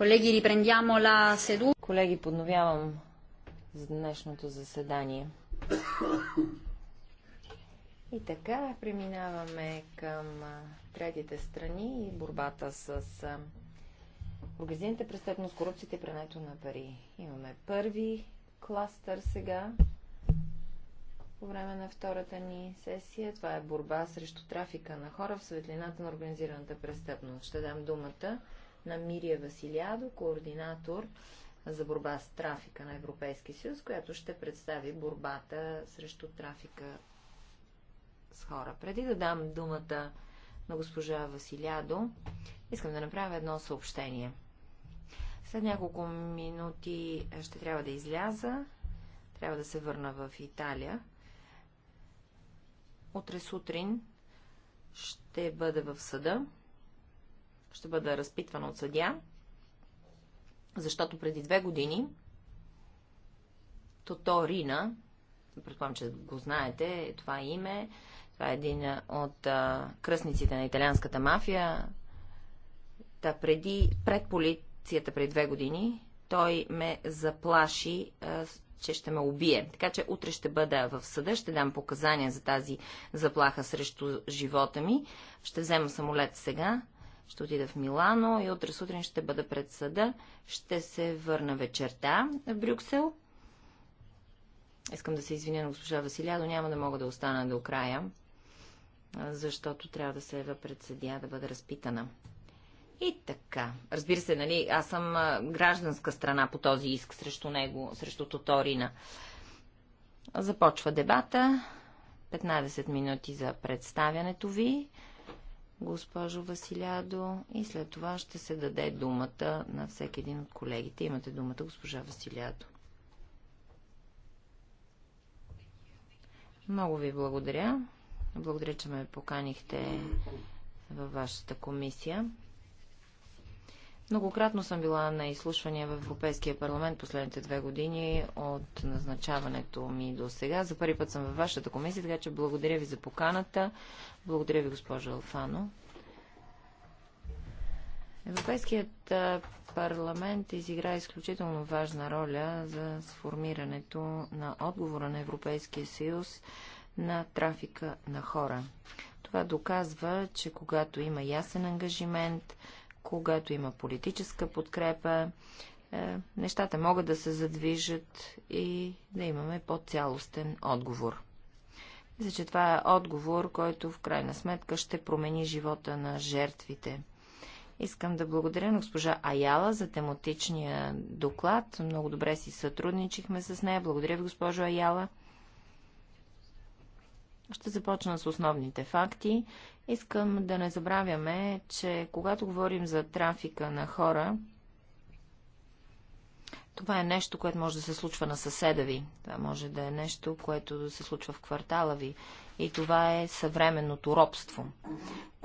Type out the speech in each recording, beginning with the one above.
Колеги, riprendiamo ла седу. Колеги, подновявам за днешното заседание. И така, преминаваме към третите страни и борбата с организираната престъпност, корупцията и прането на пари. Имаме първи кластър сега по време на втората ни сесия. Това е борба срещу трафика на хора в светлината на организираната престъпност. Ще дам думата на Мирия Василядо, координатор за борба с трафика на Европейския съюз, която ще представи борбата срещу трафика с хора. Преди да дам думата на госпожа Василядо, искам да направя едно съобщение. След няколко минути ще трябва да изляза. Трябва да се върна в Италия. Утре сутрин ще бъда в съда ще бъда разпитвана от съдя, защото преди две години Рина, предполагам, че го знаете, това е име, това е един от а, кръстниците на италианската мафия. Та преди, пред полицията преди две години, той ме заплаши, а, че ще ме убие. Така че утре ще бъда в съда, ще дам показания за тази заплаха срещу живота ми. Ще взема самолет сега ще отида в Милано и утре сутрин ще бъда пред съда. Ще се върна вечерта в Брюксел. Искам да се извиня на госпожа Василядо, няма да мога да остана до края, защото трябва да се ева пред съдия да бъда разпитана. И така. Разбира се, нали, аз съм гражданска страна по този иск срещу него, срещу Тоторина. Започва дебата. 15 минути за представянето ви госпожо Василядо, и след това ще се даде думата на всеки един от колегите. Имате думата, госпожа Василядо. Много ви благодаря. Благодаря, че ме поканихте във вашата комисия. Многократно съм била на изслушвания в Европейския парламент последните две години от назначаването ми до сега. За първи път съм във вашата комисия, така че благодаря ви за поканата. Благодаря ви, госпожа Алфано. Европейският парламент изигра изключително важна роля за сформирането на отговора на Европейския съюз на трафика на хора. Това доказва, че когато има ясен ангажимент, когато има политическа подкрепа, е, нещата могат да се задвижат и да имаме по-цялостен отговор. Мисля, че това е отговор, който в крайна сметка ще промени живота на жертвите. Искам да благодаря на госпожа Аяла за тематичния доклад. Много добре си сътрудничихме с нея. Благодаря ви, госпожо Аяла. Ще започна с основните факти. Искам да не забравяме, че когато говорим за трафика на хора, това е нещо, което може да се случва на съседа ви. Това може да е нещо, което се случва в квартала ви. И това е съвременното робство.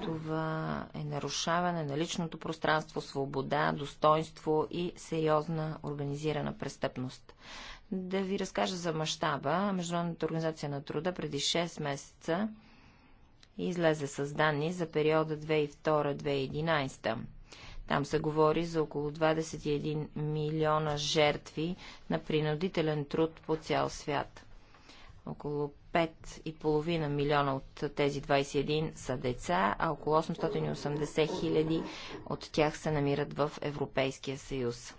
Това е нарушаване на личното пространство, свобода, достоинство и сериозна организирана престъпност. Да ви разкажа за мащаба. Международната организация на труда преди 6 месеца излезе с данни за периода 2002-2011. Там се говори за около 21 милиона жертви на принудителен труд по цял свят. Около 5,5 милиона от тези 21 са деца, а около 880 хиляди от тях се намират в Европейския съюз.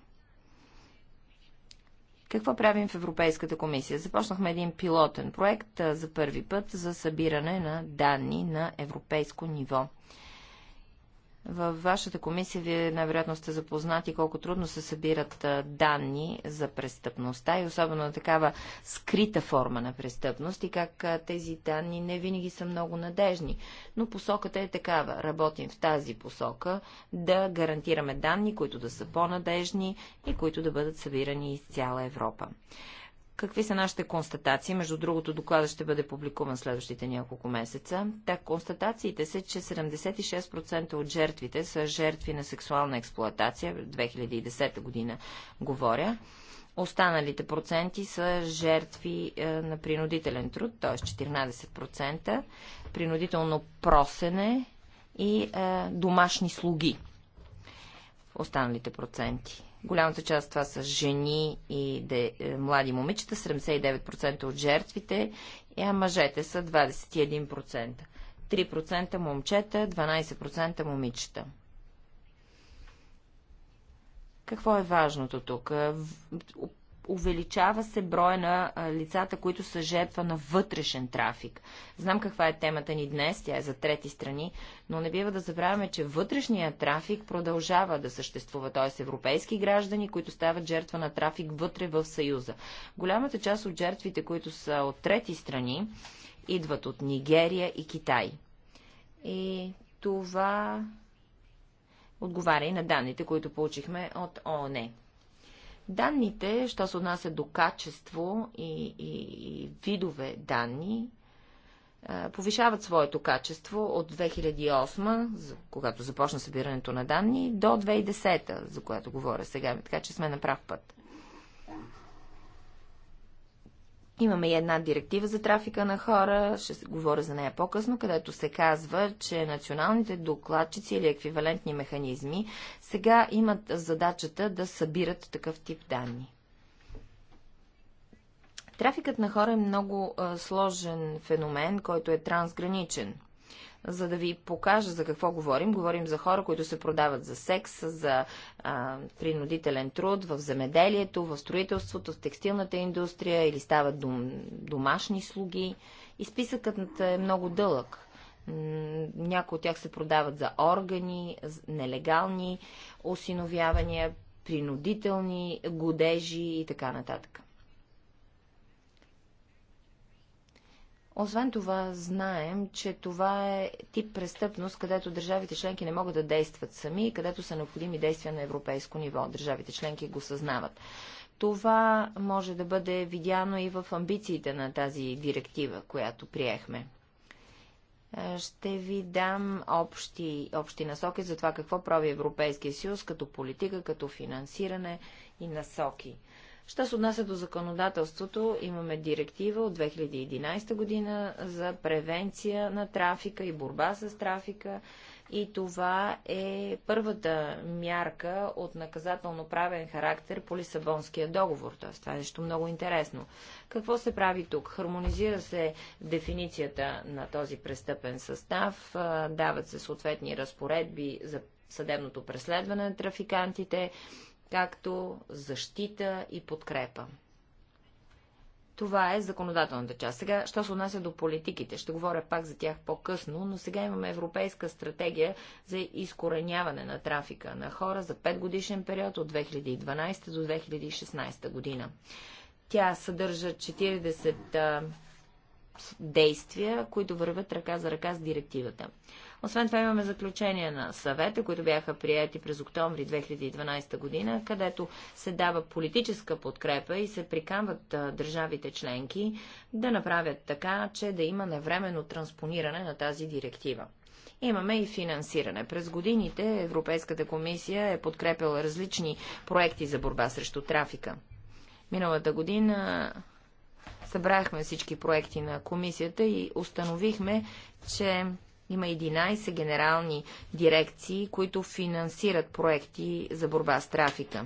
Какво правим в Европейската комисия? Започнахме един пилотен проект за първи път за събиране на данни на европейско ниво. Във вашата комисия вие най-вероятно сте запознати колко трудно се събират данни за престъпността и особено на такава скрита форма на престъпност и как тези данни не винаги са много надежни. Но посоката е такава. Работим в тази посока да гарантираме данни, които да са по-надежни и които да бъдат събирани из цяла Европа. Какви са нашите констатации? Между другото, доклада ще бъде публикуван следващите няколко месеца. Так, констатациите са, че 76% от жертвите са жертви на сексуална експлоатация, 2010 година говоря. Останалите проценти са жертви е, на принудителен труд, т.е. 14%, принудително просене и е, домашни слуги. Останалите проценти. Голямата част това са жени и де, е, млади момичета, 79% от жертвите, а мъжете са 21%. 3% момчета, 12% момичета. Какво е важното тук? увеличава се броя на лицата, които са жертва на вътрешен трафик. Знам каква е темата ни днес, тя е за трети страни, но не бива да забравяме, че вътрешният трафик продължава да съществува, т.е. европейски граждани, които стават жертва на трафик вътре в Съюза. Голямата част от жертвите, които са от трети страни, идват от Нигерия и Китай. И това отговаря и на данните, които получихме от ООН. Данните, що се отнася до качество и, и, и видове данни, повишават своето качество от 2008, когато започна събирането на данни, до 2010, за което говоря сега, така че сме на прав път. Имаме и една директива за трафика на хора, ще се говоря за нея по-късно, където се казва, че националните докладчици или еквивалентни механизми сега имат задачата да събират такъв тип данни. Трафикът на хора е много а, сложен феномен, който е трансграничен за да ви покажа за какво говорим. Говорим за хора, които се продават за секс, за а, принудителен труд в земеделието, в строителството, в текстилната индустрия или стават дом, домашни слуги. И списъкът е много дълъг. Някои от тях се продават за органи, нелегални осиновявания, принудителни годежи и така нататък. Освен това, знаем, че това е тип престъпност, където държавите членки не могат да действат сами и където са необходими действия на европейско ниво. Държавите членки го съзнават. Това може да бъде видяно и в амбициите на тази директива, която приехме. Е, ще ви дам общи, общи насоки за това какво прави Европейския съюз като политика, като финансиране и насоки. Що се отнася до законодателството, имаме директива от 2011 година за превенция на трафика и борба с трафика. И това е първата мярка от наказателно-правен характер по Лисабонския договор. Т.е. това е нещо много интересно. Какво се прави тук? Хармонизира се дефиницията на този престъпен състав, дават се съответни разпоредби за съдебното преследване на трафикантите, както защита и подкрепа. Това е законодателната част. Сега, що се отнася до политиките, ще говоря пак за тях по-късно, но сега имаме европейска стратегия за изкореняване на трафика на хора за 5 годишен период от 2012 до 2016 година. Тя съдържа 40 действия, които вървят ръка за ръка с директивата. Освен това имаме заключения на съвета, които бяха прияти през октомври 2012 година, където се дава политическа подкрепа и се приканват държавите членки да направят така, че да има навременно транспониране на тази директива. Имаме и финансиране. През годините Европейската комисия е подкрепила различни проекти за борба срещу трафика. Миналата година събрахме всички проекти на комисията и установихме, че има 11 генерални дирекции, които финансират проекти за борба с трафика.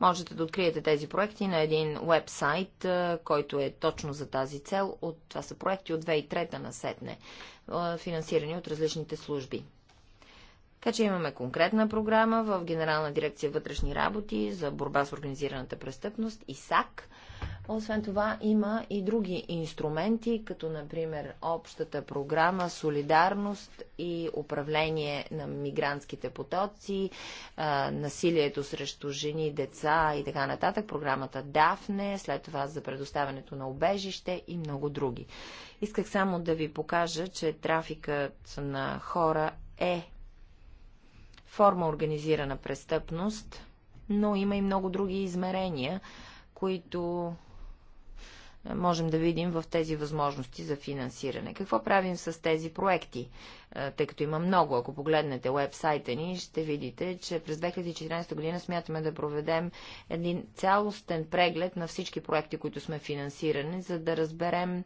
Можете да откриете тези проекти на един вебсайт, който е точно за тази цел. От, това са проекти от 2003 на Сетне, финансирани от различните служби. Така че имаме конкретна програма в Генерална дирекция вътрешни работи за борба с организираната престъпност и САК – освен това има и други инструменти, като например общата програма Солидарност и управление на мигрантските потоци, насилието срещу жени, деца и така нататък, програмата Дафне, след това за предоставянето на обежище и много други. Исках само да ви покажа, че трафикът на хора е форма организирана престъпност, но има и много други измерения, които можем да видим в тези възможности за финансиране. Какво правим с тези проекти? Е, тъй като има много, ако погледнете уебсайта ни, ще видите, че през 2014 година смятаме да проведем един цялостен преглед на всички проекти, които сме финансирани, за да разберем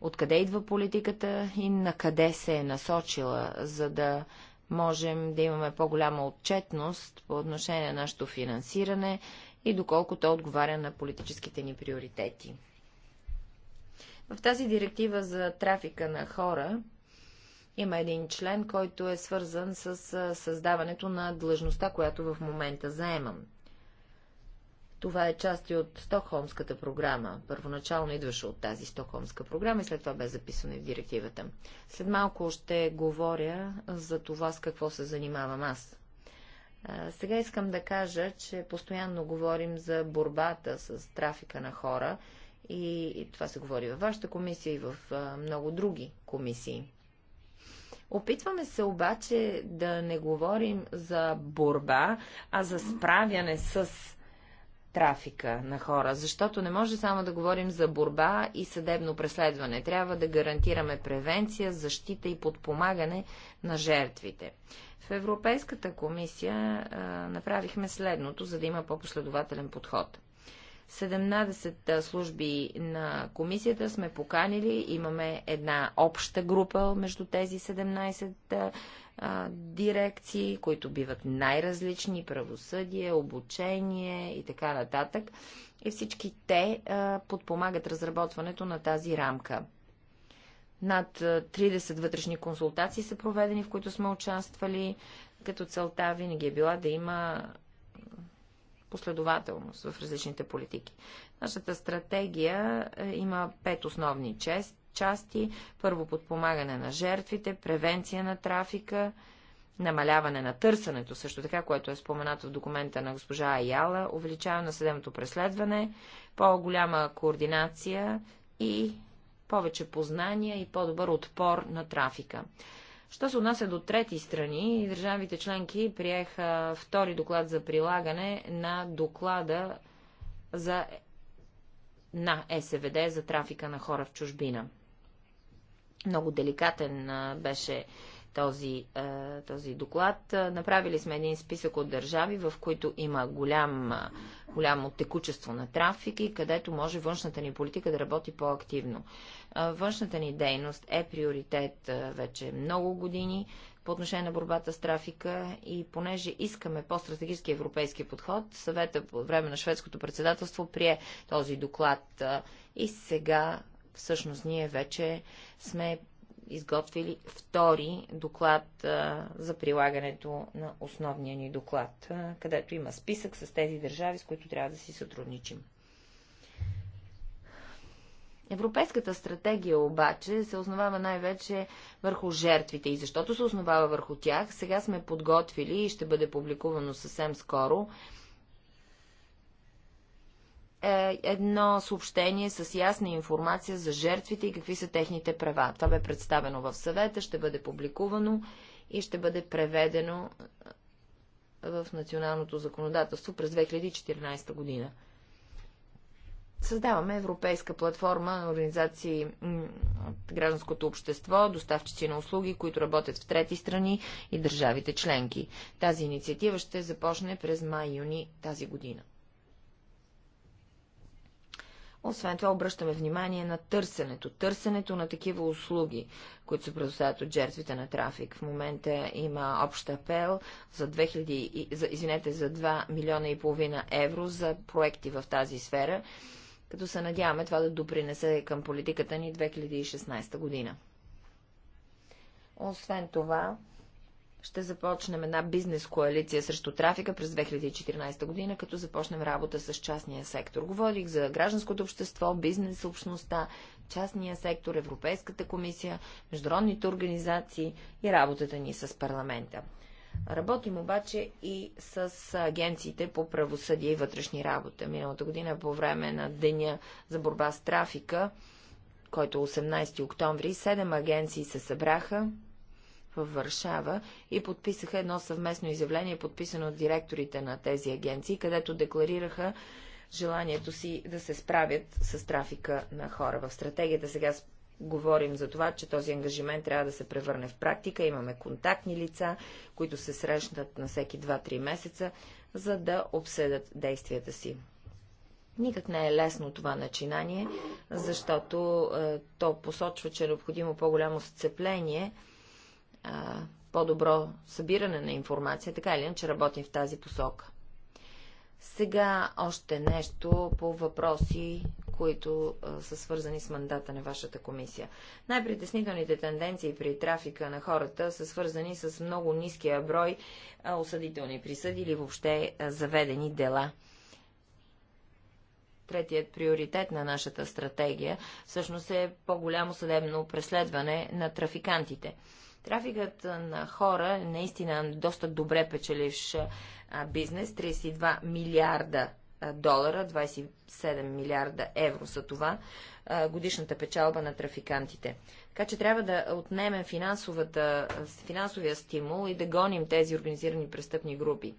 откъде идва политиката и на къде се е насочила, за да можем да имаме по-голяма отчетност по отношение на нашето финансиране и доколко то отговаря на политическите ни приоритети. В тази директива за трафика на хора има един член, който е свързан с създаването на длъжността, която в момента заемам. Това е част от Стокхолмската програма. Първоначално идваше от тази Стокхолмска програма и след това бе записана в директивата. След малко ще говоря за това с какво се занимавам аз. Сега искам да кажа, че постоянно говорим за борбата с трафика на хора и това се говори във вашата комисия и в много други комисии. Опитваме се обаче да не говорим за борба, а за справяне с трафика на хора, защото не може само да говорим за борба и съдебно преследване. Трябва да гарантираме превенция, защита и подпомагане на жертвите. В Европейската комисия а, направихме следното, за да има по-последователен подход – 17 служби на комисията сме поканили. Имаме една обща група между тези 17 дирекции, които биват най-различни правосъдие, обучение и така нататък. И всички те подпомагат разработването на тази рамка. Над 30 вътрешни консултации са проведени, в които сме участвали, като целта винаги е била да има последователност в различните политики. Нашата стратегия е, има пет основни чест, части. Първо подпомагане на жертвите, превенция на трафика, намаляване на търсенето, също така, което е споменато в документа на госпожа Аяла, увеличаване на съдебното преследване, по-голяма координация и повече познания и по-добър отпор на трафика. Що се отнася до трети страни, държавите членки приеха втори доклад за прилагане на доклада за... на СВД за трафика на хора в чужбина. Много деликатен беше този, е, този доклад. Е, направили сме един списък от държави, в които има голям, е, голямо текучество на трафик и където може външната ни политика да работи по-активно. Външната ни дейност е приоритет вече много години по отношение на борбата с трафика и понеже искаме по-стратегически европейски подход, съвета по време на шведското председателство прие този доклад и сега всъщност ние вече сме изготвили втори доклад а, за прилагането на основния ни доклад, а, където има списък с тези държави, с които трябва да си сътрудничим. Европейската стратегия обаче се основава най-вече върху жертвите и защото се основава върху тях, сега сме подготвили и ще бъде публикувано съвсем скоро е, едно съобщение с ясна информация за жертвите и какви са техните права. Това бе представено в съвета, ще бъде публикувано и ще бъде преведено е, в националното законодателство през 2014 година. Създаваме европейска платформа на организации от гражданското общество, доставчици на услуги, които работят в трети страни и държавите членки. Тази инициатива ще започне през май-юни тази година. Освен това обръщаме внимание на търсенето. Търсенето на такива услуги, които се предоставят от жертвите на трафик. В момента има общ апел за, 2000, за, извинете, за 2 милиона и половина евро за проекти в тази сфера, като се надяваме това да допринесе към политиката ни 2016 година. Освен това, ще започнем една бизнес коалиция срещу трафика през 2014 година, като започнем работа с частния сектор. Говорих за гражданското общество, бизнес общността, частния сектор, Европейската комисия, международните организации и работата ни с парламента. Работим обаче и с агенциите по правосъдие и вътрешни работа. Миналата година по време на Деня за борба с трафика, който 18 е октомври, 7 агенции се събраха в Варшава и подписаха едно съвместно изявление, подписано от директорите на тези агенции, където декларираха желанието си да се справят с трафика на хора. В стратегията сега говорим за това, че този ангажимент трябва да се превърне в практика. Имаме контактни лица, които се срещнат на всеки 2-3 месеца, за да обсъдят действията си. Никак не е лесно това начинание, защото е, то посочва, че е необходимо по-голямо сцепление по-добро събиране на информация, така или иначе работим в тази посока. Сега още нещо по въпроси, които а, са свързани с мандата на вашата комисия. Най-притеснителните тенденции при трафика на хората са свързани с много ниския брой а, осъдителни присъди или въобще а, заведени дела. Третият приоритет на нашата стратегия всъщност е по-голямо съдебно преследване на трафикантите – Трафикът на хора е наистина доста добре печеливш бизнес. 32 милиарда долара, 27 милиарда евро са това годишната печалба на трафикантите. Така че трябва да отнемем финансовия стимул и да гоним тези организирани престъпни групи.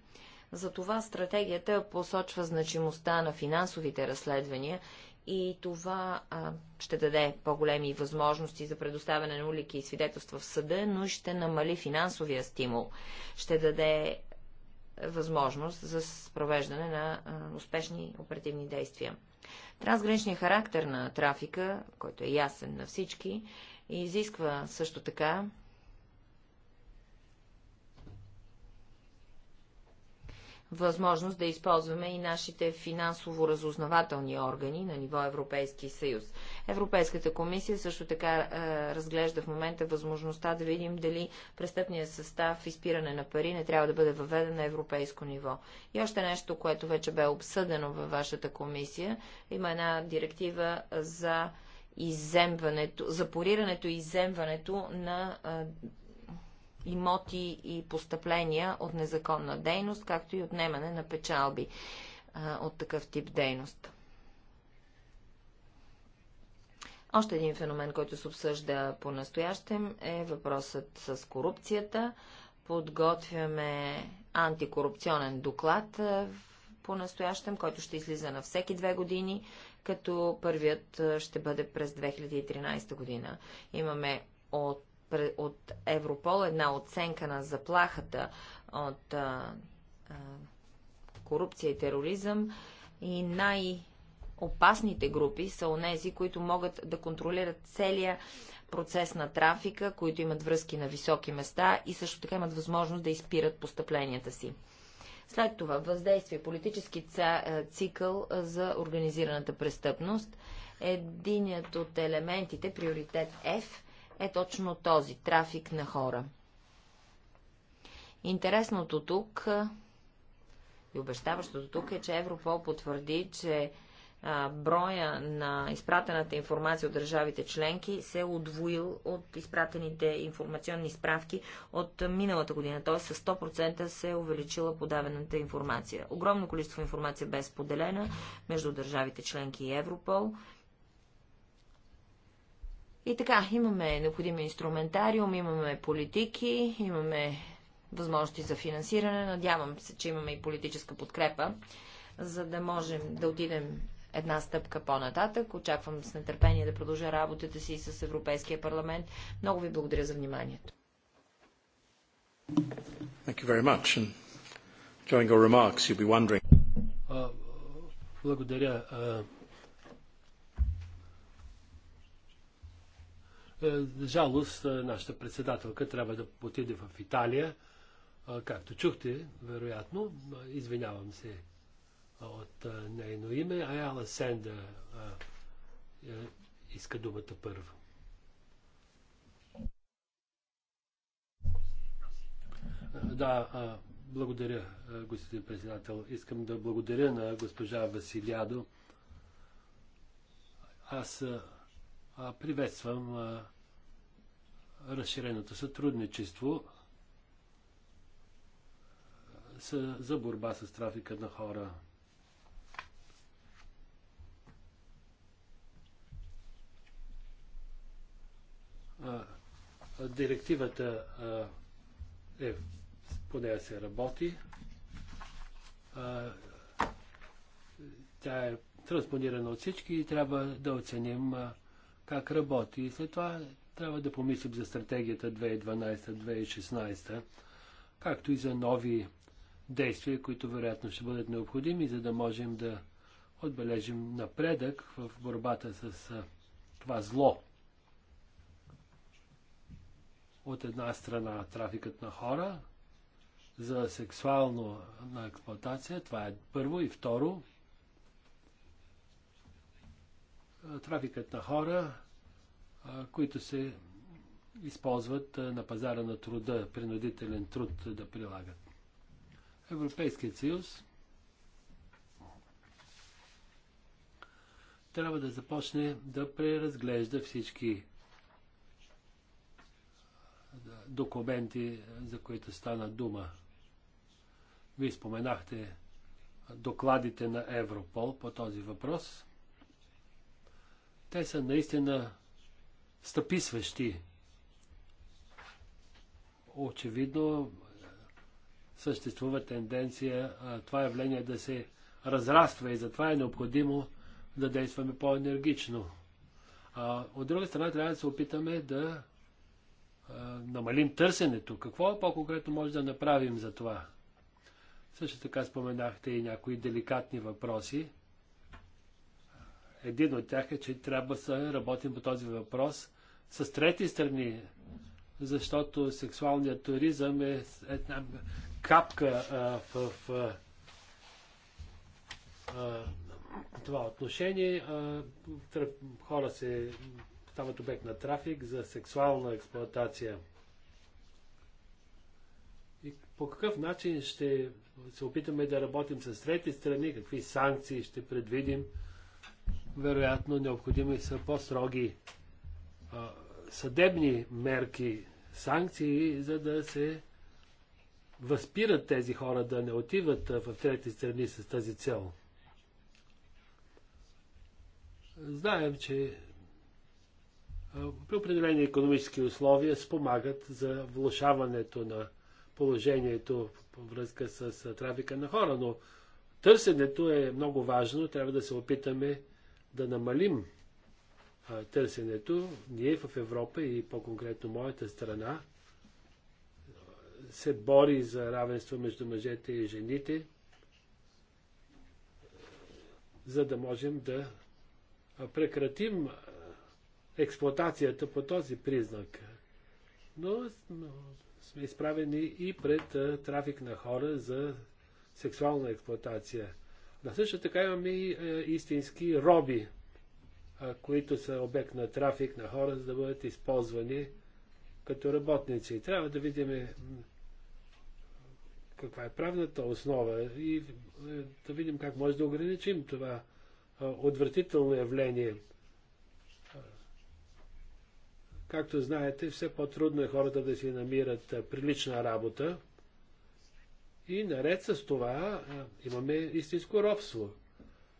Затова стратегията посочва значимостта на финансовите разследвания и това а, ще даде по-големи възможности за предоставяне на улики и свидетелства в съда, но ще намали финансовия стимул. Ще даде възможност за провеждане на а, успешни оперативни действия. Трансграничният характер на трафика, който е ясен на всички, изисква също така възможност да използваме и нашите финансово-разузнавателни органи на ниво Европейски съюз. Европейската комисия също така е, разглежда в момента възможността да видим дали престъпният състав изпиране на пари не трябва да бъде въведен на европейско ниво. И още нещо, което вече бе обсъдено във вашата комисия, има една директива за иземването, запорирането и иземването на е, имоти и постъпления от незаконна дейност, както и отнемане на печалби а, от такъв тип дейност. Още един феномен, който се обсъжда по-настоящем е въпросът с корупцията. Подготвяме антикорупционен доклад по-настоящем, който ще излиза на всеки две години, като първият ще бъде през 2013 година. Имаме от от Европол една оценка на заплахата от а, а, корупция и тероризъм и най-опасните групи са онези, които могат да контролират целия процес на трафика, които имат връзки на високи места и също така имат възможност да изпират постъпленията си. След това въздействие, политически цикъл за организираната престъпност. Единият от елементите, приоритет F, е точно този – трафик на хора. Интересното тук и обещаващото тук е, че Европол потвърди, че броя на изпратената информация от държавите членки се е удвоил от изпратените информационни справки от миналата година. Т.е. с 100% се е увеличила подавената информация. Огромно количество информация бе споделена между държавите членки и Европол и така, имаме необходим инструментариум, имаме политики, имаме възможности за финансиране. Надявам се, че имаме и политическа подкрепа, за да можем да отидем една стъпка по-нататък. Очаквам с нетърпение да продължа работата си с Европейския парламент. Много ви благодаря за вниманието. Благодаря. Е, за жалост, е, нашата председателка трябва да отиде в Италия. Е, както чухте, вероятно, извинявам се от нейно име, Аяла Сенда иска думата първо. Да, благодаря, господин председател. Искам да благодаря на госпожа Василиадо. Аз приветствам разширеното сътрудничество за борба с трафика на хора. Директивата е, по нея се работи. Тя е транспонирана от всички и трябва да оценим как работи. след това трябва да помислим за стратегията 2012-2016, както и за нови действия, които вероятно ще бъдат необходими, за да можем да отбележим напредък в борбата с това зло. От една страна трафикът на хора за сексуално на експлуатация, това е първо и второ. Трафикът на хора които се използват на пазара на труда, принудителен труд да прилагат. Европейският съюз трябва да започне да преразглежда всички документи, за които стана дума. Вие споменахте докладите на Европол по този въпрос. Те са наистина стъписващи. Очевидно съществува тенденция а, това явление да се разраства и затова е необходимо да действаме по-енергично. от друга страна трябва да се опитаме да а, намалим търсенето. Какво по-конкретно може да направим за това? Също така споменахте и някои деликатни въпроси. Един от тях е, че трябва да работим по този въпрос с трети страни, защото сексуалният туризъм е една капка а, в, в а, това отношение. А, хора се стават обект на трафик за сексуална експлоатация. И по какъв начин ще се опитаме да работим с трети страни, какви санкции ще предвидим, вероятно необходими са по-строги съдебни мерки, санкции, за да се възпират тези хора да не отиват в трети страни с тази цел. Знаем, че при определени економически условия спомагат за влушаването на положението във връзка с трафика на хора, но търсенето е много важно. Трябва да се опитаме да намалим търсенето, ние в Европа и по-конкретно моята страна се бори за равенство между мъжете и жените, за да можем да прекратим експлуатацията по този признак. Но сме изправени и пред трафик на хора за сексуална експлуатация. Но също така имаме и истински роби – които са обект на трафик на хора, за да бъдат използвани като работници. Трябва да видим каква е правната основа и е, да видим как може да ограничим това отвратително явление. Както знаете, все по-трудно е хората да си намират прилична работа. И наред с това имаме истинско робство.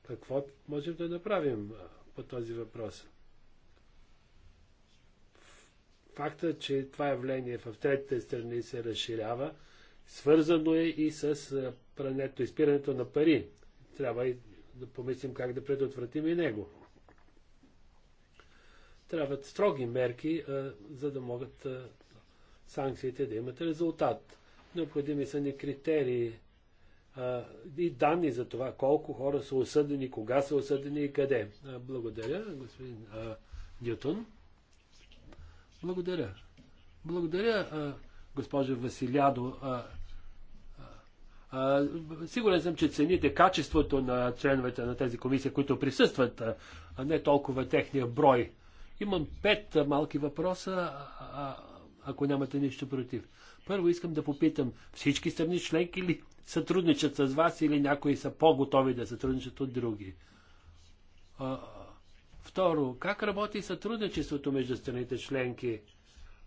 Какво можем да направим? по този въпрос. Факта, че това явление в третите страни се разширява, свързано е и с прането, изпирането на пари. Трябва и да помислим как да предотвратим и него. Трябват строги мерки, а, за да могат а, санкциите да имат резултат. Необходими са ни критерии и данни за това колко хора са осъдени, кога са осъдени и къде. благодаря, господин а, Благодаря. Благодаря, а, госпожа Василядо. А, а, сигурен съм, че цените качеството на членовете на тези комисии, които присъстват, а не толкова техния брой. Имам пет малки въпроса, а, ако нямате нищо против. Първо искам да попитам, всички страни членки ли сътрудничат с вас или някои са по-готови да сътрудничат от други? второ, как работи сътрудничеството между страните членки?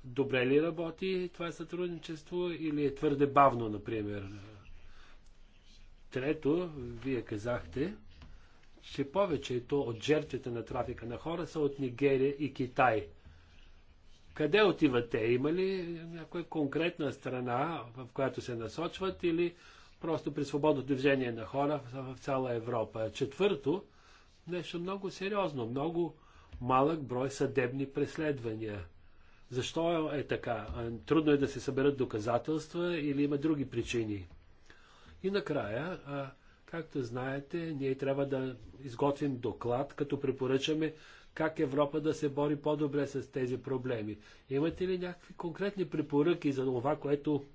Добре ли работи това сътрудничество или е твърде бавно, например? Трето, вие казахте, че повечето от жертвите на трафика на хора са от Нигерия и Китай. Къде отивате? Има ли някоя конкретна страна, в която се насочват или просто при свободно движение на хора в цяла Европа. Четвърто, нещо много сериозно, много малък брой съдебни преследвания. Защо е така? Трудно е да се съберат доказателства или има други причини. И накрая, както знаете, ние трябва да изготвим доклад, като препоръчаме как Европа да се бори по-добре с тези проблеми. Имате ли някакви конкретни препоръки за това, което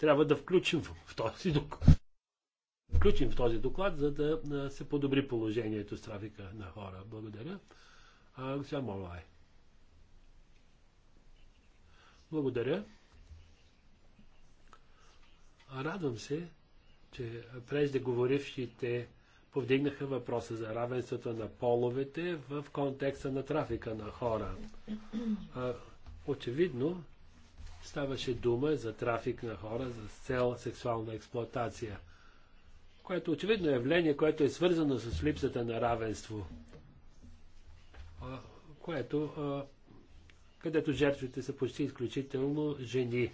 трябва да включим в този доклад. Включим в този доклад, за да се подобри положението с трафика на хора. Благодаря. А, госпожа Благодаря. Радвам се, че преждеговорившите повдигнаха въпроса за равенството на половете в контекста на трафика на хора. Очевидно, Ставаше дума за трафик на хора за цел сексуална експлоатация, което очевидно е явление, което е свързано с липсата на равенство, което, където жертвите са почти изключително жени.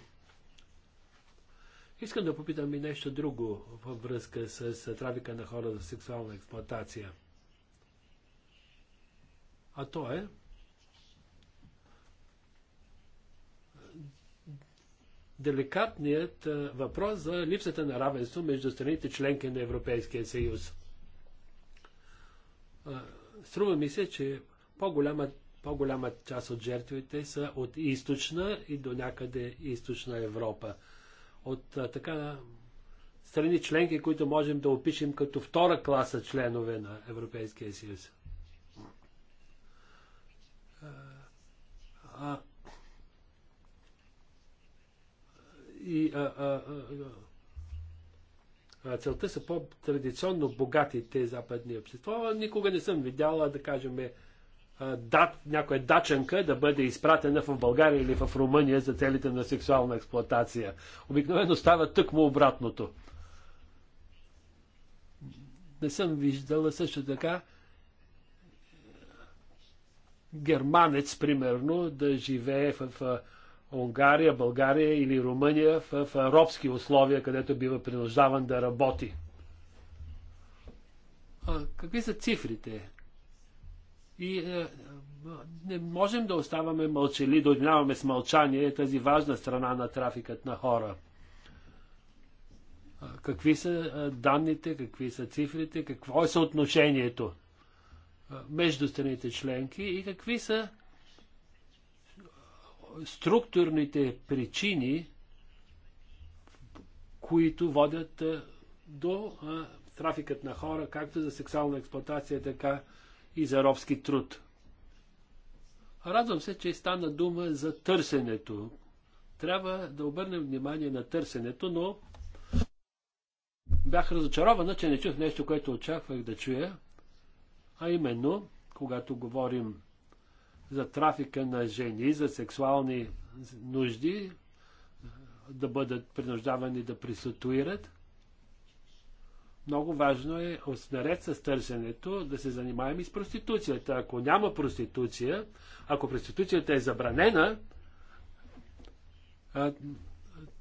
Искам да попитам и нещо друго във връзка с трафика на хора за сексуална експлоатация. А то е, деликатният въпрос за липсата на равенство между страните членки на Европейския съюз. Струва ми се, че по-голяма, по-голяма част от жертвите са от източна и до някъде източна Европа. От така страни членки, които можем да опишем като втора класа членове на Европейския съюз. А, И а, а, а, а, целта са по-традиционно богати те западни общества. Никога не съм видяла, да кажем, дат, някоя даченка да бъде изпратена в България или в Румъния за целите на сексуална експлоатация. Обикновено става тъкмо обратното. Не съм виждала също така германец, примерно, да живее в Унгария, България или Румъния в, в робски условия, където бива принуждаван да работи. А, какви са цифрите? И е, не можем да оставаме мълчали, да отминаваме с мълчание тази важна страна на трафикът на хора. А, какви са е, данните, какви са цифрите, какво е съотношението между страните членки и какви са структурните причини, които водят до трафикът на хора, както за сексуална експлуатация, така и за робски труд. Радвам се, че стана дума за търсенето. Трябва да обърнем внимание на търсенето, но бях разочарована, че не чух нещо, което очаквах да чуя, а именно, когато говорим за трафика на жени, за сексуални нужди, да бъдат принуждавани да присутуират. Много важно е, наред с търсенето, да се занимаем и с проституцията. Ако няма проституция, ако проституцията е забранена,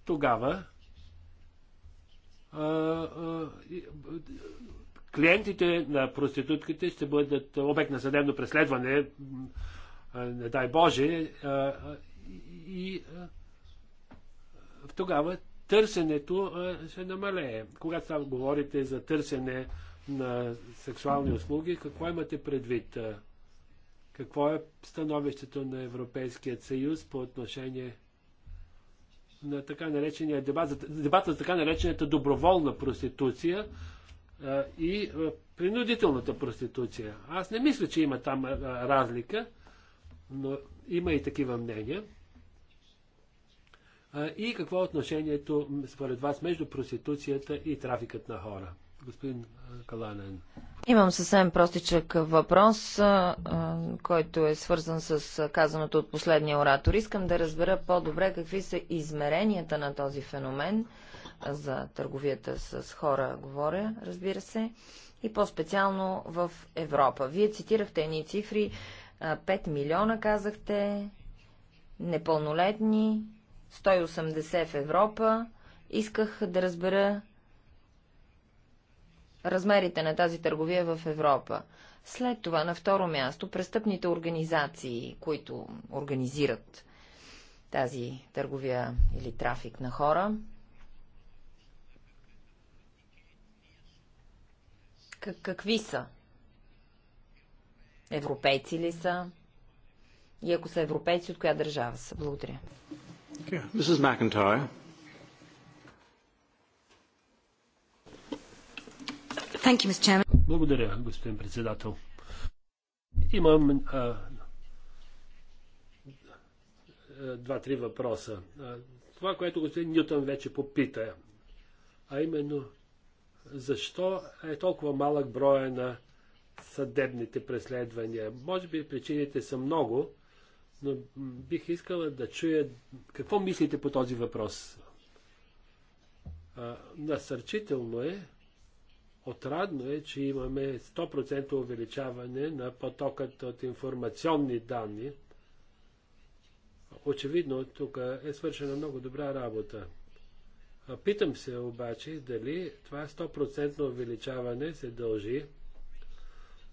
тогава клиентите на проститутките ще бъдат обект на съдебно преследване не дай Боже, и тогава търсенето ще намалее. Когато там говорите за търсене на сексуални услуги, какво имате предвид? Какво е становището на Европейският съюз по отношение на така наречения дебат, дебата за така наречената доброволна проституция и принудителната проституция. Аз не мисля, че има там разлика. Но има и такива мнения. И какво е отношението, според вас, между проституцията и трафикът на хора? Господин Каланен. Имам съвсем простичък въпрос, който е свързан с казаното от последния оратор. Искам да разбера по-добре какви са измеренията на този феномен за търговията с хора, говоря, разбира се, и по-специално в Европа. Вие цитирахте едни цифри, 5 милиона, казахте, непълнолетни, 180 в Европа. Исках да разбера размерите на тази търговия в Европа. След това, на второ място, престъпните организации, които организират тази търговия или трафик на хора. Какви са Европейци ли са? И ако са европейци, от коя държава са? Благодаря. Благодаря, господин председател. Имам два-три въпроса. А, това, което господин Ньютон вече попита, а именно защо е толкова малък броя на съдебните преследвания. Може би причините са много, но бих искала да чуя какво мислите по този въпрос. насърчително е, отрадно е, че имаме 100% увеличаване на потокът от информационни данни. Очевидно, тук е свършена много добра работа. Питам се обаче дали това 100% увеличаване се дължи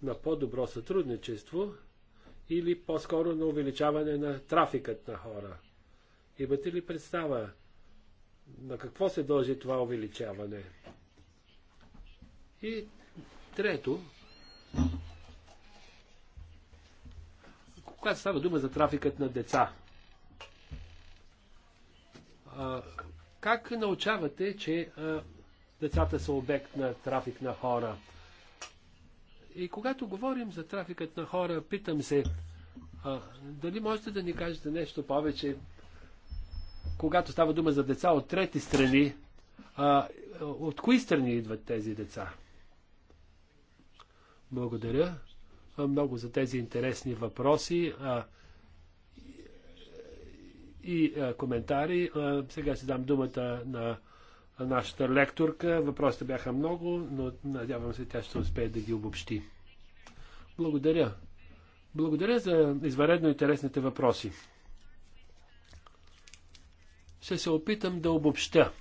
на по-добро сътрудничество или по-скоро на увеличаване на трафикът на хора? Имате ли представа на какво се дължи това увеличаване? И трето, когато става дума за трафикът на деца, а, как научавате, че а, децата са обект на трафик на хора? И когато говорим за трафикът на хора, питам се, а, дали можете да ни кажете нещо повече, когато става дума за деца от трети страни, а, от кои страни идват тези деца? Благодаря много за тези интересни въпроси а, и, и а, коментари. А, сега ще дам думата на нашата лекторка. Въпросите бяха много, но надявам се тя ще успее да ги обобщи. Благодаря. Благодаря за изваредно интересните въпроси. Ще се опитам да обобщя.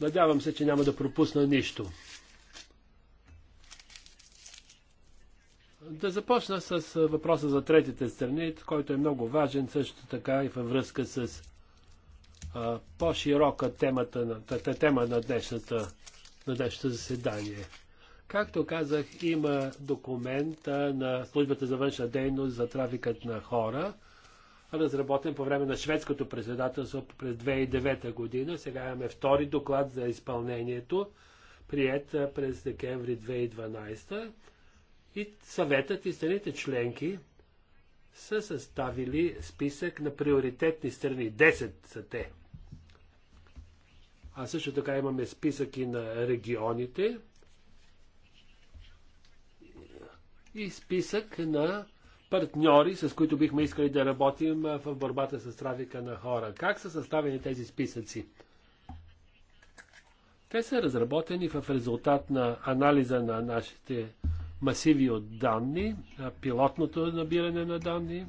Надявам се, че няма да пропусна нищо. Да започна с въпроса за третите страни, който е много важен също така и във връзка с по-широка темата на, тема на, днешната, на днешното заседание. Както казах, има документ на Службата за външна дейност за трафикът на хора, разработен по време на шведското председателство през 2009 година. Сега имаме втори доклад за изпълнението, прият през декември 2012. И съветът и страните членки са съставили списък на приоритетни страни. 10 са те. А също така имаме списък и на регионите и списък на партньори, с които бихме искали да работим в борбата с трафика на хора. Как са съставени тези списъци? Те са разработени в резултат на анализа на нашите масиви от данни, пилотното набиране на данни,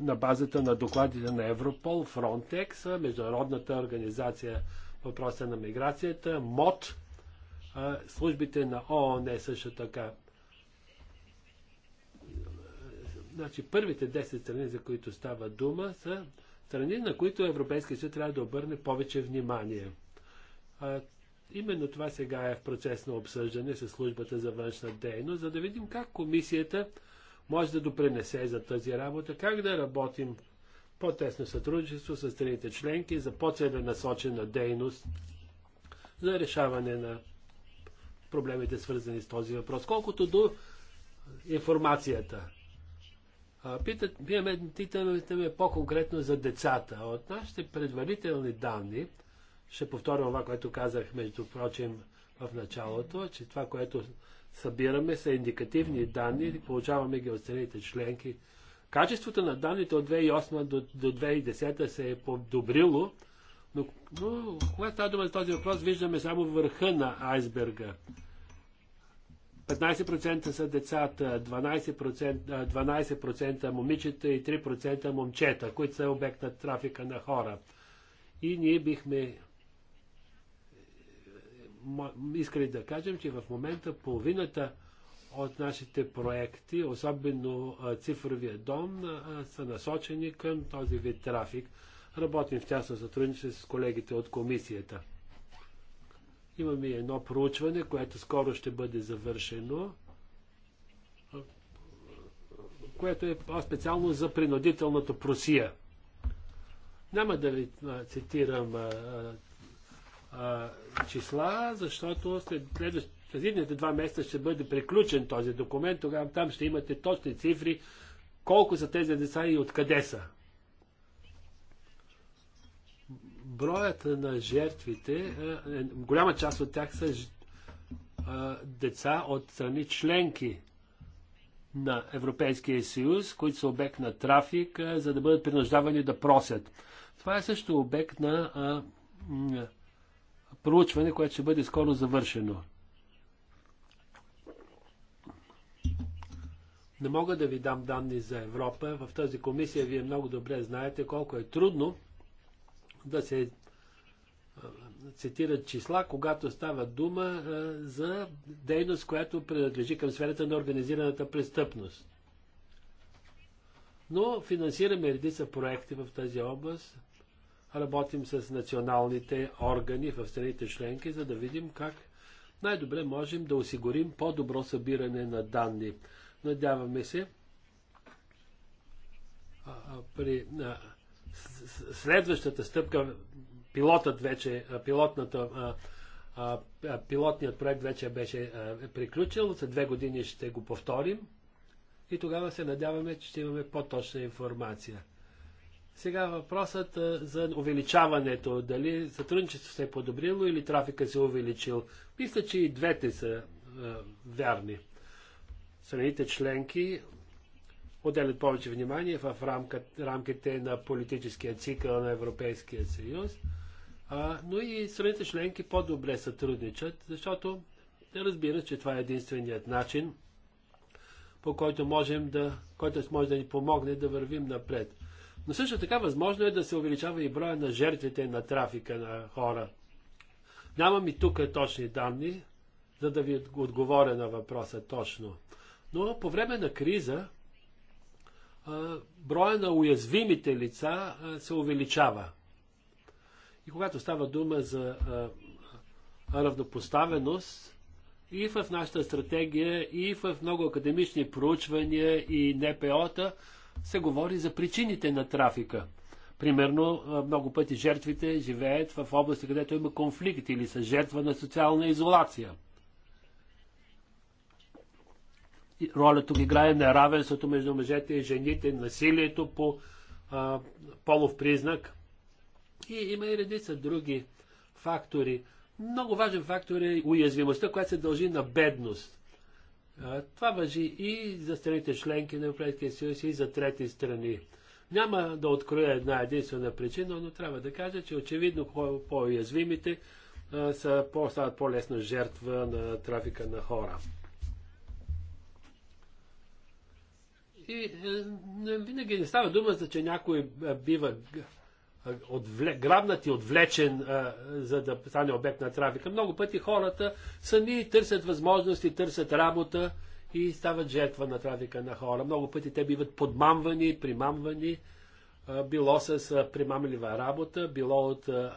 на базата на докладите на Европол, Фронтекс, Международната организация въпроса на миграцията, МОД, службите на ООН също така. Значи първите 10 страни, за които става дума, са страни, на които Европейския съюз трябва да обърне повече внимание. А, именно това сега е в процес на обсъждане с службата за външна дейност, за да видим как комисията може да допринесе за тази работа, как да работим по-тесно сътрудничество с страните членки за по-целенасочена дейност за решаване на проблемите, свързани с този въпрос. Колкото до информацията. Питат, вие ме, ме по-конкретно за децата. От нашите предварителни данни, ще повторя това, което казах, между прочим, в началото, че това, което събираме, са индикативни данни, получаваме ги от страните членки. Качеството на данните от 2008 до, до 2010 се е подобрило, но, но когато става дума за този въпрос, виждаме само върха на айсберга. 15% са децата, 12%, 12% момичета и 3% момчета, които са обект на трафика на хора. И ние бихме искали да кажем, че в момента половината от нашите проекти, особено цифровия дом, са насочени към този вид трафик. Работим в тясно сътрудничество с колегите от комисията. Имаме едно проучване, което скоро ще бъде завършено, което е специално за принудителната просия. Няма да ви цитирам числа, защото след следващите два месеца ще бъде приключен този документ. Тогава там ще имате точни цифри колко са тези деца и откъде са. Броят на жертвите, е, е, голяма част от тях са деца от страни членки на Европейския съюз, които са обект на трафик, за да бъдат принуждавани да просят. Това е също обект на а, проучване, което ще бъде скоро завършено. Не мога да ви дам данни за Европа. В тази комисия вие много добре знаете колко е трудно да се цитират числа, когато става дума за дейност, която принадлежи към сферата на организираната престъпност. Но финансираме редица проекти в тази област. Работим с националните органи в страните членки, за да видим как най-добре можем да осигурим по-добро събиране на данни. Надяваме се а, а, при а, следващата стъпка пилотът вече, пилотната, пилотният проект вече беше е приключил. За две години ще го повторим и тогава се надяваме, че ще имаме по-точна информация. Сега въпросът за увеличаването. Дали сътрудничеството се е подобрило или трафика се е увеличил. Мисля, че и двете са а, вярни. Страните членки отделят повече внимание в рамка, рамките на политическия цикъл на Европейския съюз, а, но и страните членки по-добре сътрудничат, защото разбират, че това е единственият начин, по който можем да, който може да ни помогне да вървим напред. Но също така възможно е да се увеличава и броя на жертвите на трафика на хора. Нямам и тук точни данни, за да ви отговоря на въпроса точно. Но по време на криза броя на уязвимите лица се увеличава. И когато става дума за равнопоставеност, и в нашата стратегия, и в много академични проучвания и НПО-та, се говори за причините на трафика. Примерно, много пъти жертвите живеят в области, където има конфликт или са жертва на социална изолация. Роля тук играе неравенството между мъжете и жените, насилието по а, полов признак. И има и редица други фактори. Много важен фактор е уязвимостта, която се дължи на бедност. Това въжи и за страните членки на Европейския съюз, и за трети страни. Няма да откроя една единствена причина, но трябва да кажа, че очевидно по-уязвимите са по, стават по лесна жертва на трафика на хора. И е, винаги не става дума за, че някой бива отвле, грабнат и отвлечен, а, за да стане обект на трафика. Много пъти хората сами търсят възможности, търсят работа и стават жертва на трафика на хора. Много пъти те биват подмамвани, примамвани, а, било с а, примамлива работа, било от а,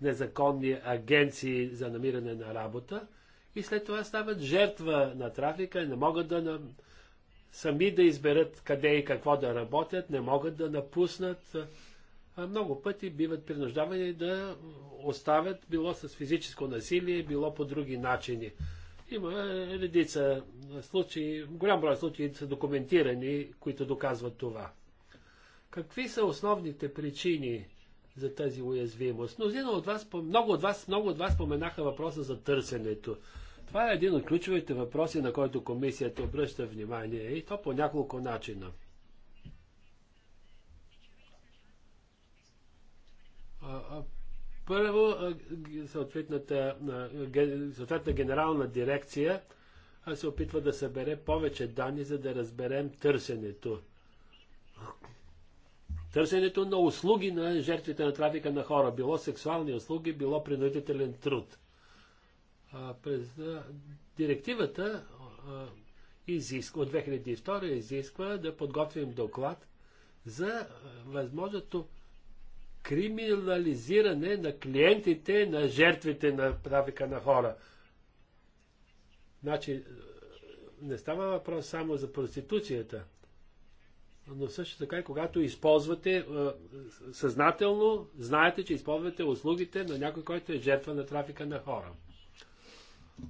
незаконни агенции за намиране на работа и след това стават жертва на трафика, не могат да на... сами да изберат къде и какво да работят, не могат да напуснат много пъти биват принуждавани да оставят било с физическо насилие, било по други начини. Има редица случаи, голям брой случаи са документирани, които доказват това. Какви са основните причини за тази уязвимост? Мнозина от вас, много от вас, много от вас споменаха въпроса за търсенето. Това е един от ключовите въпроси, на който комисията обръща внимание и то по няколко начина. Първо, съответната, съответната генерална дирекция се опитва да събере повече данни, за да разберем търсенето. Търсенето на услуги на жертвите на трафика на хора, било сексуални услуги, било принудителен труд. през директивата изисква, от 2002 изисква да подготвим доклад за възможното криминализиране на клиентите, на жертвите на трафика на хора. Значи, е, не става въпрос само за проституцията, но също така и когато използвате е, съзнателно, знаете, че използвате услугите на някой, който е жертва на трафика на хора.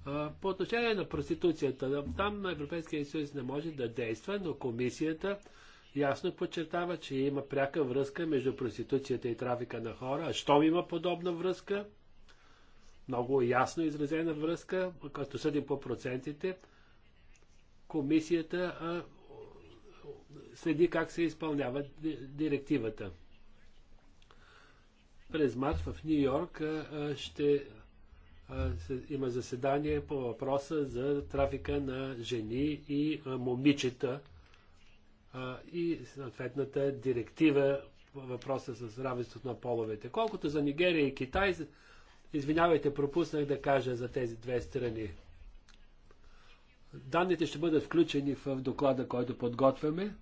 Е, по отношение на проституцията, там Европейския съюз не може да действа, но комисията ясно подчертава, че има пряка връзка между проституцията и трафика на хора. А щом има подобна връзка, много ясно изразена връзка, като съдим по процентите, комисията а, следи как се изпълнява директивата. През март в Нью Йорк ще а, се, има заседание по въпроса за трафика на жени и а, момичета и съответната директива въпроса с равенството на половете. Колкото за Нигерия и Китай, извинявайте, пропуснах да кажа за тези две страни. Данните ще бъдат включени в доклада, който подготвяме.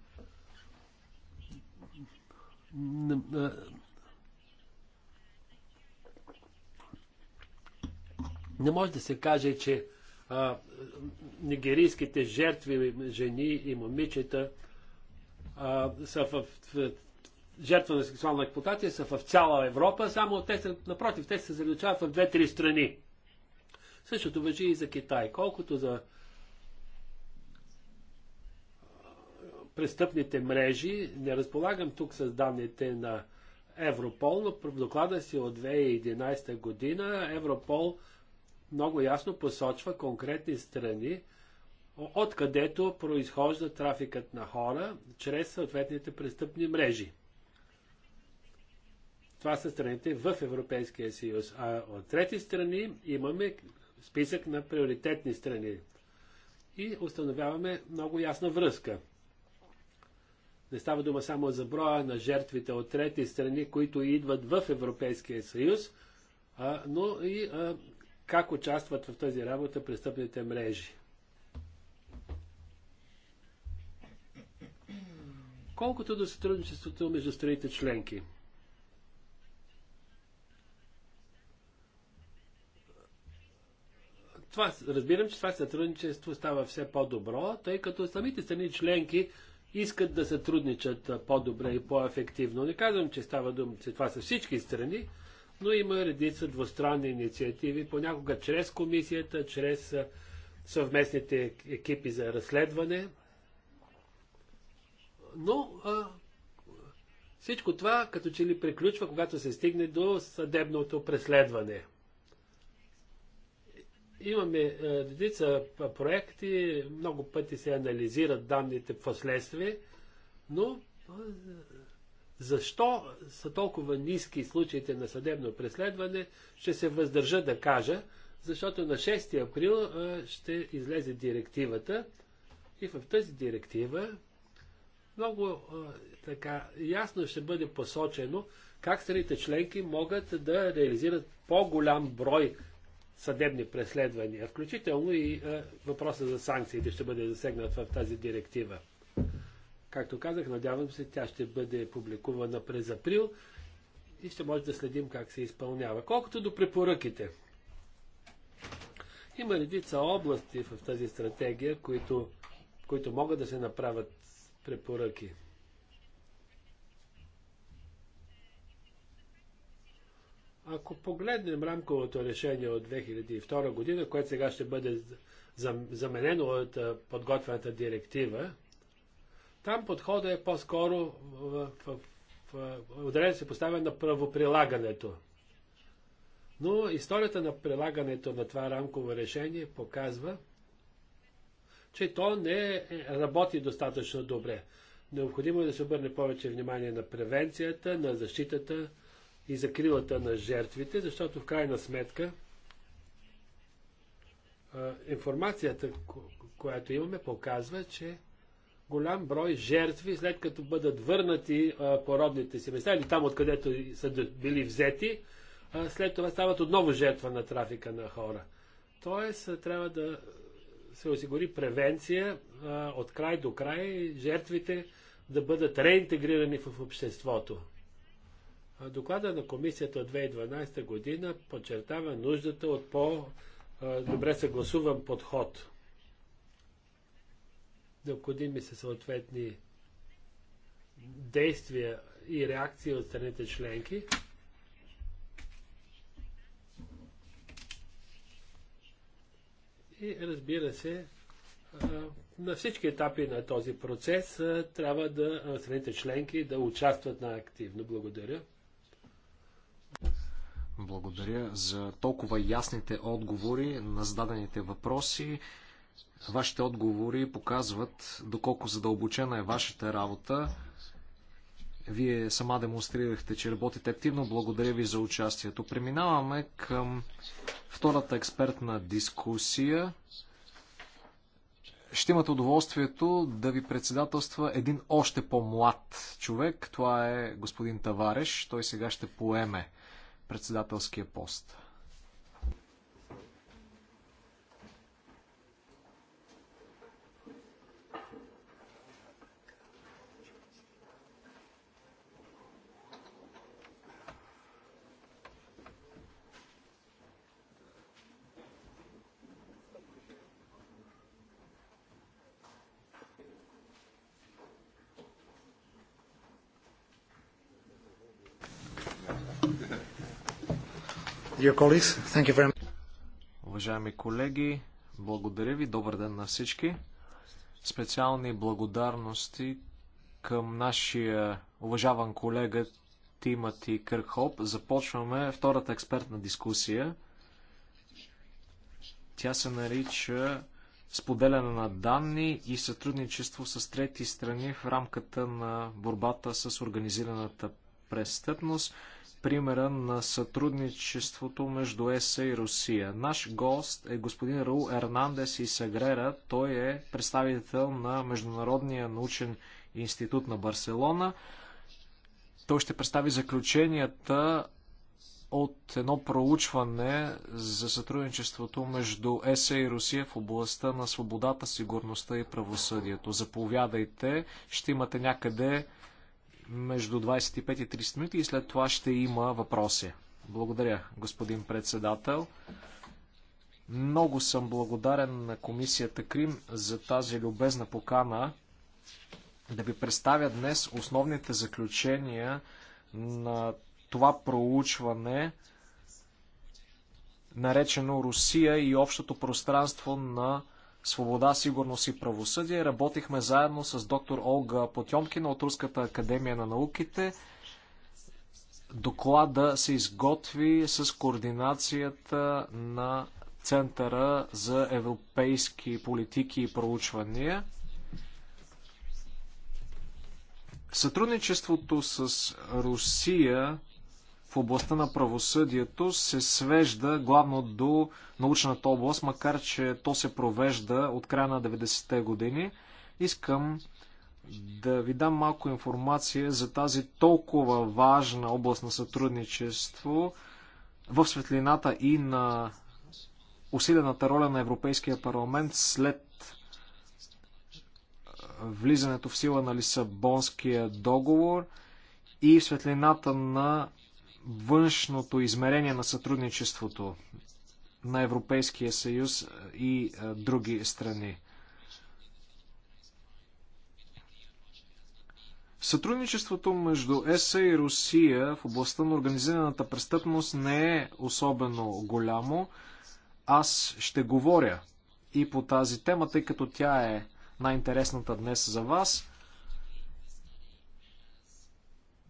Не може да се каже, че а, нигерийските жертви, жени и момичета, са в, в жертва на сексуална експлуатация са в цяла Европа, само те са, напротив, те се заличават в две-три страни. Същото въжи и за Китай. Колкото за престъпните мрежи, не разполагам тук с данните на Европол, но в доклада си от 2011 година Европол много ясно посочва конкретни страни, откъдето произхожда трафикът на хора чрез съответните престъпни мрежи. Това са страните в Европейския съюз. А от трети страни имаме списък на приоритетни страни и установяваме много ясна връзка. Не става дума само за броя на жертвите от трети страни, които идват в Европейския съюз, а, но и а, как участват в тази работа престъпните мрежи. Колкото до сътрудничеството между страните членки. Това, разбирам, че това сътрудничество става все по-добро, тъй като самите страни членки искат да сътрудничат по-добре и по-ефективно. Не казвам, че става дума, че това са всички страни, но има редица двустранни инициативи, понякога чрез комисията, чрез съвместните екипи за разследване, но а, всичко това като че ли приключва, когато се стигне до съдебното преследване. Имаме редица проекти, много пъти се анализират данните в последствие, но защо са толкова ниски случаите на съдебно преследване, ще се въздържа да кажа, защото на 6 април ще излезе директивата и в тази директива много така ясно ще бъде посочено как страните членки могат да реализират по-голям брой съдебни преследвания, включително и въпроса за санкциите ще бъде засегнат в тази директива. Както казах, надявам се, тя ще бъде публикувана през април и ще може да следим как се изпълнява. Колкото до препоръките, има редица области в тази стратегия, които, които могат да се направят препоръки. Ако погледнем рамковото решение от 2002 година, което сега ще бъде заменено от подготвената директива, там подходът е по-скоро в, в, в, ударението се поставя на правоприлагането. Но историята на прилагането на това рамково решение показва, че то не работи достатъчно добре. Необходимо е да се обърне повече внимание на превенцията, на защитата и закрилата на жертвите, защото в крайна сметка информацията, която имаме, показва, че голям брой жертви, след като бъдат върнати по родните си места или там, откъдето са били взети, след това стават отново жертва на трафика на хора. Тоест, трябва да се осигури превенция а, от край до край жертвите да бъдат реинтегрирани в обществото. Доклада на комисията от 2012 година подчертава нуждата от по-добре съгласуван подход. Необходими са съответни действия и реакции от страните членки, И разбира се, на всички етапи на този процес трябва да страните членки да участват на активно. Благодаря. Благодаря за толкова ясните отговори на зададените въпроси. Вашите отговори показват доколко задълбочена е вашата работа. Вие сама демонстрирахте, че работите активно. Благодаря ви за участието. Преминаваме към втората експертна дискусия. Ще имате удоволствието да ви председателства един още по-млад човек. Това е господин Тавареш. Той сега ще поеме председателския пост. Уважаеми колеги, благодаря ви. Добър ден на всички. Специални благодарности към нашия уважаван колега Тимати Кърхоп. Започваме втората експертна дискусия. Тя се нарича Споделяне на данни и сътрудничество с трети страни в рамката на борбата с организираната престъпност примера на сътрудничеството между ЕСА и Русия. Наш гост е господин Рул Ернандес и Сагрера. Той е представител на Международния научен институт на Барселона. Той ще представи заключенията от едно проучване за сътрудничеството между ЕСА и Русия в областта на свободата, сигурността и правосъдието. Заповядайте, ще имате някъде между 25 и 30 минути и след това ще има въпроси. Благодаря, господин председател. Много съм благодарен на комисията Крим за тази любезна покана да ви представя днес основните заключения на това проучване, наречено Русия и общото пространство на свобода, сигурност и правосъдие. Работихме заедно с доктор Олга Потемкина от Руската академия на науките. Доклада се изготви с координацията на Центъра за европейски политики и проучвания. Сътрудничеството с Русия в областта на правосъдието се свежда главно до научната област, макар че то се провежда от края на 90-те години. Искам да ви дам малко информация за тази толкова важна област на сътрудничество в светлината и на усилената роля на Европейския парламент след влизането в сила на Лисабонския договор и в светлината на външното измерение на сътрудничеството на Европейския съюз и други страни. Сътрудничеството между ЕСА и Русия в областта на организираната престъпност не е особено голямо. Аз ще говоря и по тази тема, тъй като тя е най-интересната днес за вас.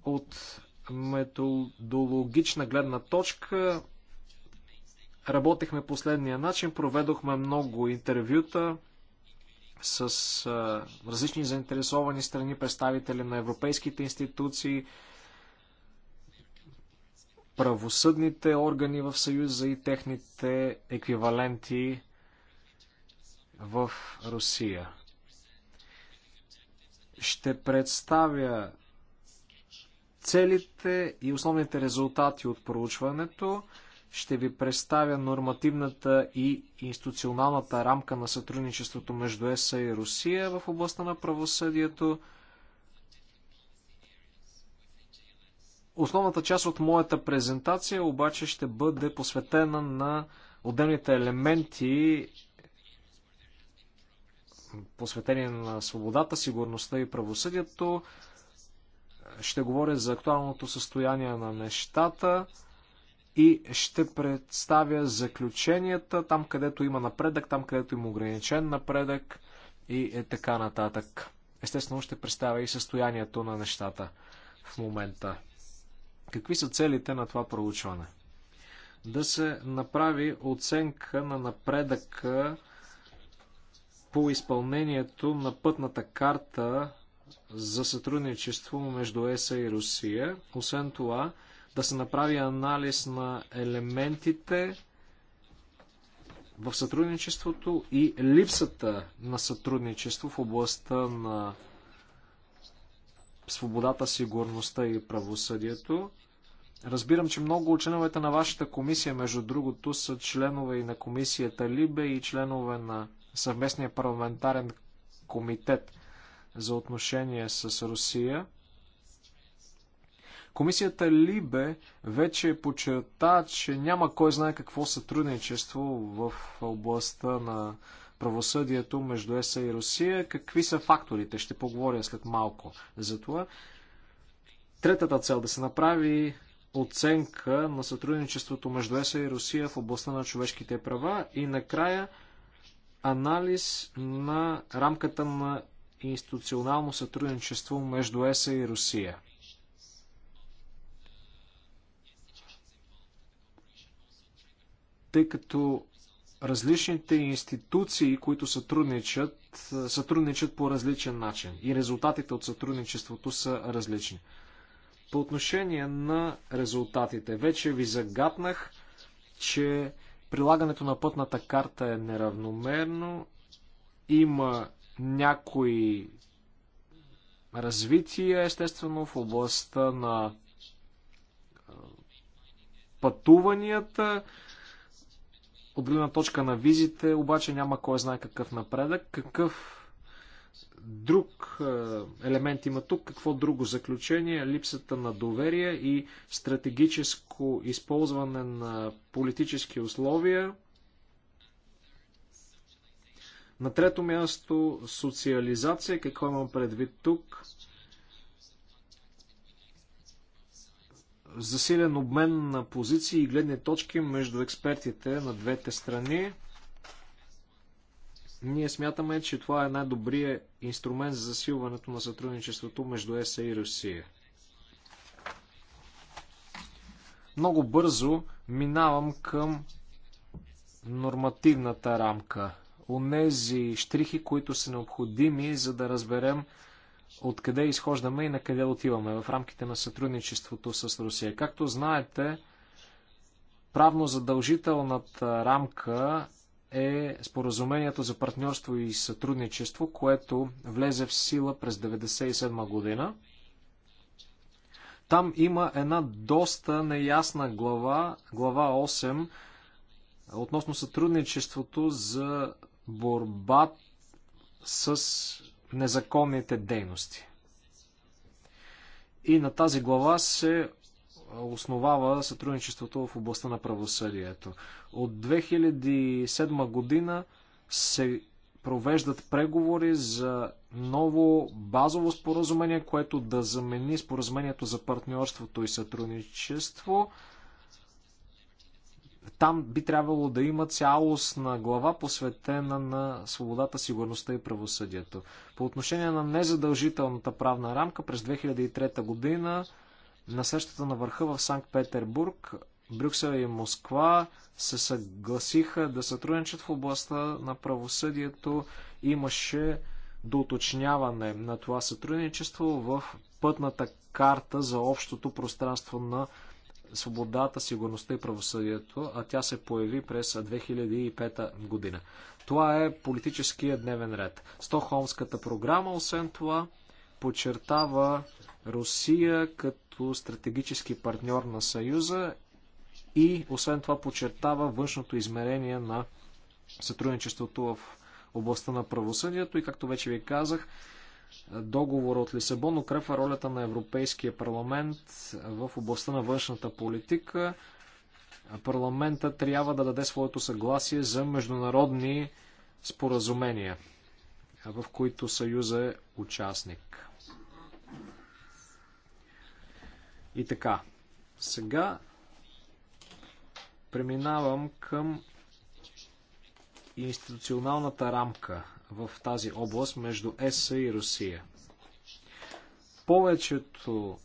От методологична гледна точка работехме последния начин, проведохме много интервюта с а, различни заинтересовани страни, представители на европейските институции, правосъдните органи в Съюза и техните еквиваленти в Русия. Ще представя целите и основните резултати от проучването. Ще ви представя нормативната и институционалната рамка на сътрудничеството между ЕСА и Русия в областта на правосъдието. Основната част от моята презентация обаче ще бъде посветена на отделните елементи, посветени на свободата, сигурността и правосъдието ще говоря за актуалното състояние на нещата и ще представя заключенията там, където има напредък, там, където има ограничен напредък и е така нататък. Естествено, ще представя и състоянието на нещата в момента. Какви са целите на това проучване? Да се направи оценка на напредъка по изпълнението на пътната карта за сътрудничество между ЕСА и Русия. Освен това, да се направи анализ на елементите в сътрудничеството и липсата на сътрудничество в областта на свободата, сигурността и правосъдието. Разбирам, че много от членовете на вашата комисия, между другото, са членове и на комисията Либе и членове на съвместния парламентарен комитет за отношение с Русия. Комисията Либе вече подчерта, че няма кой знае какво сътрудничество в областта на правосъдието между ЕСА и Русия. Какви са факторите? Ще поговоря след малко за това. Третата цел да се направи оценка на сътрудничеството между ЕСА и Русия в областта на човешките права и накрая анализ на рамката на институционално сътрудничество между ЕСА и Русия. Тъй като различните институции, които сътрудничат, сътрудничат по различен начин и резултатите от сътрудничеството са различни. По отношение на резултатите, вече ви загаднах, че прилагането на пътната карта е неравномерно, има някои развития, естествено, в областта на пътуванията. От гледна точка на визите, обаче няма кой знае какъв напредък. Какъв друг елемент има тук? Какво друго заключение? Липсата на доверие и стратегическо използване на политически условия – на трето място социализация. Какво имам предвид тук? Засилен обмен на позиции и гледни точки между експертите на двете страни. Ние смятаме, че това е най-добрият инструмент за засилването на сътрудничеството между ЕСА и Русия. Много бързо минавам към нормативната рамка онези штрихи, които са необходими, за да разберем откъде изхождаме и на къде отиваме в рамките на сътрудничеството с Русия. Както знаете, правно задължителната рамка е споразумението за партньорство и сътрудничество, което влезе в сила през 1997 година. Там има една доста неясна глава, глава 8, относно сътрудничеството за борба с незаконните дейности. И на тази глава се основава сътрудничеството в областта на правосъдието. От 2007 година се провеждат преговори за ново базово споразумение, което да замени споразумението за партньорството и сътрудничество – там би трябвало да има цялостна глава, посветена на свободата, сигурността и правосъдието. По отношение на незадължителната правна рамка през 2003 година на срещата на върха в Санкт-Петербург Брюксел и Москва се съгласиха да сътрудничат в областта на правосъдието. Имаше доуточняване на това сътрудничество в пътната карта за общото пространство на свободата, сигурността и правосъдието, а тя се появи през 2005 година. Това е политическия дневен ред. Стохолмската програма, освен това, подчертава Русия като стратегически партньор на Съюза и освен това подчертава външното измерение на сътрудничеството в областта на правосъдието и както вече ви казах, договора от Лисабон укрепва ролята на Европейския парламент в областта на външната политика. Парламента трябва да даде своето съгласие за международни споразумения, в които Съюза е участник. И така, сега преминавам към институционалната рамка в тази област между ЕС и Русия. Повечето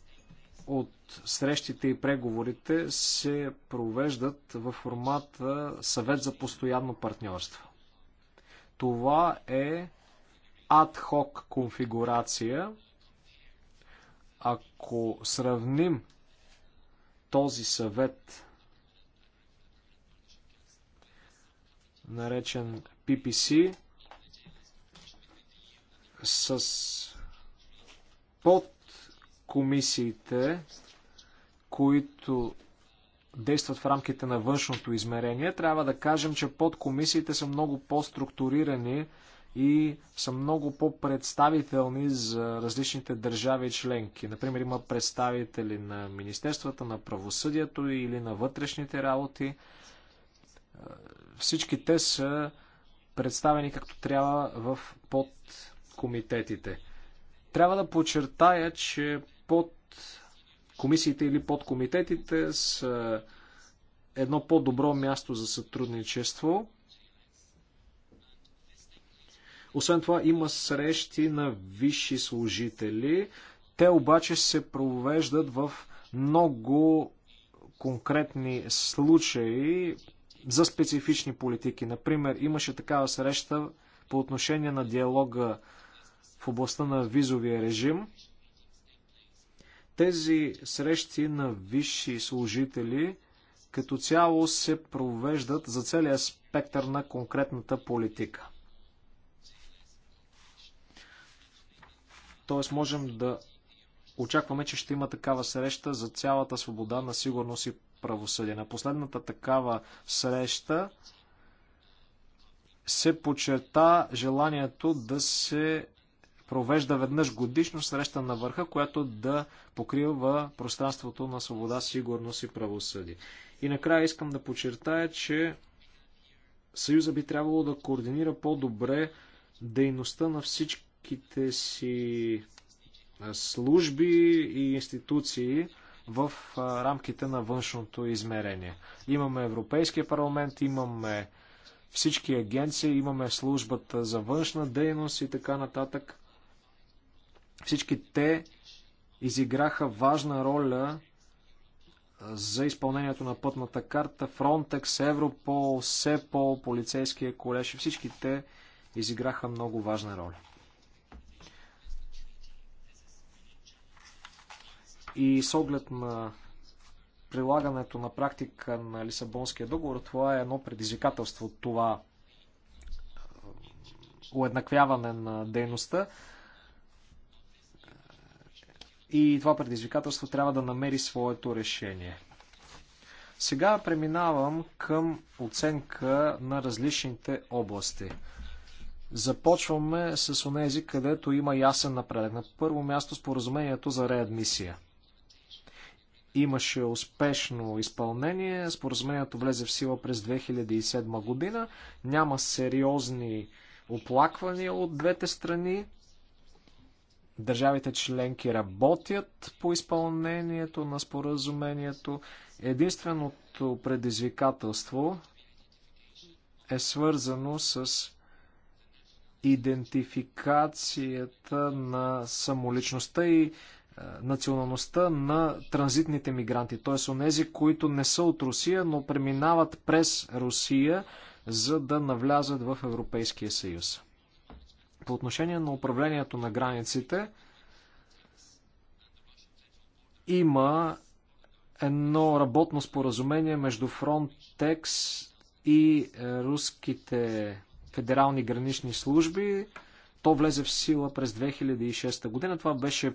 от срещите и преговорите се провеждат в формата съвет за постоянно партньорство. Това е адхок конфигурация. Ако сравним този съвет, наречен PPC, с под комисиите, които действат в рамките на външното измерение, трябва да кажем, че подкомисиите са много по-структурирани и са много по-представителни за различните държави и членки. Например, има представители на Министерствата, на правосъдието или на вътрешните работи. Всички те са представени както трябва в подкомисиите комитетите. Трябва да подчертая, че под комисиите или под комитетите са едно по-добро място за сътрудничество. Освен това има срещи на висши служители. Те обаче се провеждат в много конкретни случаи за специфични политики. Например, имаше такава среща по отношение на диалога в областта на визовия режим. Тези срещи на висши служители като цяло се провеждат за целия спектър на конкретната политика. Тоест можем да очакваме, че ще има такава среща за цялата свобода на сигурност и правосъдие. На последната такава среща се почерта желанието да се провежда веднъж годишно среща на върха, която да покрива пространството на свобода, сигурност и правосъдие. И накрая искам да подчертая, че Съюза би трябвало да координира по-добре дейността на всичките си служби и институции в рамките на външното измерение. Имаме Европейския парламент, имаме всички агенции, имаме службата за външна дейност и така нататък. Всички те изиграха важна роля за изпълнението на пътната карта. Frontex, Европол, СЕПОЛ, полицейския колеж, всички те изиграха много важна роля. И с оглед на прилагането на практика на Лисабонския договор, това е едно предизвикателство, това уеднаквяване на дейността и това предизвикателство трябва да намери своето решение. Сега преминавам към оценка на различните области. Започваме с онези, където има ясен напредък. На първо място споразумението за реадмисия. Имаше успешно изпълнение. Споразумението влезе в сила през 2007 година. Няма сериозни оплаквания от двете страни. Държавите членки работят по изпълнението на споразумението. Единственото предизвикателство е свързано с идентификацията на самоличността и е, националността на транзитните мигранти, т.е. онези, които не са от Русия, но преминават през Русия, за да навлязат в Европейския съюз. По отношение на управлението на границите, има едно работно споразумение между Frontex и е, руските федерални гранични служби. То влезе в сила през 2006 година. Това беше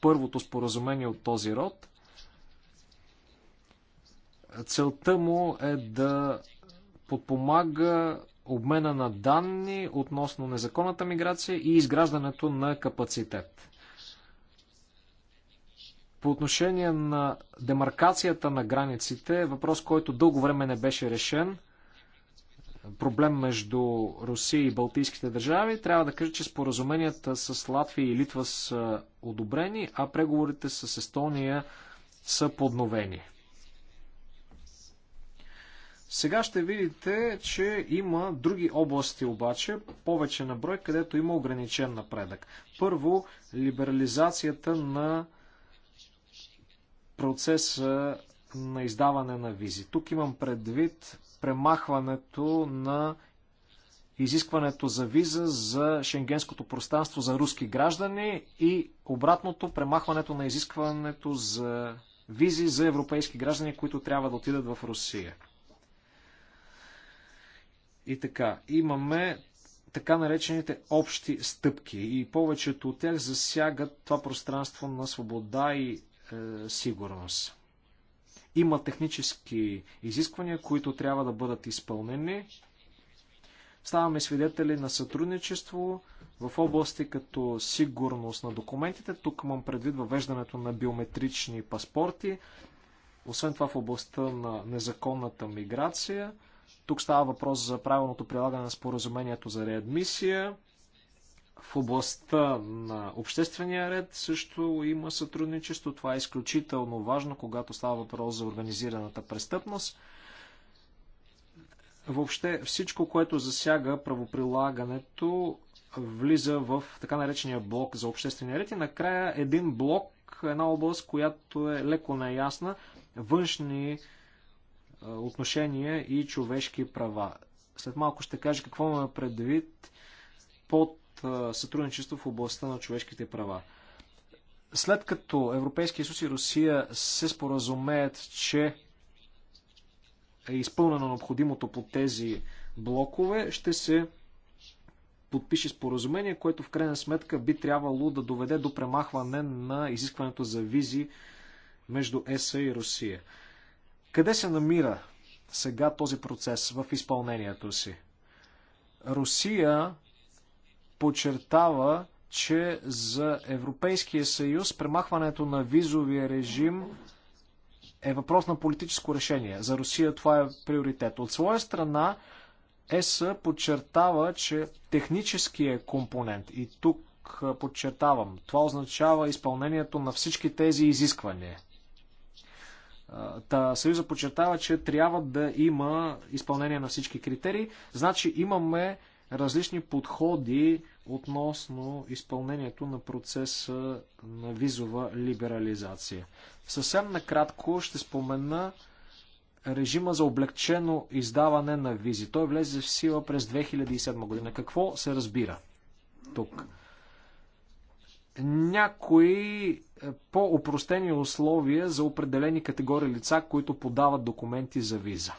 първото споразумение от този род. Целта му е да подпомага обмена на данни относно незаконната миграция и изграждането на капацитет. По отношение на демаркацията на границите, въпрос, който дълго време не беше решен, проблем между Русия и Балтийските държави, трябва да кажа, че споразуменията с Латвия и Литва са одобрени, а преговорите с Естония са подновени. Сега ще видите, че има други области обаче, повече на брой, където има ограничен напредък. Първо, либерализацията на процеса на издаване на визи. Тук имам предвид премахването на изискването за виза за шенгенското пространство за руски граждани и обратното премахването на изискването за визи за европейски граждани, които трябва да отидат в Русия. И така, имаме така наречените общи стъпки и повечето от тях засягат това пространство на свобода и е, сигурност. Има технически изисквания, които трябва да бъдат изпълнени. Ставаме свидетели на сътрудничество в области като сигурност на документите. Тук имам предвид въвеждането на биометрични паспорти, освен това в областта на незаконната миграция – тук става въпрос за правилното прилагане на споразумението за реадмисия. В областта на обществения ред също има сътрудничество. Това е изключително важно, когато става въпрос за организираната престъпност. Въобще всичко, което засяга правоприлагането, влиза в така наречения блок за обществения ред и накрая един блок, една област, която е леко неясна, външни отношения и човешки права. След малко ще кажа какво има предвид под сътрудничество в областта на човешките права. След като Европейския съюз и Русия се споразумеят, че е изпълнено необходимото по тези блокове, ще се подпише споразумение, което в крайна сметка би трябвало да доведе до премахване на изискването за визи между ЕСА и Русия. Къде се намира сега този процес в изпълнението си? Русия подчертава, че за Европейския съюз премахването на визовия режим е въпрос на политическо решение. За Русия това е приоритет. От своя страна ЕС подчертава, че техническия е компонент и тук подчертавам, това означава изпълнението на всички тези изисквания. Та, Съюза подчертава, че трябва да има изпълнение на всички критерии. Значи имаме различни подходи относно изпълнението на процеса на визова либерализация. Съвсем накратко ще спомена режима за облегчено издаване на визи. Той влезе в сила през 2007 година. Какво се разбира тук? някои е, по-опростени условия за определени категории лица, които подават документи за виза.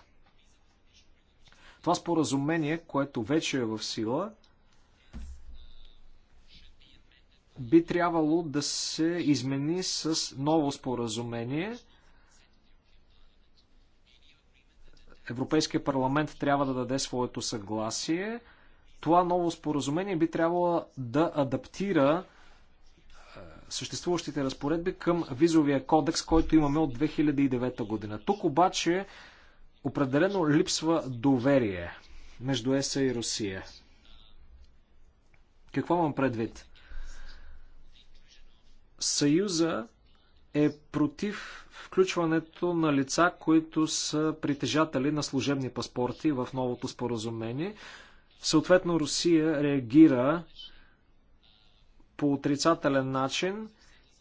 Това споразумение, което вече е в сила, би трябвало да се измени с ново споразумение. Европейския парламент трябва да даде своето съгласие. Това ново споразумение би трябвало да адаптира съществуващите разпоредби към визовия кодекс, който имаме от 2009 година. Тук обаче определено липсва доверие между ЕСА и Русия. Какво имам предвид? Съюза е против включването на лица, които са притежатели на служебни паспорти в новото споразумение. Съответно, Русия реагира по отрицателен начин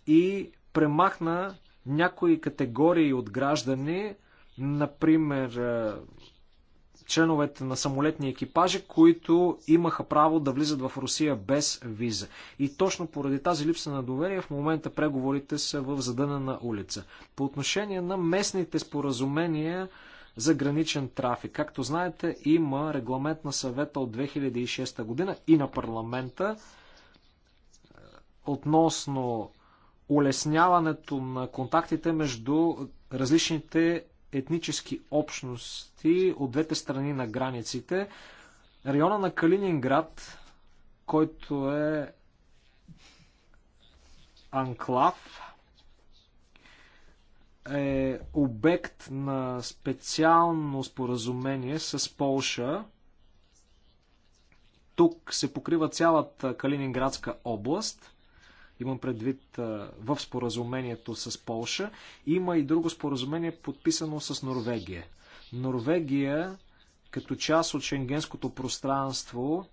и премахна някои категории от граждани, например е, членовете на самолетни екипажи, които имаха право да влизат в Русия без виза. И точно поради тази липса на доверие в момента преговорите са в задънена улица. По отношение на местните споразумения за граничен трафик, както знаете, има регламент на съвета от 2006 година и на парламента, относно улесняването на контактите между различните етнически общности от двете страни на границите. Района на Калининград, който е анклав, е обект на специално споразумение с Полша. Тук се покрива цялата Калининградска област – Имам предвид в споразумението с Полша. Има и друго споразумение, подписано с Норвегия. Норвегия, като част от шенгенското пространство,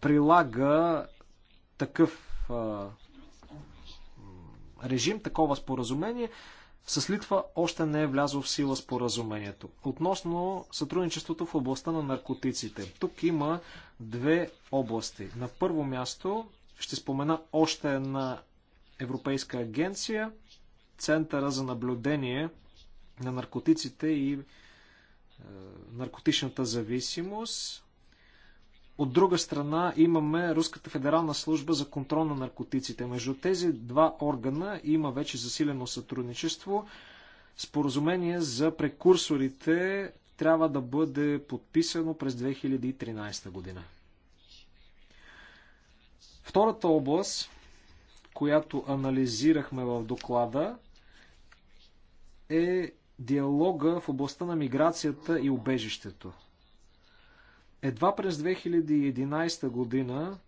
прилага такъв режим, такова споразумение. С Литва още не е влязло в сила споразумението. Относно сътрудничеството в областта на наркотиците. Тук има две области. На първо място ще спомена още една европейска агенция, Центъра за наблюдение на наркотиците и е, наркотичната зависимост. От друга страна имаме Руската федерална служба за контрол на наркотиците. Между тези два органа има вече засилено сътрудничество. Споразумение за прекурсорите трябва да бъде подписано през 2013 година. Втората област, която анализирахме в доклада, е диалога в областта на миграцията и убежището. Едва през 2011 година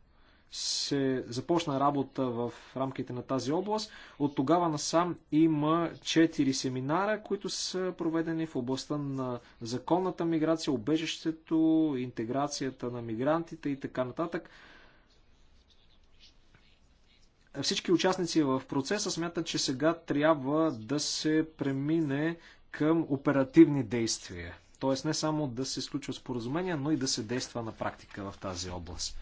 се започна работа в рамките на тази област. От тогава насам има 4 семинара, които са проведени в областта на законната миграция, обежището, интеграцията на мигрантите и така нататък. Всички участници в процеса смятат, че сега трябва да се премине към оперативни действия Тоест не само да се изключват споразумения, но и да се действа на практика в тази област.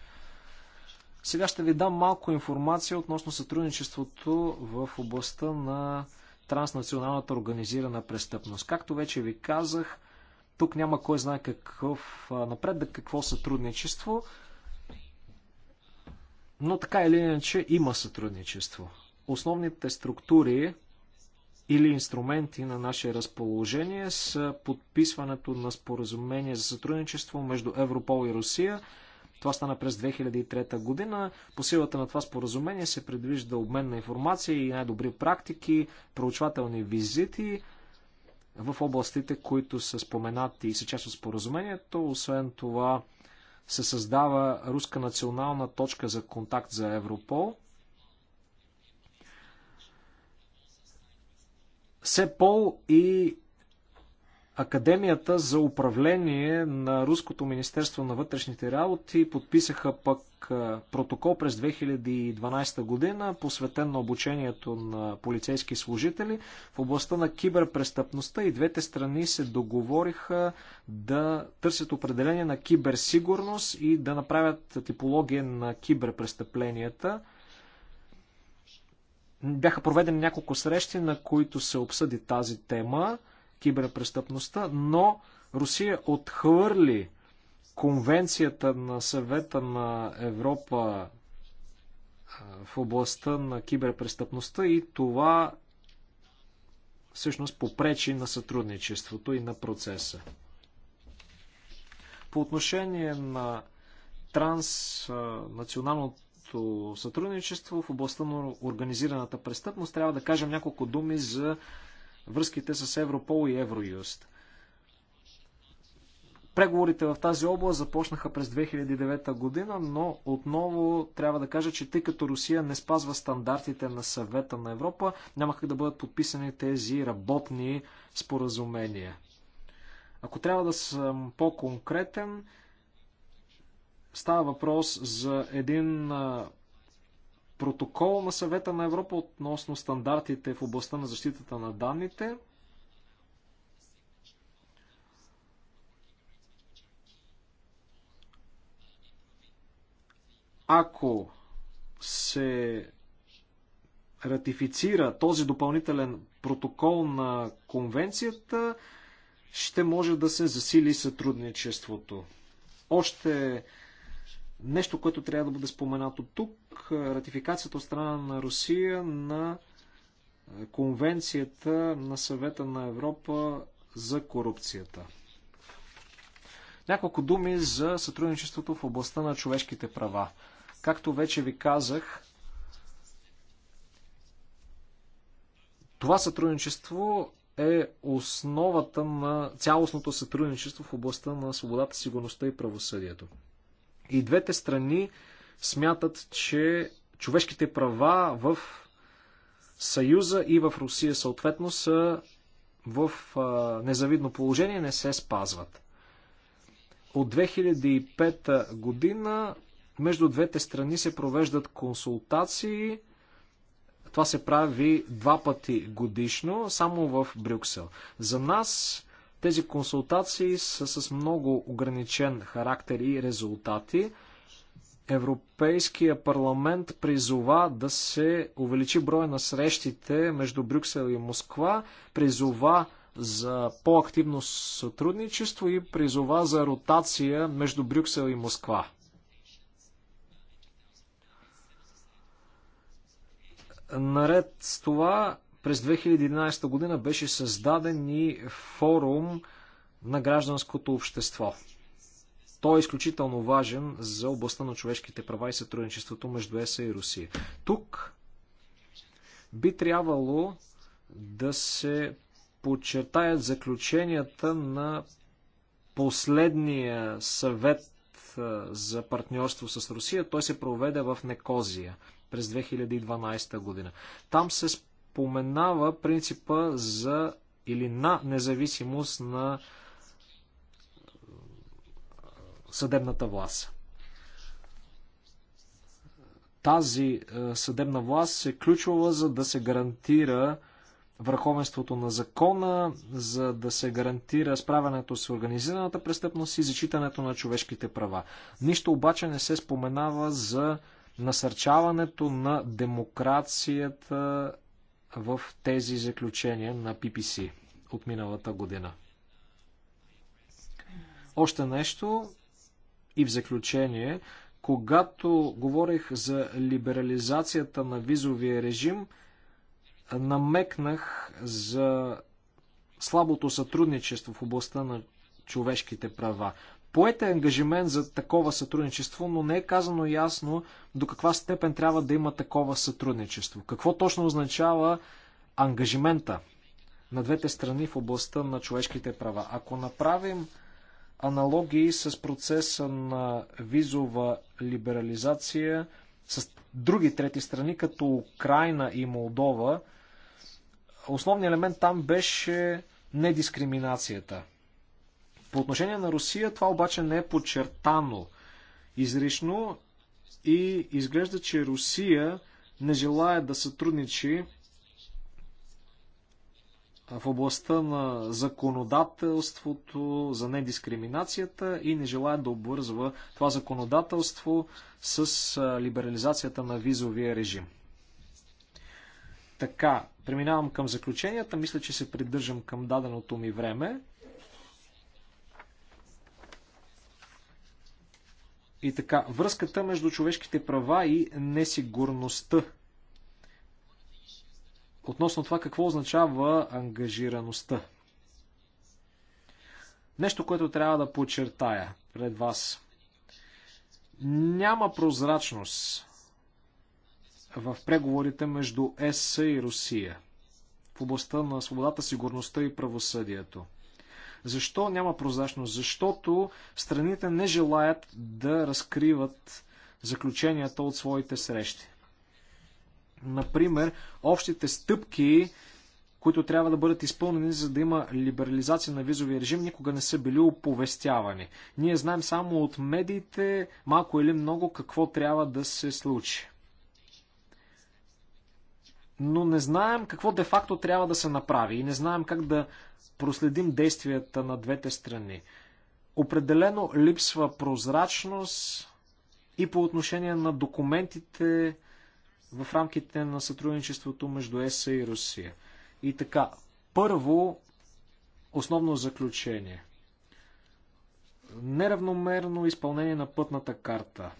Сега ще ви дам малко информация относно сътрудничеството в областта на транснационалната организирана престъпност. Както вече ви казах, тук няма кой знае какъв напредък, какво сътрудничество, но така или иначе има сътрудничество. Основните структури или инструменти на наше разположение с подписването на споразумение за сътрудничество между Европол и Русия. Това стана през 2003 година. По силата на това споразумение се предвижда обмен на информация и най-добри практики, проучвателни визити в областите, които са споменати и са част от споразумението. Освен това се създава Руска национална точка за контакт за Европол. СЕПОЛ и Академията за управление на Руското Министерство на вътрешните работи подписаха пък протокол през 2012 година, посветен на обучението на полицейски служители в областта на киберпрестъпността и двете страни се договориха да търсят определение на киберсигурност и да направят типология на киберпрестъпленията. Бяха проведени няколко срещи, на които се обсъди тази тема, киберпрестъпността, но Русия отхвърли конвенцията на съвета на Европа в областта на киберпрестъпността и това всъщност попречи на сътрудничеството и на процеса. По отношение на транснационалното нашето сътрудничество в областта на организираната престъпност. Трябва да кажем няколко думи за връзките с Европол и Евроюст. Преговорите в тази област започнаха през 2009 година, но отново трябва да кажа, че тъй като Русия не спазва стандартите на съвета на Европа, няма как да бъдат подписани тези работни споразумения. Ако трябва да съм по-конкретен, Става въпрос за един протокол на съвета на Европа относно стандартите в областта на защитата на данните. Ако се ратифицира този допълнителен протокол на конвенцията, ще може да се засили сътрудничеството. Още Нещо, което трябва да бъде споменато тук, е, ратификацията от страна на Русия на е, Конвенцията на съвета на Европа за корупцията. Няколко думи за сътрудничеството в областта на човешките права. Както вече ви казах, това сътрудничество е основата на цялостното сътрудничество в областта на свободата, сигурността и правосъдието. И двете страни смятат, че човешките права в Съюза и в Русия съответно са в а, незавидно положение, не се спазват. От 2005 година между двете страни се провеждат консултации. Това се прави два пъти годишно, само в Брюксел. За нас тези консултации са с много ограничен характер и резултати. Европейския парламент призова да се увеличи броя на срещите между Брюксел и Москва, призова за по-активно сътрудничество и призова за ротация между Брюксел и Москва. Наред с това през 2011 година беше създаден и форум на гражданското общество. Той е изключително важен за областта на човешките права и сътрудничеството между ЕСА и Русия. Тук би трябвало да се подчертаят заключенията на последния съвет за партньорство с Русия. Той се проведе в Некозия през 2012 година. Там се споменава принципа за или на независимост на съдебната власт. Тази съдебна власт е ключова за да се гарантира върховенството на закона, за да се гарантира справянето с организираната престъпност и зачитането на човешките права. Нищо обаче не се споменава за насърчаването на демокрацията в тези заключения на PPC от миналата година. Още нещо и в заключение, когато говорих за либерализацията на визовия режим, намекнах за слабото сътрудничество в областта на човешките права. Поете е ангажимент за такова сътрудничество, но не е казано ясно до каква степен трябва да има такова сътрудничество. Какво точно означава ангажимента на двете страни в областта на човешките права? Ако направим аналогии с процеса на визова либерализация с други трети страни, като Украина и Молдова, основният елемент там беше недискриминацията – по отношение на Русия това обаче не е подчертано изрично и изглежда, че Русия не желая да сътрудничи в областта на законодателството за недискриминацията и не желая да обвързва това законодателство с либерализацията на визовия режим. Така, преминавам към заключенията. Мисля, че се придържам към даденото ми време. И така, връзката между човешките права и несигурността. Относно това какво означава ангажираността. Нещо, което трябва да подчертая пред вас. Няма прозрачност в преговорите между ЕС и Русия в областта на свободата, сигурността и правосъдието. Защо няма прозрачност? Защото страните не желаят да разкриват заключенията от своите срещи. Например, общите стъпки, които трябва да бъдат изпълнени, за да има либерализация на визовия режим, никога не са били оповестявани. Ние знаем само от медиите малко или много какво трябва да се случи но не знаем какво де-факто трябва да се направи и не знаем как да проследим действията на двете страни. Определено липсва прозрачност и по отношение на документите в рамките на сътрудничеството между ЕСА и Русия. И така, първо, основно заключение. Неравномерно изпълнение на пътната карта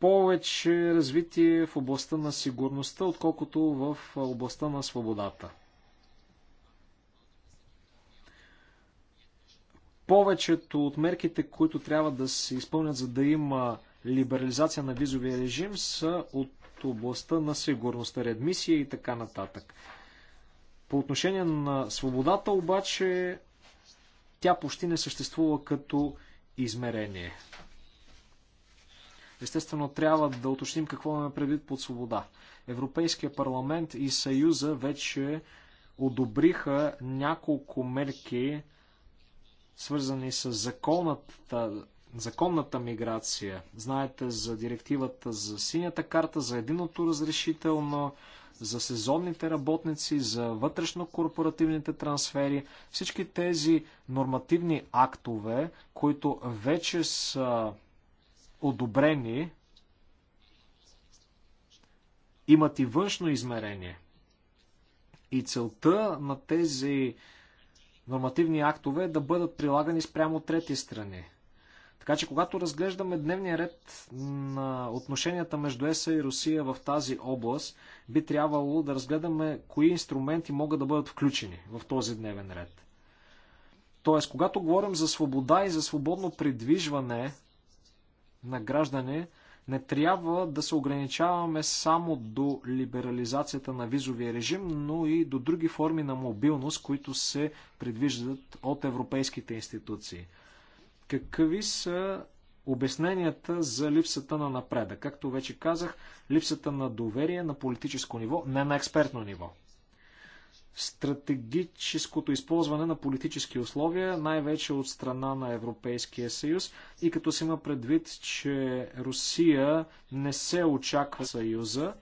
повече развитие в областта на сигурността, отколкото в областта на свободата. Повечето от мерките, които трябва да се изпълнят, за да има либерализация на визовия режим, са от областта на сигурността, редмисия и така нататък. По отношение на свободата обаче, тя почти не съществува като измерение. Естествено, трябва да уточним какво имаме предвид под свобода. Европейския парламент и Съюза вече одобриха няколко мерки, свързани с законната, законната миграция. Знаете за директивата за синята карта, за единото разрешително, за сезонните работници, за вътрешно-корпоративните трансфери. Всички тези нормативни актове, които вече са одобрени, имат и външно измерение. И целта на тези нормативни актове е да бъдат прилагани спрямо трети страни. Така че, когато разглеждаме дневния ред на отношенията между ЕСА и Русия в тази област, би трябвало да разгледаме кои инструменти могат да бъдат включени в този дневен ред. Тоест, когато говорим за свобода и за свободно придвижване награждане, не трябва да се ограничаваме само до либерализацията на визовия режим, но и до други форми на мобилност, които се предвиждат от европейските институции. Какви са обясненията за липсата на напреда? Както вече казах, липсата на доверие на политическо ниво, не на експертно ниво стратегическото използване на политически условия, най-вече от страна на Европейския съюз и като се има предвид, че Русия не се очаква съюза,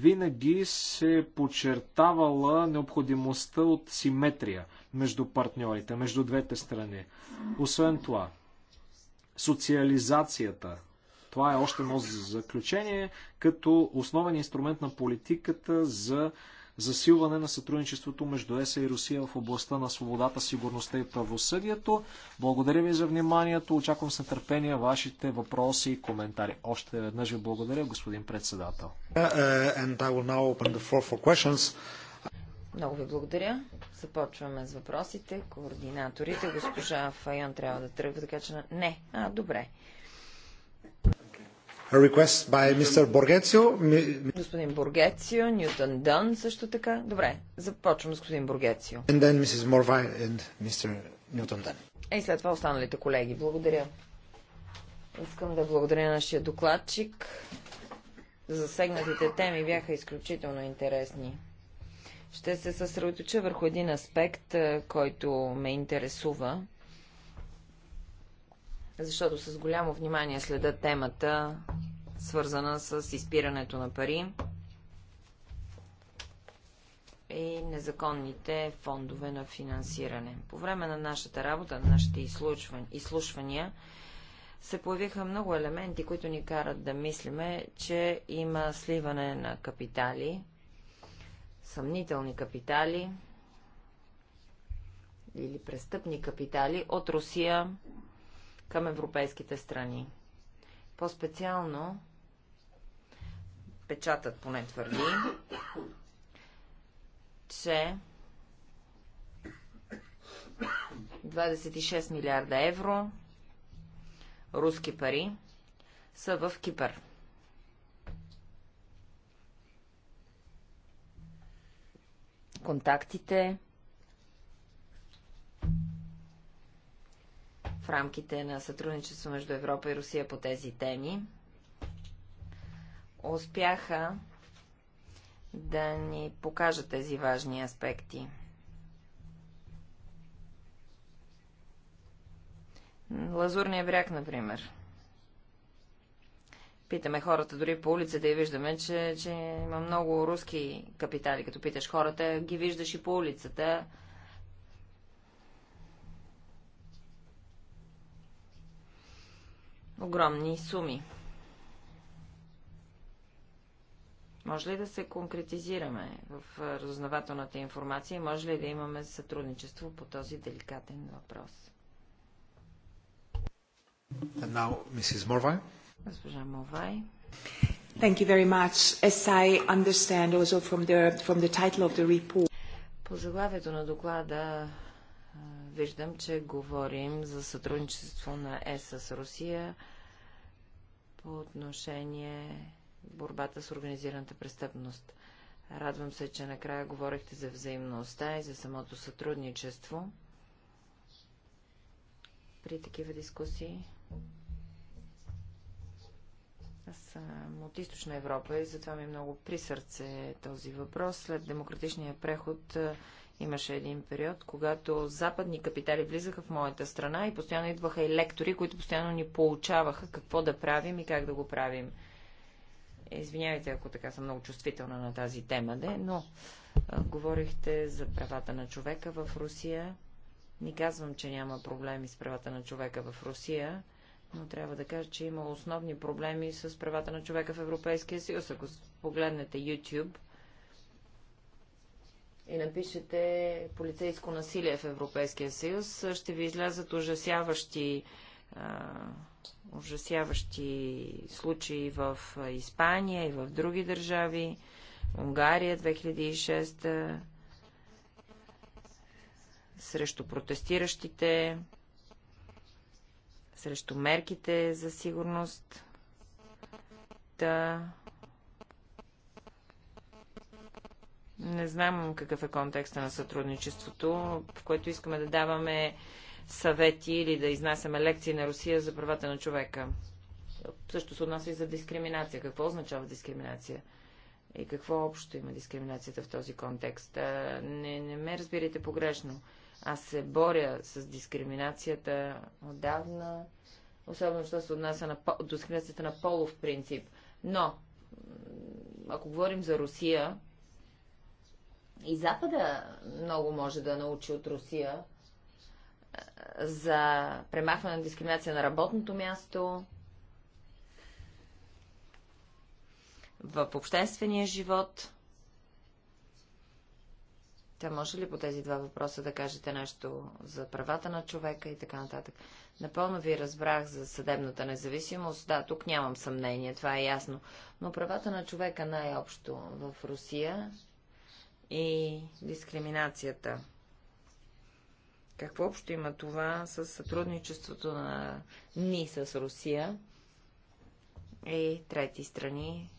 винаги се подчертавала необходимостта от симетрия между партньорите, между двете страни. Освен това, социализацията това е още едно заключение като основен инструмент на политиката за засилване на сътрудничеството между ЕСА и Русия в областта на свободата, сигурността и правосъдието. Благодаря ви за вниманието. Очаквам с нетърпение вашите въпроси и коментари. Още веднъж ви благодаря, господин председател. Uh, Много ви благодаря. Започваме с въпросите. Координаторите, госпожа Файон трябва да тръгва, така че... Не. А, добре. Господин Боргецио, Ньютон Дън също така. Добре, започвам с господин Боргецио. And then Mrs. Morvai and Mr. Newton Dunn. И след това останалите колеги. Благодаря. Искам да благодаря нашия докладчик. Засегнатите теми бяха изключително интересни. Ще се съсредоточа върху един аспект, който ме интересува защото с голямо внимание следа темата, свързана с изпирането на пари и незаконните фондове на финансиране. По време на нашата работа, на нашите изслушвания, се появиха много елементи, които ни карат да мислиме, че има сливане на капитали, съмнителни капитали или престъпни капитали от Русия към европейските страни. По-специално, печатът поне твърди, че 26 милиарда евро руски пари са в Кипър. Контактите в рамките на сътрудничество между Европа и Русия по тези теми. Успяха да ни покажат тези важни аспекти. Лазурния бряг, например. Питаме хората дори по улицата и виждаме, че, че има много руски капитали. Като питаш хората, ги виждаш и по улицата огромни суми. Може ли да се конкретизираме в разузнавателната информация и може ли да имаме сътрудничество по този деликатен въпрос? And now, Mrs. Morvai. Госпожа Мовай. Thank you very much. As I understand also from the, from the title of the report. По заглавието на доклада виждам, че говорим за сътрудничество на ЕС с Русия по отношение борбата с организираната престъпност. Радвам се, че накрая говорихте за взаимността и за самото сътрудничество при такива дискусии. Аз съм от източна Европа и затова ми е много при сърце този въпрос. След демократичния преход Имаше един период, когато западни капитали влизаха в моята страна и постоянно идваха и лектори, които постоянно ни получаваха какво да правим и как да го правим. Извинявайте, ако така съм много чувствителна на тази тема, де, но а, говорихте за правата на човека в Русия. Не казвам, че няма проблеми с правата на човека в Русия, но трябва да кажа, че има основни проблеми с правата на човека в Европейския съюз. Ако погледнете YouTube, и напишете полицейско насилие в Европейския съюз, ще ви излязат ужасяващи, ужасяващи случаи в Испания и в други държави. Унгария 2006 срещу протестиращите, срещу мерките за сигурност. Та, да Не знам какъв е контекста на сътрудничеството, в което искаме да даваме съвети или да изнасяме лекции на Русия за правата на човека. Също се отнася и за дискриминация. Какво означава дискриминация? И какво общо има дискриминацията в този контекст? Не, не ме разбирайте погрешно. Аз се боря с дискриминацията отдавна, особено що се отнася на, до дискриминацията на полов принцип. Но, ако говорим за Русия, и Запада много може да научи от Русия за премахване на дискриминация на работното място, в обществения живот. Та може ли по тези два въпроса да кажете нещо за правата на човека и така нататък? Напълно ви разбрах за съдебната независимост. Да, тук нямам съмнение, това е ясно. Но правата на човека най-общо в Русия и дискриминацията. Какво общо има това с сътрудничеството на ни с Русия и трети страни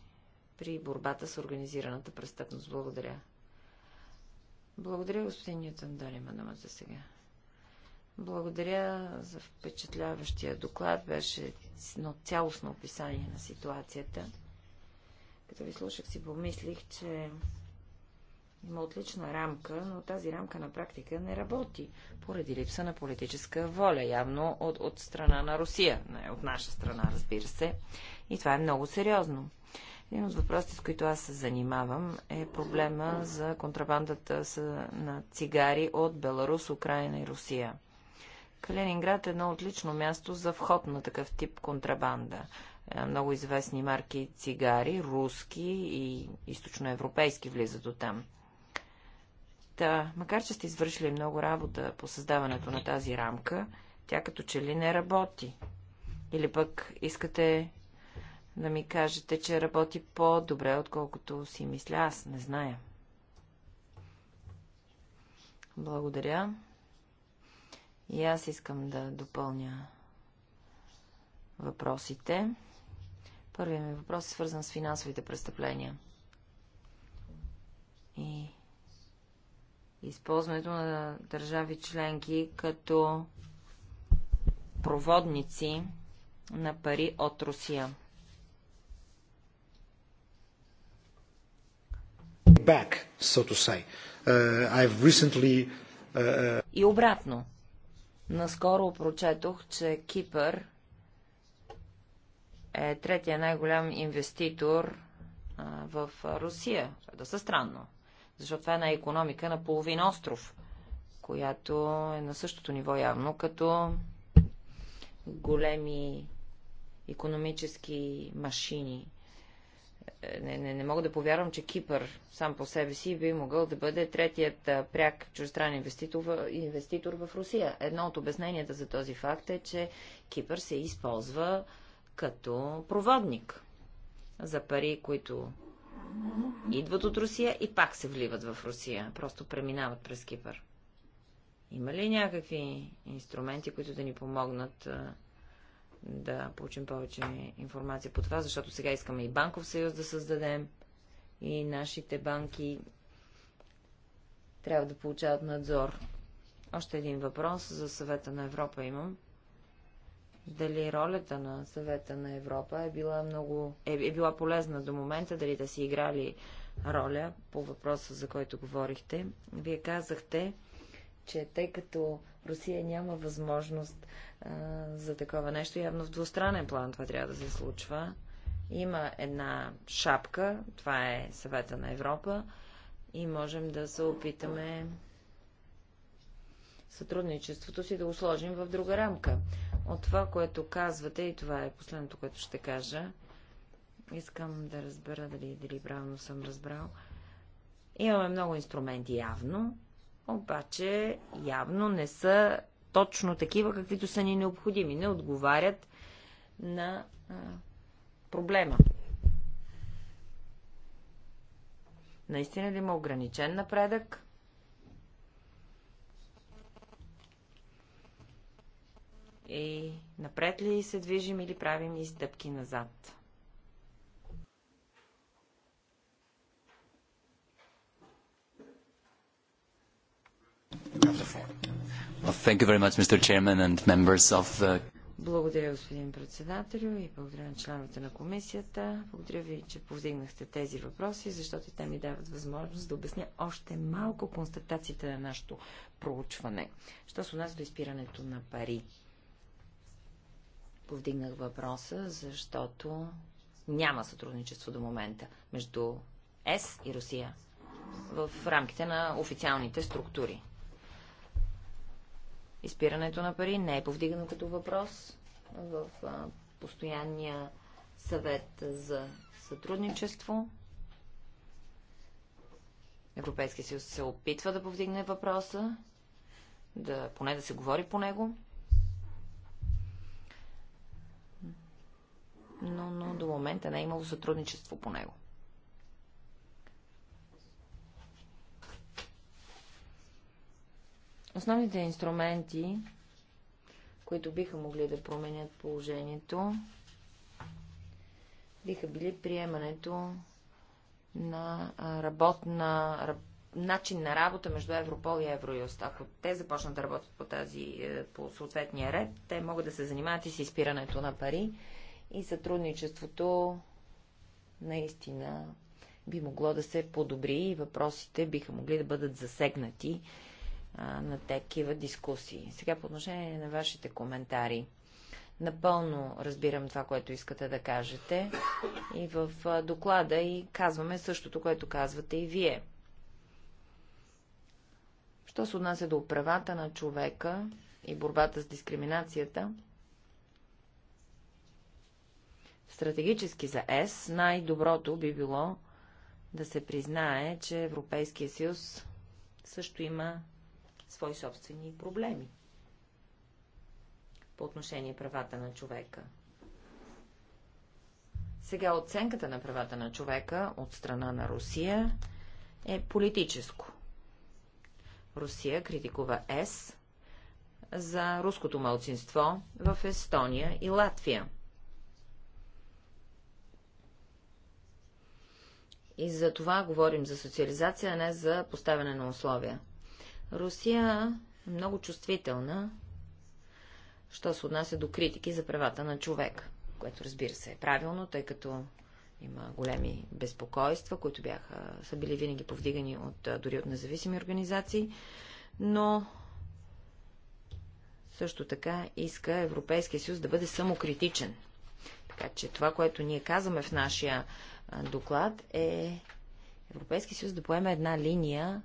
при борбата с организираната престъпност? Благодаря. Благодаря, господин Нютон. Дали има дума за сега. Благодаря за впечатляващия доклад. Беше едно цялостно описание на ситуацията. Като ви слушах, си помислих, че има отлична рамка, но тази рамка на практика не работи, поради липса на политическа воля, явно от, от страна на Русия, не от наша страна, разбира се. И това е много сериозно. Един от въпросите, с които аз се занимавам, е проблема за контрабандата на цигари от Беларус, Украина и Русия. Калининград е едно отлично място за вход на такъв тип контрабанда. Е, много известни марки цигари, руски и източноевропейски влизат до там. Та, макар че сте извършили много работа по създаването на тази рамка, тя като че ли не работи. Или пък искате да ми кажете, че работи по-добре, отколкото си мисля аз. Не зная. Благодаря. И аз искам да допълня въпросите. Първият ми въпрос е свързан с финансовите престъпления. И използването на държави членки като проводници на пари от Русия. Back, so to say. Uh, recently, uh, uh... И обратно. Наскоро прочетох, че Кипър е третия най-голям инвеститор а, в Русия. Това е доста странно. Защото това е една економика на половин остров, която е на същото ниво явно, като големи економически машини. Е, не, не, не мога да повярвам, че Кипър сам по себе си би могъл да бъде третият пряк чуждестранен инвеститор, инвеститор в Русия. Едно от обясненията за този факт е, че Кипър се използва като проводник за пари, които Идват от Русия и пак се вливат в Русия. Просто преминават през Кипър. Има ли някакви инструменти, които да ни помогнат да получим повече информация по това, защото сега искаме и банков съюз да създадем, и нашите банки трябва да получават надзор. Още един въпрос за съвета на Европа имам дали ролята на съвета на Европа е била много е, е била полезна до момента, дали да си играли роля по въпроса, за който говорихте. Вие казахте, че тъй като Русия няма възможност а, за такова нещо, явно в двустранен план това трябва да се случва. Има една шапка, това е съвета на Европа и можем да се опитаме сътрудничеството си да го сложим в друга рамка от това, което казвате, и това е последното, което ще кажа, искам да разбера дали, дали правилно съм разбрал. Имаме много инструменти явно, обаче явно не са точно такива, каквито са ни необходими. Не отговарят на а, проблема. Наистина ли има ограничен напредък? И напред ли се движим или правим и стъпки назад? Благодаря, господин председателю и благодаря на членовете на комисията. Благодаря ви, че повдигнахте тези въпроси, защото те ми дават възможност да обясня още малко констатациите на нашето проучване. Що се отнася до изпирането на пари? Повдигнах въпроса, защото няма сътрудничество до момента между ЕС и Русия в рамките на официалните структури. Изпирането на пари не е повдигано като въпрос в постоянния съвет за сътрудничество. Европейския съюз се опитва да повдигне въпроса, да, поне да се говори по него. но, но до момента не е имало сътрудничество по него. Основните инструменти, които биха могли да променят положението, биха били приемането на работна начин на работа между Европол и Евроюст. Ако те започнат да работят по, тази, е, по съответния ред, те могат да се занимават и с изпирането на пари и сътрудничеството наистина би могло да се подобри и въпросите биха могли да бъдат засегнати а, на такива дискусии. Сега по отношение на вашите коментари. Напълно разбирам това, което искате да кажете и в доклада и казваме същото, което казвате и вие. Що се отнася до правата на човека и борбата с дискриминацията, стратегически за ЕС, най-доброто би било да се признае, че Европейския съюз също има свои собствени проблеми по отношение правата на човека. Сега оценката на правата на човека от страна на Русия е политическо. Русия критикува ЕС за руското мълцинство в Естония и Латвия. И за това говорим за социализация, а не за поставяне на условия. Русия е много чувствителна, що се отнася до критики за правата на човек, което разбира се е правилно, тъй като има големи безпокойства, които бяха, са били винаги повдигани от, дори от независими организации, но също така иска Европейския съюз да бъде самокритичен. Така че това, което ние казваме в нашия доклад е Европейски съюз да поеме една линия,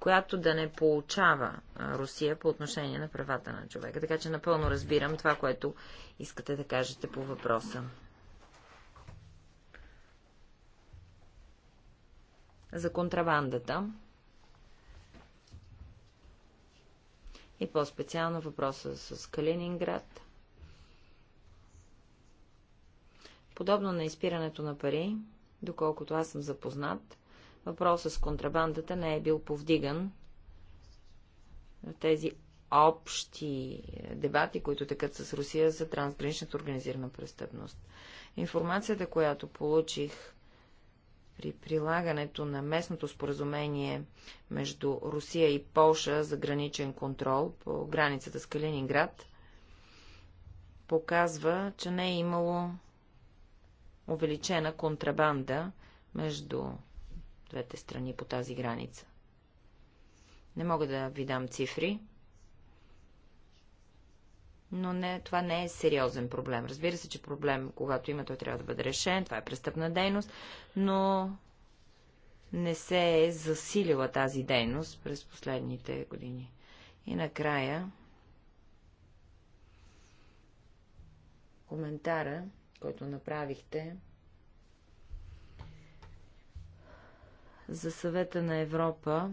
която да не получава Русия по отношение на правата на човека. Така че напълно разбирам това, което искате да кажете по въпроса. За контрабандата. И по-специално въпроса с Калининград. Подобно на изпирането на пари, доколкото аз съм запознат, въпросът с контрабандата не е бил повдиган в тези общи е, дебати, които текат с Русия за трансграничната организирана престъпност. Информацията, която получих при прилагането на местното споразумение между Русия и Полша за граничен контрол по границата с Калининград, показва, че не е имало увеличена контрабанда между двете страни по тази граница. Не мога да ви дам цифри, но не, това не е сериозен проблем. Разбира се, че проблем, когато има, той трябва да бъде решен, това е престъпна дейност, но не се е засилила тази дейност през последните години. И накрая коментара който направихте за съвета на Европа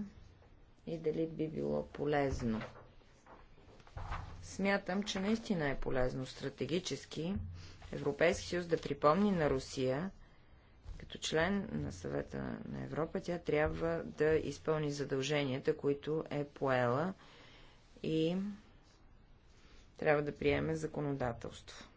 и дали би било полезно. Смятам, че наистина е полезно стратегически Европейски съюз да припомни на Русия, като член на съвета на Европа, тя трябва да изпълни задълженията, които е поела и трябва да приеме законодателство.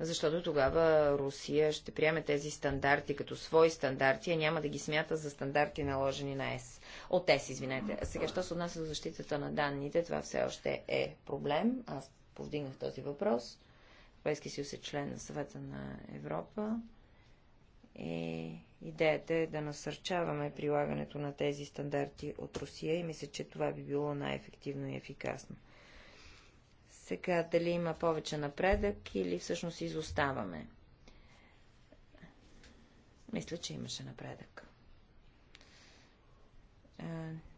защото тогава Русия ще приеме тези стандарти като свои стандарти, а няма да ги смята за стандарти наложени на ЕС. От ЕС, извинете. А сега, що се отнася до защитата на данните, това все още е проблем. Аз повдигнах този въпрос. Европейския съюз е член на съвета на Европа. И идеята е да насърчаваме прилагането на тези стандарти от Русия и мисля, че това би било най-ефективно и ефикасно. Сега дали има повече напредък или всъщност изоставаме. Мисля, че имаше напредък.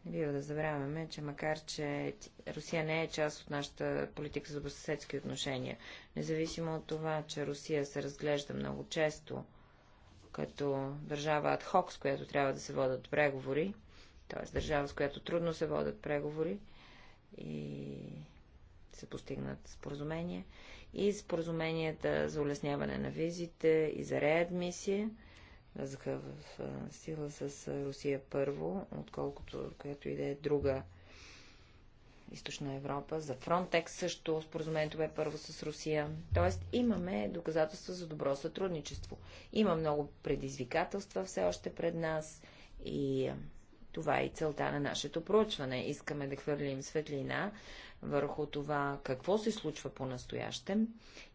Не бива да забравяме, че макар, че Русия не е част от нашата политика за съседски отношения, независимо от това, че Русия се разглежда много често като държава адхок, с която трябва да се водят преговори, т.е. държава, с която трудно се водят преговори и се постигнат споразумения и споразуменията за улесняване на визите и за реадмисия влязаха в сила с Русия първо, отколкото която и да е друга източна Европа. За Frontex също споразумението бе първо с Русия. Тоест имаме доказателства за добро сътрудничество. Има много предизвикателства все още пред нас и това е и целта на нашето проучване. Искаме да хвърлим светлина върху това какво се случва по-настоящем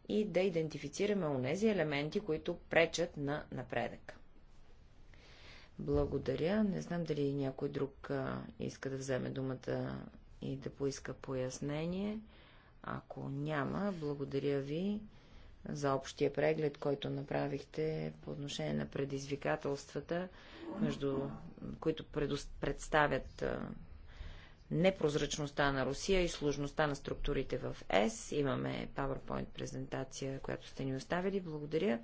и да идентифицираме онези елементи, които пречат на напредък. Благодаря. Не знам дали някой друг иска да вземе думата и да поиска пояснение. Ако няма, благодаря ви за общия преглед, който направихте по отношение на предизвикателствата, между, които представят непрозрачността на Русия и сложността на структурите в ЕС. Имаме PowerPoint презентация, която сте ни оставили. Благодаря.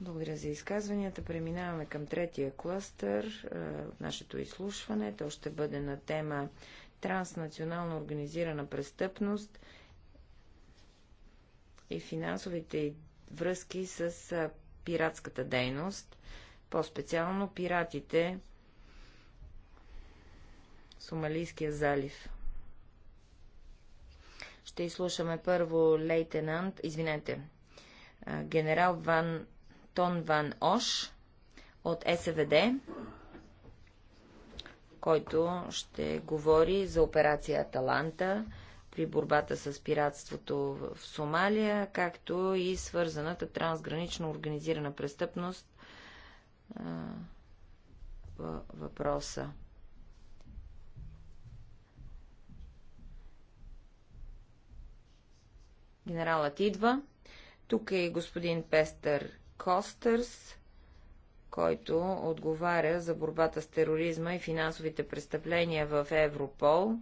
Благодаря за изказванията. Преминаваме към третия кластър от нашето изслушване. То ще бъде на тема транснационално организирана престъпност и финансовите връзки с пиратската дейност, по-специално пиратите Сомалийския залив. Ще изслушаме първо лейтенант, извинете, генерал Ван Тон Ван Ош от СВД, който ще говори за операция Аталанта при борбата с пиратството в Сомалия, както и свързаната трансгранично организирана престъпност въпроса. Генералът идва. Тук е и господин Пестър Костърс, който отговаря за борбата с тероризма и финансовите престъпления в Европол.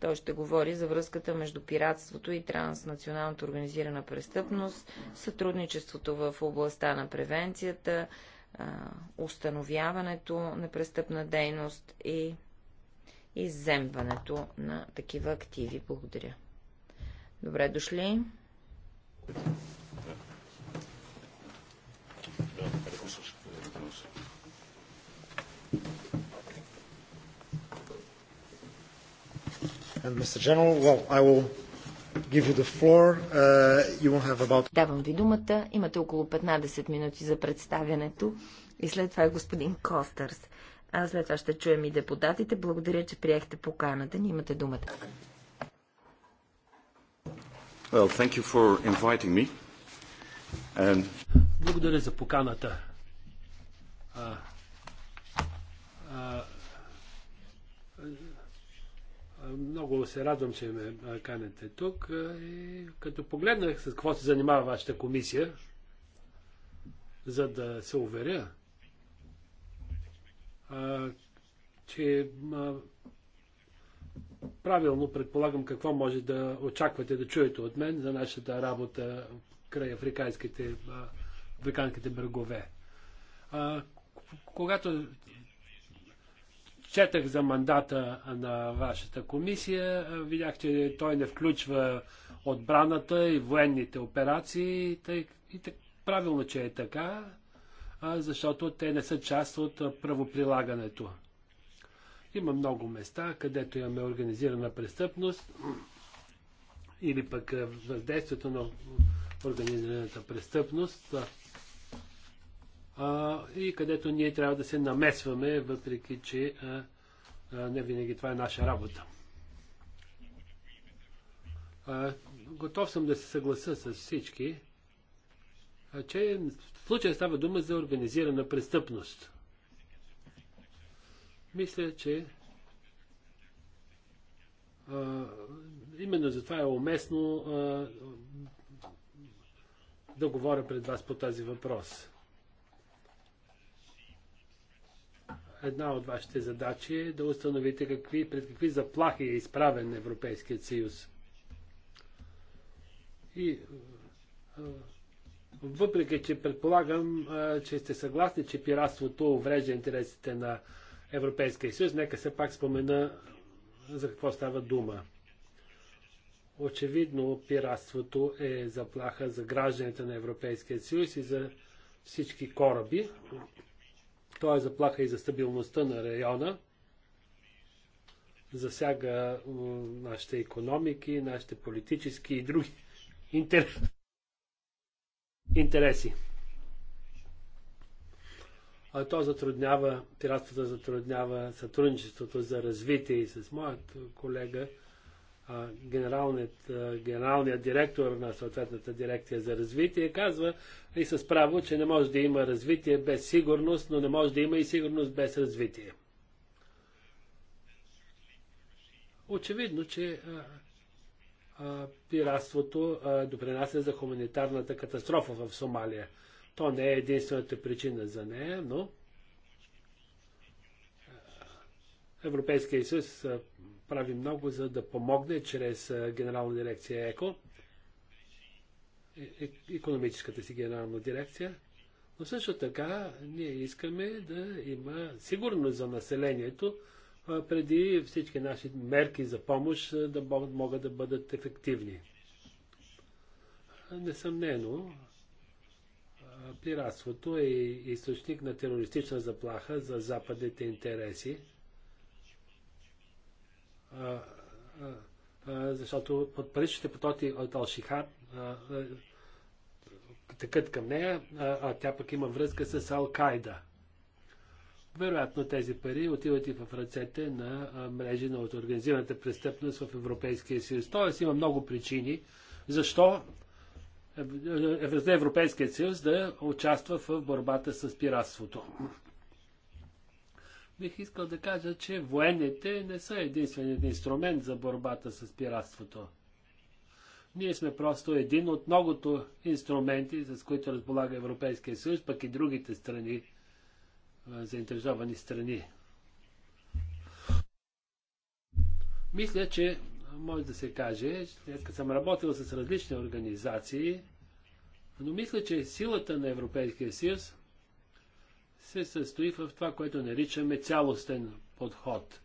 Той ще говори за връзката между пиратството и транснационалната организирана престъпност, сътрудничеството в областта на превенцията, установяването на престъпна дейност и изземването на такива активи. Благодаря. Добре дошли. General, well, uh, about... Давам ви думата. Имате около 15 минути за представянето и след това е господин Костърс. А след това ще чуем и депутатите. Благодаря, че приехте поканата. Ни имате думата. Well, thank you for inviting me. And... Благодаря за поканата. А, а, много се радвам, че ме канете тук. И като погледнах с какво се занимава вашата комисия, за да се уверя, а, че правилно предполагам какво може да очаквате да чуете от мен за нашата работа край африканските, африканските брегове. А, когато четах за мандата на вашата комисия, видях, че той не включва отбраната и военните операции. Тъй, и так, правилно, че е така, а, защото те не са част от правоприлагането. Има много места, където имаме организирана престъпност или пък е, въздействието на организираната престъпност а, и където ние трябва да се намесваме, въпреки че а, е, а, е, не винаги това е наша работа. А, готов съм да се съгласа с всички, а, че в случая става дума за организирана престъпност. Мисля, че а, именно затова е уместно а, да говоря пред вас по тази въпрос. Една от вашите задачи е да установите какви, пред какви заплахи е изправен Европейският съюз. И а, въпреки, че предполагам, а, че сте съгласни, че пиратството уврежда интересите на Европейския съюз. Нека се пак спомена за какво става дума. Очевидно, пиратството е заплаха за гражданите на Европейския съюз и за всички кораби. То е заплаха и за стабилността на района. Засяга нашите економики, нашите политически и други интереси а то затруднява, пиратството затруднява сътрудничеството за развитие и с моят колега, а, генералният, а, генералният директор на съответната дирекция за развитие казва и с право, че не може да има развитие без сигурност, но не може да има и сигурност без развитие. Очевидно, че а, пиратството допринася за хуманитарната катастрофа в Сомалия – то не е единствената причина за нея, но Европейския съюз прави много за да помогне чрез Генерална дирекция ЕКО, е, е, економическата си генерална дирекция, но също така ние искаме да има сигурност за населението преди всички наши мерки за помощ да могат да бъдат ефективни. Несъмнено, пиратството е източник на терористична заплаха за западните интереси, защото под паричните потоци от Алшиха тъкат към нея, а, а тя пък има връзка с Ал-Кайда. Вероятно тези пари отиват и в ръцете на мрежи на организираната престъпност в Европейския съюз. Тоест има много причини защо Европейския съюз да участва в борбата с пиратството. Бих искал да кажа, че военните не са единственият инструмент за борбата с пиратството. Ние сме просто един от многото инструменти, с които разполага Европейския съюз, пък и другите страни, заинтересовани страни. Мисля, че може да се каже, след като съм работил с различни организации, но мисля, че силата на Европейския съюз се състои в това, което наричаме цялостен подход.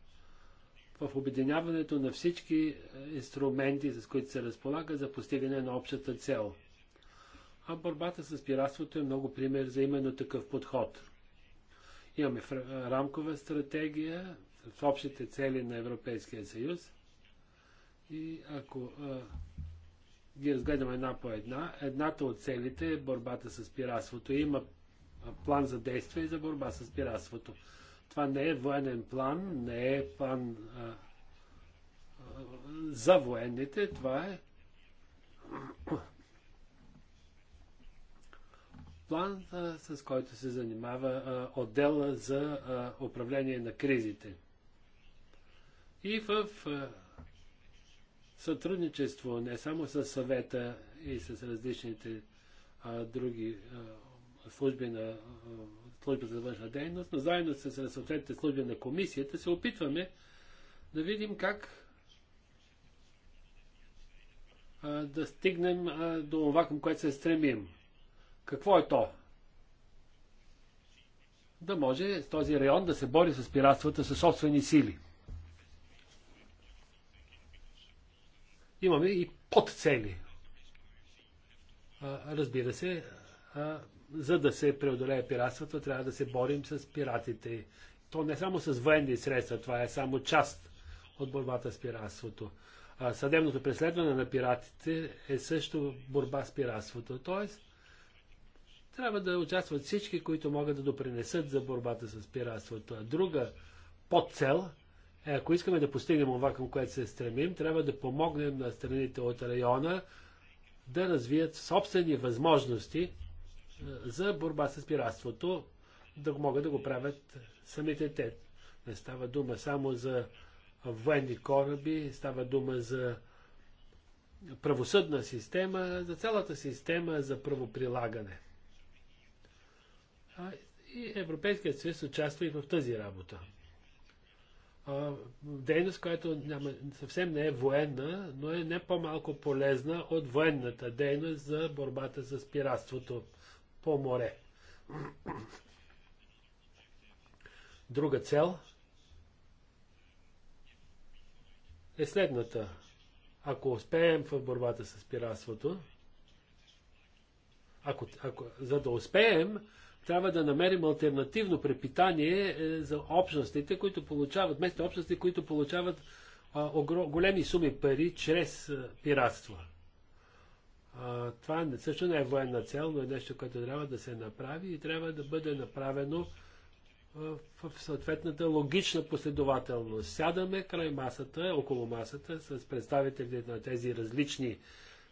В обединяването на всички е, инструменти, с които се разполага за постигане на общата цел. А борбата с пиратството е много пример за именно такъв подход. Имаме рамкова стратегия с общите цели на Европейския съюз – и ако а, ги разгледаме една по една, едната от целите е борбата с пиратството. Има план за действие за борба с пиратството. Това не е военен план, не е план а, а, за военните, това е план, а, с който се занимава а, отдела за а, управление на кризите. И в а, сътрудничество не само с съвета и с различните а, други а, служби на а, службата за външна дейност, но заедно с съответните служби на комисията се опитваме да видим как а, да стигнем а, до това, към което се стремим. Какво е то? Да може този район да се бори с пиратствата със собствени сили. имаме и подцели. Разбира се, за да се преодолее пиратството, трябва да се борим с пиратите. То не само с военни средства, това е само част от борбата с пиратството. Съдебното преследване на пиратите е също борба с пиратството. Тоест, трябва да участват всички, които могат да допринесат за борбата с пиратството. А друга подцел ако искаме да постигнем това, към което се стремим, трябва да помогнем на страните от района да развият собствени възможности е, за борба с пиратството, да могат да го правят самите те. Не става дума само за военни кораби, става дума за правосъдна система, за цялата система за правоприлагане. и Европейският съюз участва и в тази работа дейност, която няма, съвсем не е военна, но е не по-малко полезна от военната дейност за борбата с пиратството по море. Друга цел е следната. Ако успеем в борбата с пиратството, ако, ако, за да успеем, трябва да намерим альтернативно препитание е, за общностите, които получават, местни общности, които получават големи суми пари чрез пиратство. това не, също не е военна цел, но е нещо, което трябва да се направи и трябва да бъде направено в съответната логична последователност. Сядаме край масата, около масата, с представителите на тези различни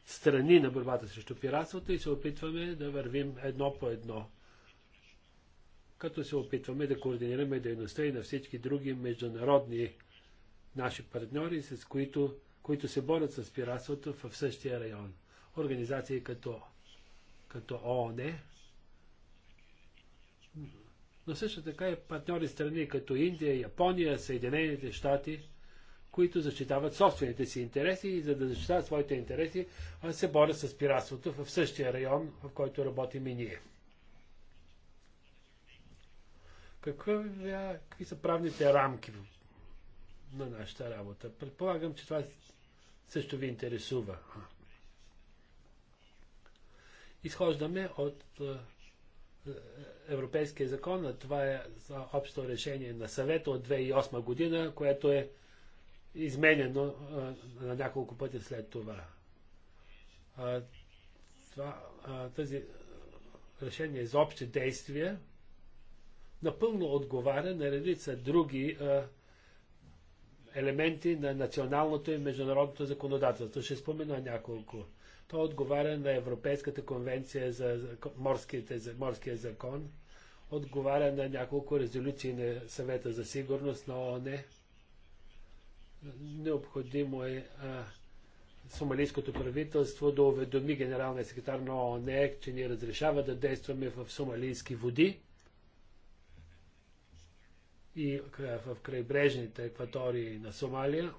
страни на борбата срещу пиратството и се опитваме да вървим едно по едно като се опитваме да координираме дейността и на всички други международни наши партньори, с които, които се борят с пиратството в същия район. Организации като, като ООН, но също така и партньори страни като Индия, Япония, Съединените щати, които защитават собствените си интереси и за да защитават своите интереси, се борят с пиратството в същия район, в който работим и ние. Е- какви са правните рамки на нашата работа? Предполагам, че това също ви интересува. Изхождаме от е, е, Европейския закон, а това е общо решение на съвета от 2008 година, което е изменено на няколко пъти след това. това тази решение за общи действия напълно отговаря на редица други а, елементи на националното и международното законодателство. Ще спомена няколко. Той отговаря на Европейската конвенция за морските, морския закон, отговаря на няколко резолюции на съвета за сигурност на ООН. Необходимо е а, сомалийското правителство да уведоми генералния секретар на ООН, че ни разрешава да действаме в сомалийски води и в крайбрежните екватории на Сомалия.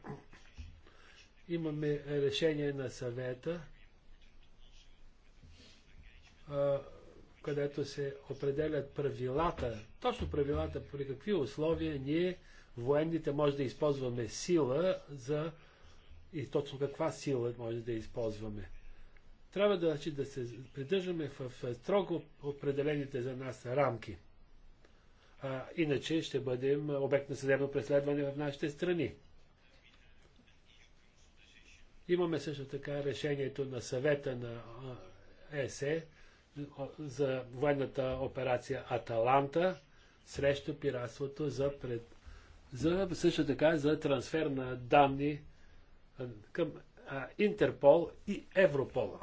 Имаме решение на съвета, където се определят правилата, точно правилата, при какви условия ние, военните, може да използваме сила за и точно каква сила може да използваме. Трябва да, значи, да се придържаме в строго определените за нас рамки – а, иначе ще бъдем обект на съдебно преследване в нашите страни. Имаме също така решението на съвета на ЕСЕ за военната операция Аталанта срещу пиратството за, пред... за също така за трансфер на данни към Интерпол и Европол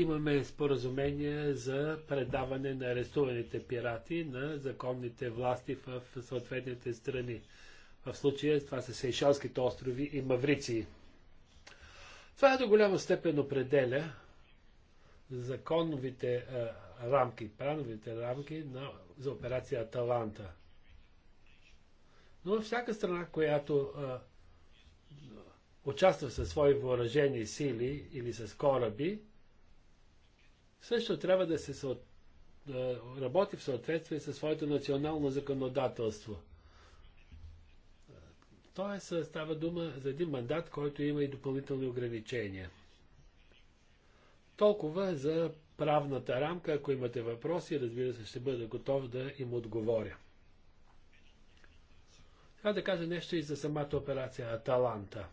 имаме споразумение за предаване на арестуваните пирати на законните власти в съответните страни. В случая това са Сейшалските острови и Маврици. Това е до голяма степен определя законовите а, е, рамки, плановите рамки на, за операция Аталанта. Но всяка страна, която а, е, участва със свои въоръжени сили или с кораби, също трябва да се съ... да работи в съответствие със своето национално законодателство. Тоест става дума за един мандат, който има и допълнителни ограничения. Толкова за правната рамка. Ако имате въпроси, разбира се, ще бъда готов да им отговоря. Трябва да кажа нещо и за самата операция Аталанта.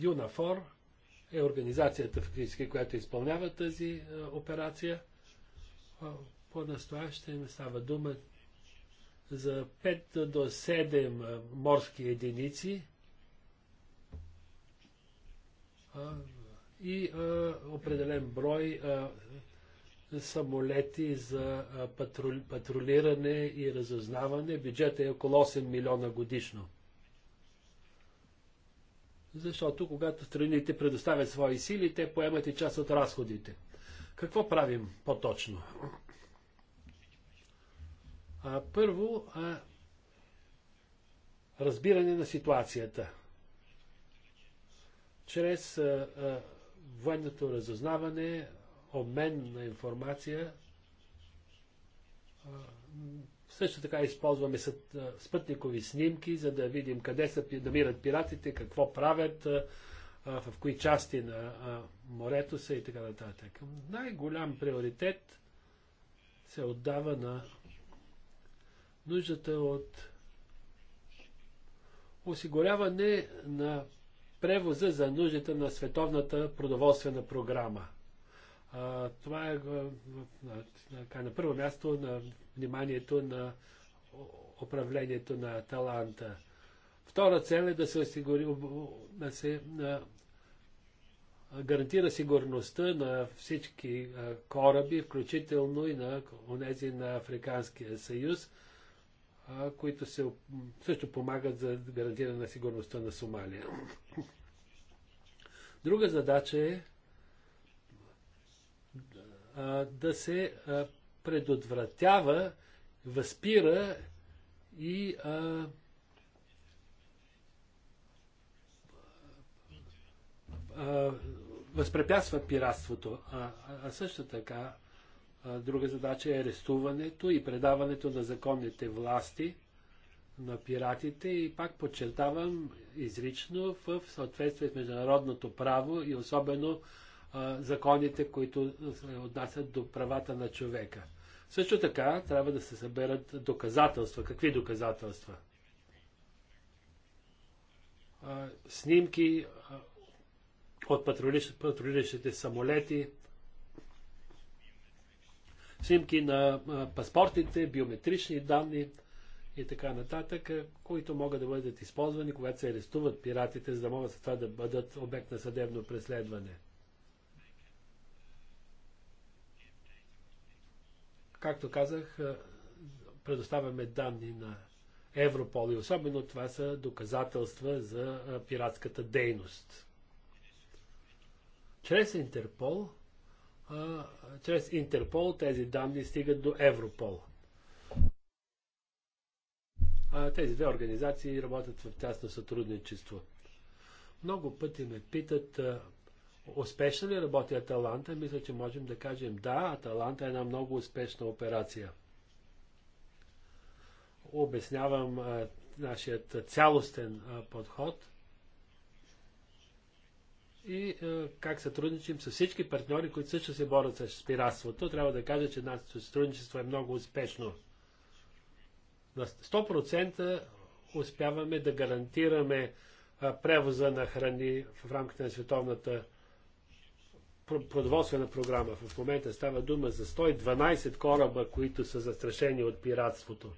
ЮНАФОР е организацията фактически, която изпълнява тази а, е, операция. по не става дума за 5 до 7 е, морски единици а, и а, е, определен брой самолети за патрулиране и разузнаване. Бюджетът е около 8 милиона годишно. Защото когато страните предоставят свои сили, те поемат и част от разходите. Какво правим по-точно? А, първо, а, разбиране на ситуацията. Чрез а, а, военното разузнаване, обмен на информация, а, също така използваме спътникови снимки, за да видим къде се намират пиратите, какво правят, в кои части на морето са и така нататък. Най-голям приоритет се отдава на нуждата от осигуряване на превоза за нуждата на Световната продоволствена програма. това е на първо място на вниманието на управлението на таланта. Втора цел е да се, осигури, да се да гарантира сигурността на всички кораби, включително и на онези на Африканския съюз, които се, също помагат за гарантиране на сигурността на Сомалия. Друга задача е да се предотвратява, възпира и а, а, възпрепятства пиратството. А, а също така, а, друга задача е арестуването и предаването на законните власти на пиратите и пак подчертавам изрично в съответствие с международното право и особено а, законите, които се отнасят до правата на човека. Също така трябва да се съберат доказателства. Какви доказателства? снимки от патрулиращите самолети, снимки на паспортите, биометрични данни и така нататък, които могат да бъдат използвани, когато се арестуват пиратите, за да могат след това да бъдат обект на съдебно преследване. Както казах, е, предоставяме данни на Европол и особено това са доказателства за е, пиратската дейност. Чрез Интерпол, а, е, чрез Интерпол тези данни стигат до Европол. А, тези две организации работят в тясно сътрудничество. Много пъти ме питат а, Успешно ли работи Аталанта? Мисля, че можем да кажем да, Аталанта е една много успешна операция. Обяснявам а, нашият цялостен а, подход и а, как сътрудничим с всички партньори, които също се борят с пиратството. Трябва да кажа, че нашето сътрудничество е много успешно. На 100% успяваме да гарантираме превоза на храни в рамките на световната продоволствена програма. В момента става дума за 112 кораба, които са застрашени от пиратството.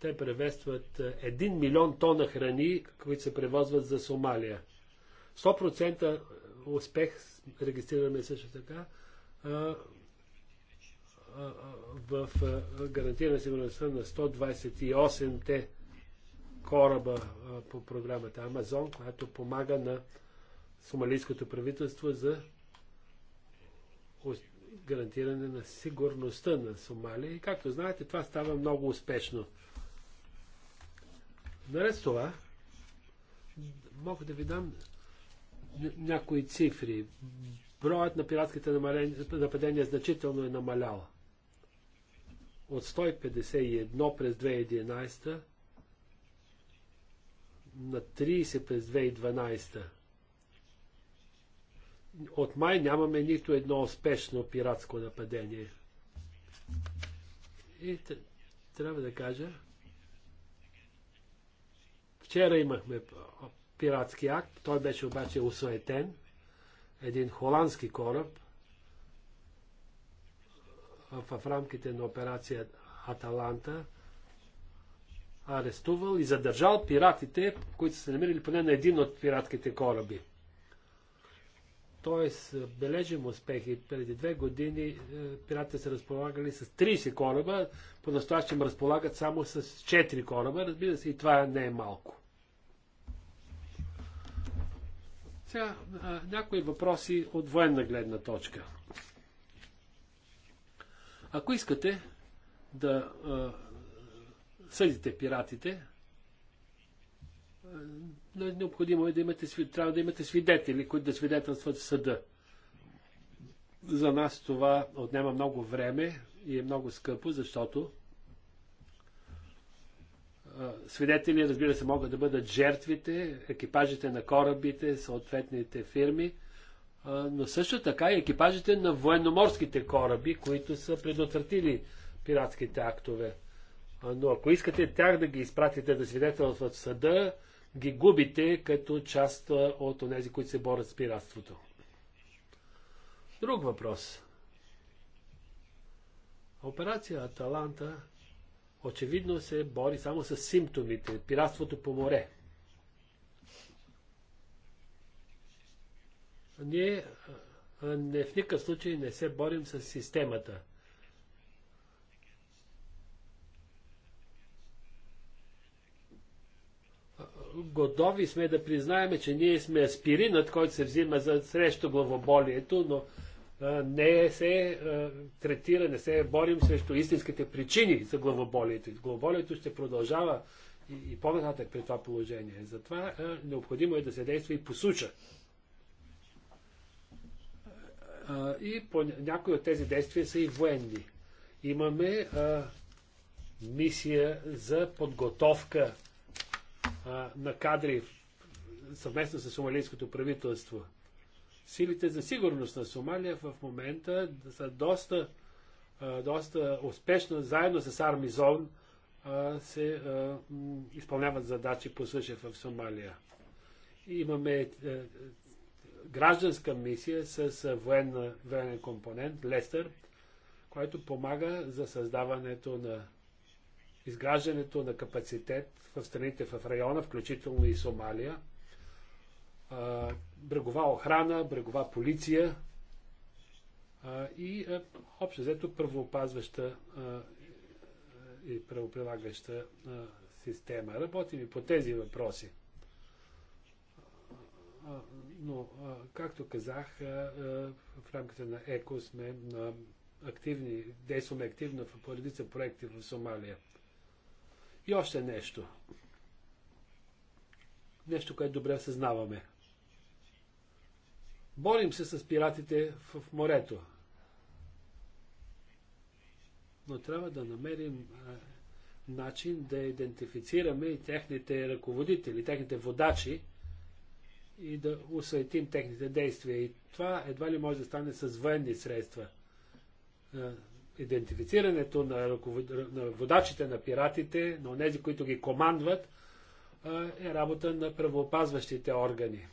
Те превестват 1 е, милион тона храни, които се превозват за Сомалия. 100% успех регистрираме също така в гарантирана сигурността на 128-те кораба по програмата Амазон, която помага на сомалийското правителство за гарантиране на сигурността на Сомалия. И както знаете, това става много успешно. Наред с това, мога да ви дам някои цифри. Броят на пиратските нападения значително е намалял. От 151 през 2011 на 30 през 2012 от май нямаме нито едно успешно пиратско нападение. И трябва да кажа, вчера имахме пиратски акт, той беше обаче усуетен, един холандски кораб в рамките на операция Аталанта арестувал и задържал пиратите, които са намирали поне на един от пиратските кораби т.е. бележим успехи. Преди две години е, пиратите са разполагали с 30 кораба, по-настоящем разполагат само с 4 кораба. Разбира се, и това не е малко. Сега, е, някои въпроси от военна гледна точка. Ако искате да е, съдите пиратите, е, е, необходимо е да имате, трябва да имате свидетели, които да свидетелстват в съда. За нас това отнема много време и е много скъпо, защото свидетели, разбира се, могат да бъдат жертвите, екипажите на корабите, съответните фирми, но също така и екипажите на военноморските кораби, които са предотвратили пиратските актове. Но ако искате тях да ги изпратите да свидетелстват в съда, ги губите като част от тези, които се борят с пиратството. Друг въпрос. Операция Аталанта очевидно се бори само с симптомите, пиратството по море. Ние не в никакъв случай не се борим с системата. готови сме да признаем, че ние сме аспиринът, който се взима за срещу главоболието, но а, не се а, третира, не се борим срещу истинските причини за главоболието. Главоболието ще продължава и, и по-нататък при това положение. Затова а, необходимо е да се действа и по суша. И по някои от тези действия са и военни. Имаме а, мисия за подготовка на кадри съвместно с сомалийското правителство. Силите за сигурност на Сомалия в момента са доста, доста успешно, заедно с Армизон, се изпълняват задачи по суша в Сомалия. имаме е, е, гражданска мисия с военен компонент, Лестър, който помага за създаването на изграждането на капацитет в страните в района, включително и Сомалия, брегова охрана, брегова полиция и общо взето правоопазваща и правоприлагаща система. Работим и по тези въпроси. Но, както казах, в рамките на ЕКО сме активни, действаме активно в поредица проекти в Сомалия. И още нещо. Нещо, което добре съзнаваме. Борим се с пиратите в, морето. Но трябва да намерим начин да идентифицираме и техните ръководители, техните водачи и да усветим техните действия. И това едва ли може да стане с военни средства идентифицирането на, на водачите на пиратите, на тези, които ги командват, е работа на правоопазващите органи.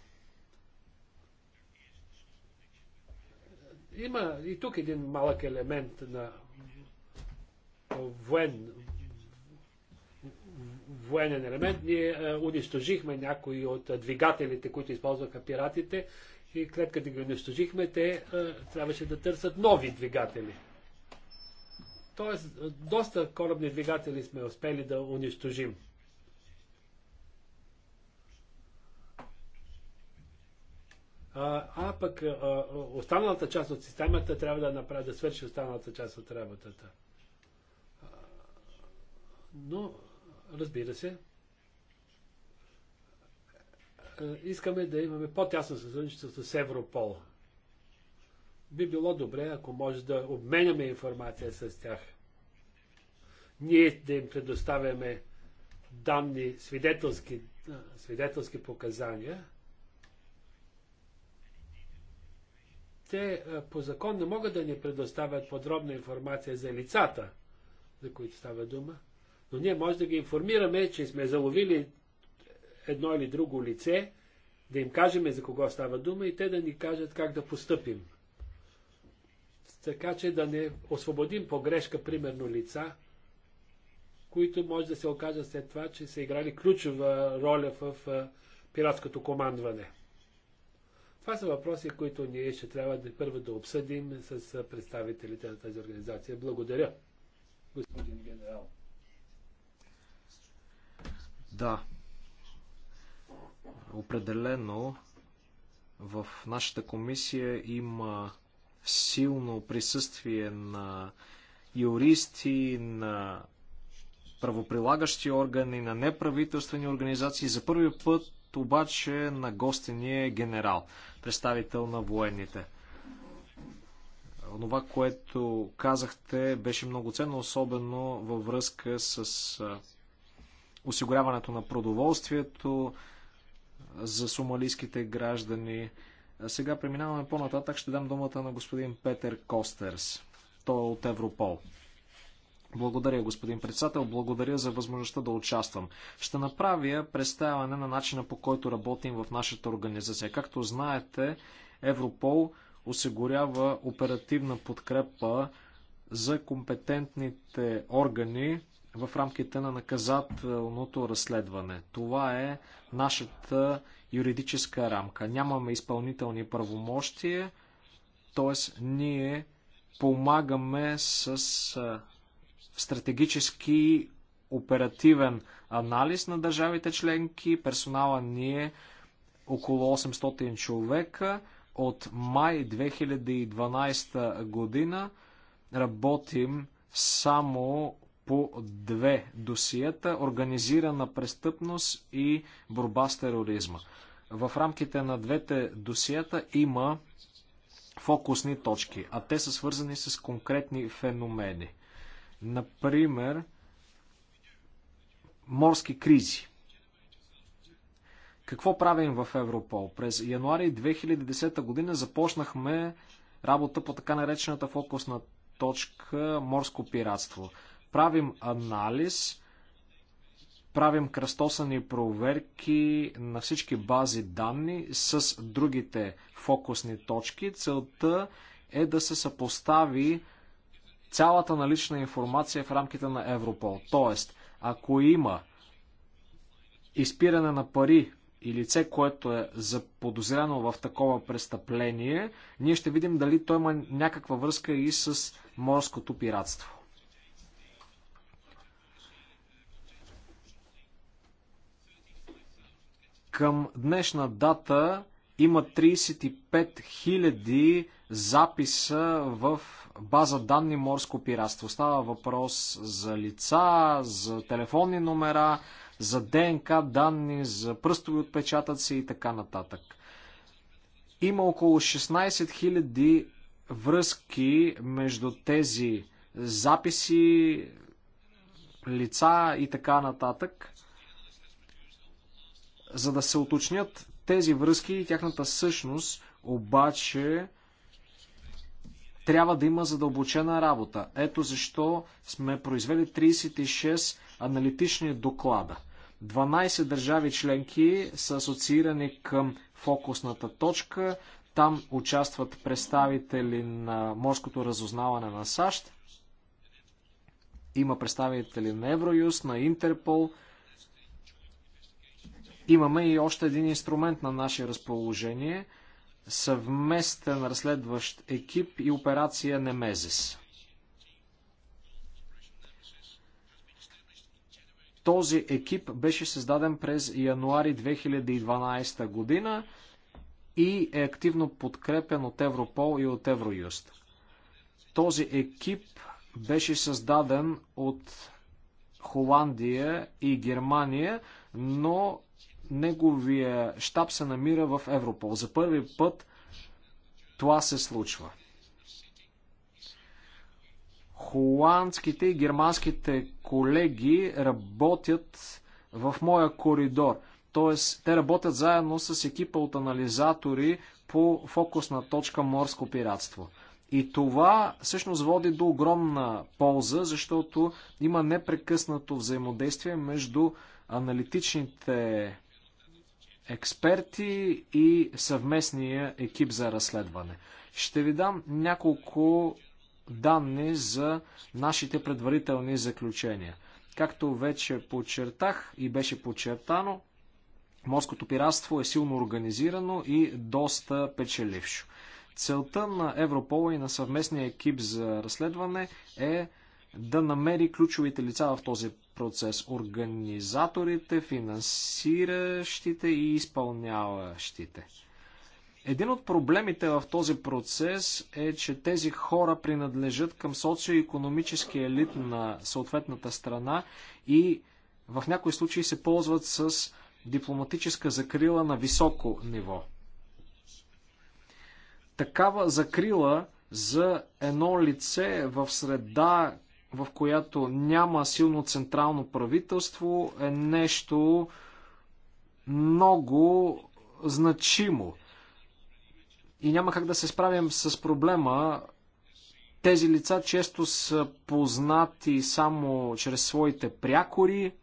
Има и тук един малък елемент на воен, военен елемент. Ние унищожихме някои от двигателите, които използваха пиратите и клетката като ги унищожихме, те трябваше да търсят нови двигатели. Тоест, доста корабни двигатели сме успели да унищожим. А, а пък а, останалата част от системата трябва да направи, да свърши останалата част от работата. Но, разбира се, искаме да имаме по-тясно сътрудничество с Европол би било добре, ако може да обменяме информация с тях. Ние да им предоставяме данни, свидетелски, свидетелски показания. Те по закон не могат да ни предоставят подробна информация за лицата, за които става дума, но ние може да ги информираме, че сме заловили едно или друго лице, да им кажем за кого става дума и те да ни кажат как да поступим така че да не освободим погрешка примерно, лица, които може да се окажат след това, че са играли ключова роля в пиратското командване. Това са въпроси, които ние ще трябва да първо да обсъдим с представителите на тази организация. Благодаря, господин генерал. Да. Определено в нашата комисия има силно присъствие на юристи, на правоприлагащи органи, на неправителствени организации. За първи път обаче на гости ни е генерал, представител на военните. Онова, което казахте, беше много ценно, особено във връзка с осигуряването на продоволствието за сомалийските граждани. Сега преминаваме по-нататък. Ще дам думата на господин Петър Костерс. Той е от Европол. Благодаря, господин председател. Благодаря за възможността да участвам. Ще направя представяне на начина по който работим в нашата организация. Както знаете, Европол осигурява оперативна подкрепа за компетентните органи в рамките на наказателното разследване. Това е нашата юридическа рамка. Нямаме изпълнителни правомощия, т.е. ние помагаме с стратегически оперативен анализ на държавите членки. Персонала ни е около 800 човека. От май 2012 година работим само по две досиета организирана престъпност и борба с тероризма. В рамките на двете досиета има фокусни точки, а те са свързани с конкретни феномени. Например, морски кризи. Какво правим в Европол? През януари 2010 година започнахме работа по така наречената фокусна точка морско пиратство правим анализ, правим кръстосани проверки на всички бази данни с другите фокусни точки. Целта е да се съпостави цялата налична информация в рамките на Европол. Тоест, ако има изпиране на пари и лице, което е заподозрено в такова престъпление, ние ще видим дали той има някаква връзка и с морското пиратство. Към днешна дата има 35 000 записа в база данни морско пиратство. Става въпрос за лица, за телефонни номера, за ДНК данни, за пръстови отпечатъци и така нататък. Има около 16 000 връзки между тези записи, лица и така нататък. За да се уточнят тези връзки и тяхната същност, обаче трябва да има задълбочена работа. Ето защо сме произвели 36 аналитични доклада. 12 държави членки са асоциирани към фокусната точка. Там участват представители на морското разузнаване на САЩ. Има представители на Евроюз, на Интерпол – Имаме и още един инструмент на наше разположение съвместен разследващ екип и операция Немезис. Този екип беше създаден през януари 2012 година и е активно подкрепен от Европол и от Евроюст. Този екип беше създаден от Холандия и Германия, но Неговия щаб се намира в Европол. За първи път това се случва. Холандските и германските колеги работят в моя коридор. Тоест, те работят заедно с екипа от анализатори по фокусна точка морско пиратство. И това всъщност води до огромна полза, защото има непрекъснато взаимодействие между аналитичните експерти и съвместния екип за разследване. Ще ви дам няколко данни за нашите предварителни заключения. Както вече подчертах и беше подчертано, морското пиратство е силно организирано и доста печелившо. Целта на Европола и на съвместния екип за разследване е да намери ключовите лица в този процес. Организаторите, финансиращите и изпълняващите. Един от проблемите в този процес е, че тези хора принадлежат към социо-економически елит на съответната страна и в някои случаи се ползват с дипломатическа закрила на високо ниво. Такава закрила за едно лице в среда, в която няма силно централно правителство, е нещо много значимо. И няма как да се справим с проблема. Тези лица често са познати само чрез своите прякори.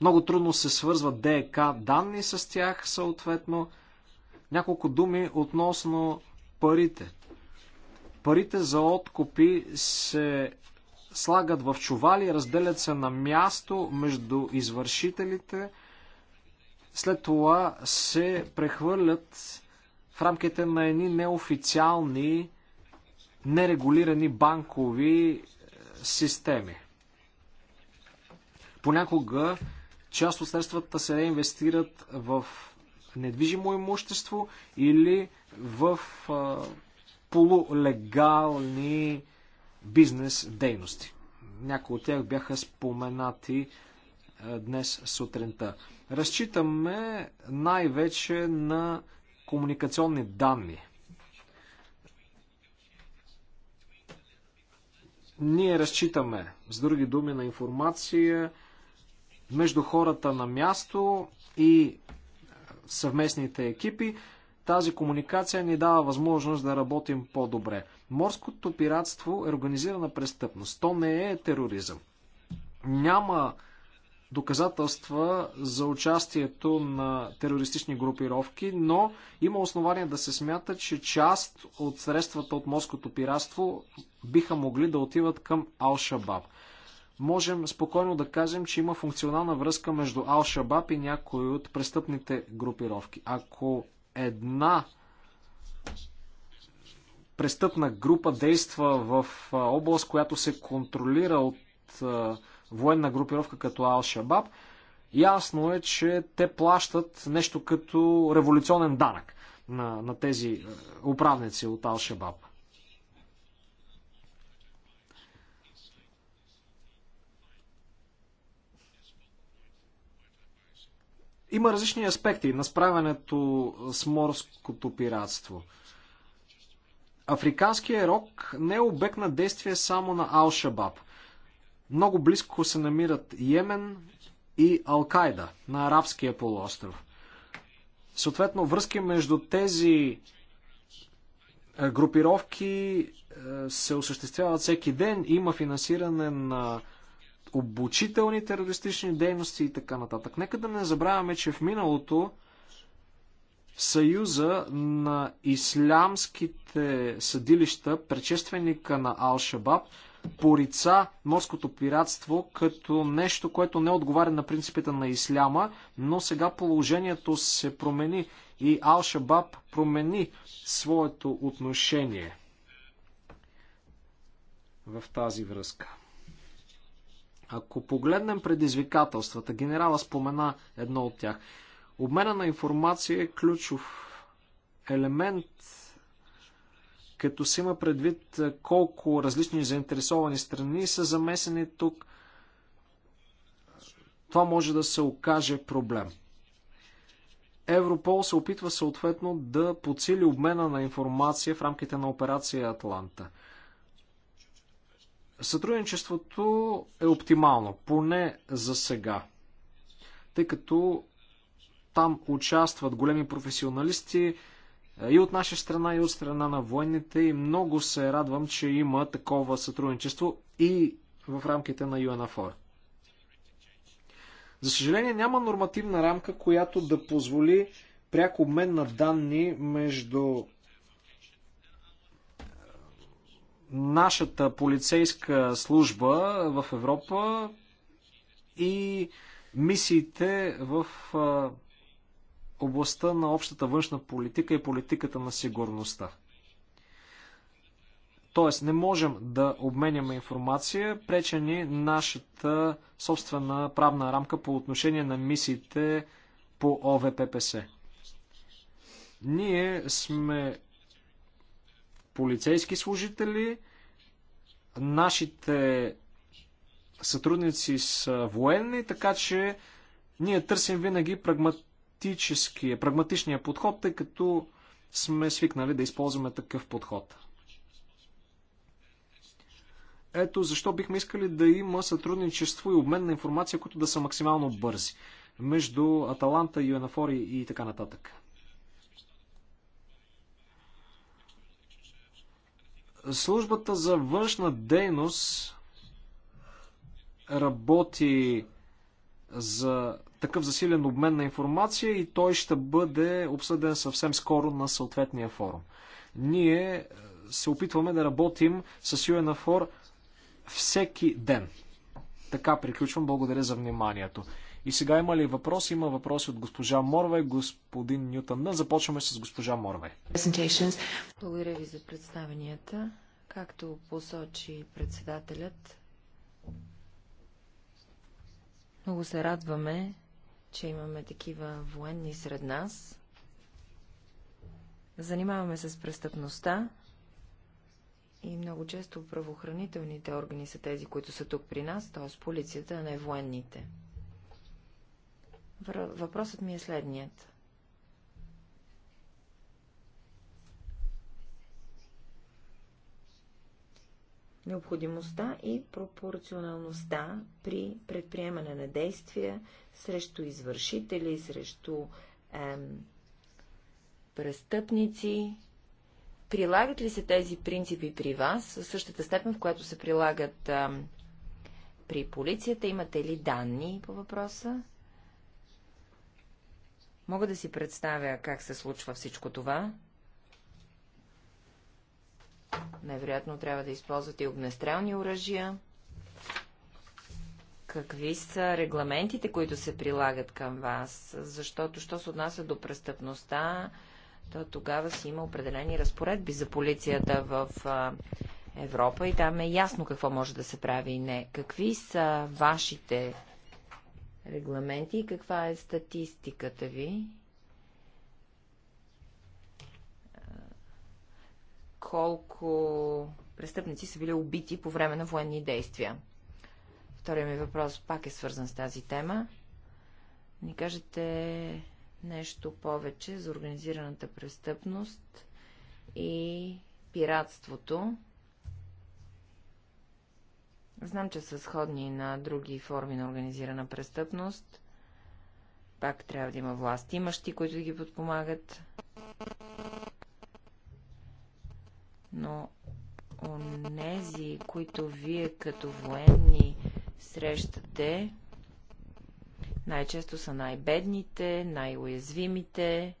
Много трудно се свързват ДК данни с тях, съответно. Няколко думи относно парите. Парите за откупи се слагат в чували, разделят се на място между извършителите, след това се прехвърлят в рамките на едни неофициални, нерегулирани банкови е, системи. Понякога част от средствата се реинвестират в недвижимо имущество или в е, полулегални бизнес дейности. Някои от тях бяха споменати е, днес сутринта. Разчитаме най-вече на комуникационни данни. Ние разчитаме, с други думи, на информация между хората на място и е, съвместните екипи. Тази комуникация ни дава възможност да работим по-добре. Морското пиратство е организирана престъпност. То не е тероризъм. Няма доказателства за участието на терористични групировки, но има основания да се смята, че част от средствата от морското пиратство биха могли да отиват към Ал-Шабаб. Можем спокойно да кажем, че има функционална връзка между Ал-Шабаб и някои от престъпните групировки. Ако една престъпна група действа в област, която се контролира от военна групировка като Ал-Шабаб, ясно е, че те плащат нещо като революционен данък на, на тези управници от Ал-Шабаб. Има различни аспекти на справянето с морското пиратство – Африканският рок не е обект на действие само на Ал-Шабаб. Много близко се намират Йемен и Ал-Кайда на арабския полуостров. Съответно, връзки между тези е, групировки е, се осъществяват всеки ден. Има финансиране на обучителни терористични дейности и така нататък. Нека да не забравяме, че в миналото Съюза на ислямските съдилища, предшественика на Ал-Шабаб, порица морското пиратство като нещо, което не отговаря на принципите на исляма, но сега положението се промени и Ал-Шабаб промени своето отношение в тази връзка. Ако погледнем предизвикателствата, генерала спомена едно от тях – Обмена на информация е ключов елемент, като се има предвид колко различни заинтересовани страни са замесени тук. Това може да се окаже проблем. Европол се опитва съответно да подсили обмена на информация в рамките на операция Атланта. Сътрудничеството е оптимално, поне за сега, тъй като там участват големи професионалисти е, и от наша страна, и от страна на военните и много се радвам, че има такова сътрудничество и в рамките на UNFOR. За съжаление няма нормативна рамка, която да позволи пряк обмен на данни между нашата полицейска служба в Европа и мисиите в областта на общата външна политика и политиката на сигурността. Тоест, не можем да обменяме информация, преча ни нашата собствена правна рамка по отношение на мисиите по ОВППС. Ние сме полицейски служители, нашите сътрудници са военни, така че ние търсим винаги прагмат практическия, прагматичния подход, тъй като сме свикнали да използваме такъв подход. Ето защо бихме искали да има сътрудничество и обмен на информация, които да са максимално бързи между Аталанта, Юенафори и така нататък. Службата за външна дейност работи за такъв засилен обмен на информация и той ще бъде обсъден съвсем скоро на съответния форум. Ние е, се опитваме да работим с UNFOR всеки ден. Така приключвам. Благодаря за вниманието. И сега има ли въпрос? Има въпроси от госпожа Морве, господин Ньютън. Да, започваме с госпожа Морве. Благодаря ви за представенията. Както посочи председателят, Много се радваме, че имаме такива военни сред нас. Занимаваме се с престъпността и много често правоохранителните органи са тези, които са тук при нас, т.е. полицията, а не военните. Въпросът ми е следният. необходимостта и пропорционалността при предприемане на действия срещу извършители, срещу ем, престъпници. Прилагат ли се тези принципи при вас в същата степен, в която се прилагат ем, при полицията? Имате ли данни по въпроса? Мога да си представя как се случва всичко това. Невероятно трябва да използвате и огнестрелни оръжия. Какви са регламентите, които се прилагат към вас? Защото, що се отнася до престъпността, то тогава си има определени разпоредби за полицията в Европа и там е ясно какво може да се прави и не. Какви са вашите регламенти и каква е статистиката ви? колко престъпници са били убити по време на военни действия. Втория ми въпрос пак е свързан с тази тема. Ни кажете нещо повече за организираната престъпност и пиратството. Знам, че са сходни на други форми на организирана престъпност. Пак трябва да има власти имащи, които да ги подпомагат но онези, които вие като военни срещате, най-често са най-бедните, най-уязвимите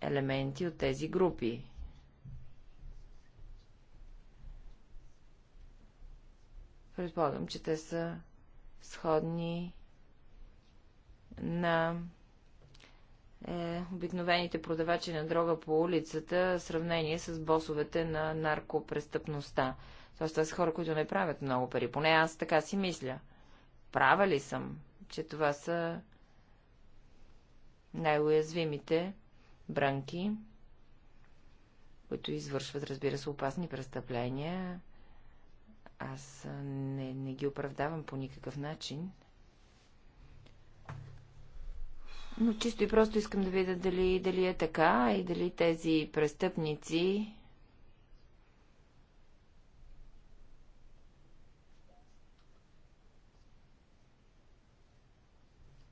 елементи от тези групи. Предполагам, че те са сходни на е, обикновените продавачи на дрога по улицата в сравнение с босовете на наркопрестъпността. Тоест, това са хора, които не правят много пари. Поне аз така си мисля. Права ли съм, че това са най-уязвимите бранки, които извършват, разбира се, опасни престъпления. Аз не, не ги оправдавам по никакъв начин. Но чисто и просто искам да видя дали, дали е така и дали тези престъпници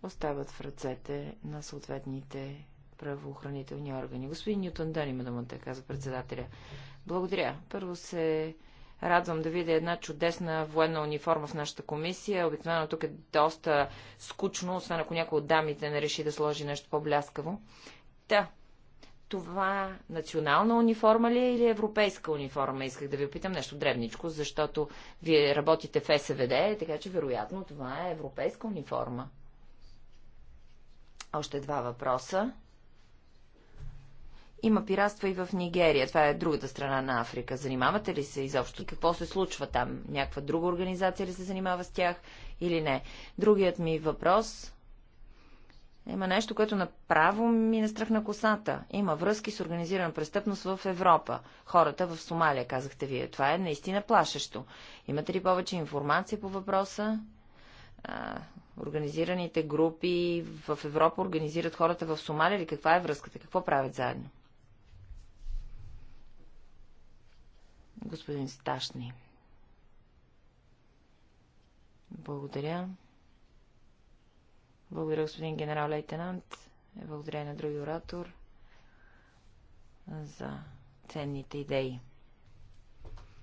остават в ръцете на съответните правоохранителни органи. Господин Ньютон Дани, има думата, каза председателя. Благодаря. Първо се Радвам да видя една чудесна военна униформа в нашата комисия. Обикновено тук е доста скучно, освен ако някой от дамите не реши да сложи нещо по-бляскаво. Та, да. това национална униформа ли е или европейска униформа? Исках да ви опитам нещо древничко, защото вие работите в СВД, така че вероятно това е европейска униформа. Още два въпроса. Има пиратства и в Нигерия. Това е другата страна на Африка. Занимавате ли се изобщо? Какво се случва там? Някаква друга организация ли се занимава с тях или не? Другият ми въпрос има нещо, което направо ми настръхна косата. Има връзки с организирана престъпност в Европа. Хората в Сомалия, казахте вие. Това е наистина плашещо. Имате ли повече информация по въпроса? А, организираните групи в Европа организират хората в Сомалия или каква е връзката? Какво правят заедно? господин Сташни. Благодаря. Благодаря, господин генерал-лейтенант. Е, благодаря и на други оратор за ценните идеи.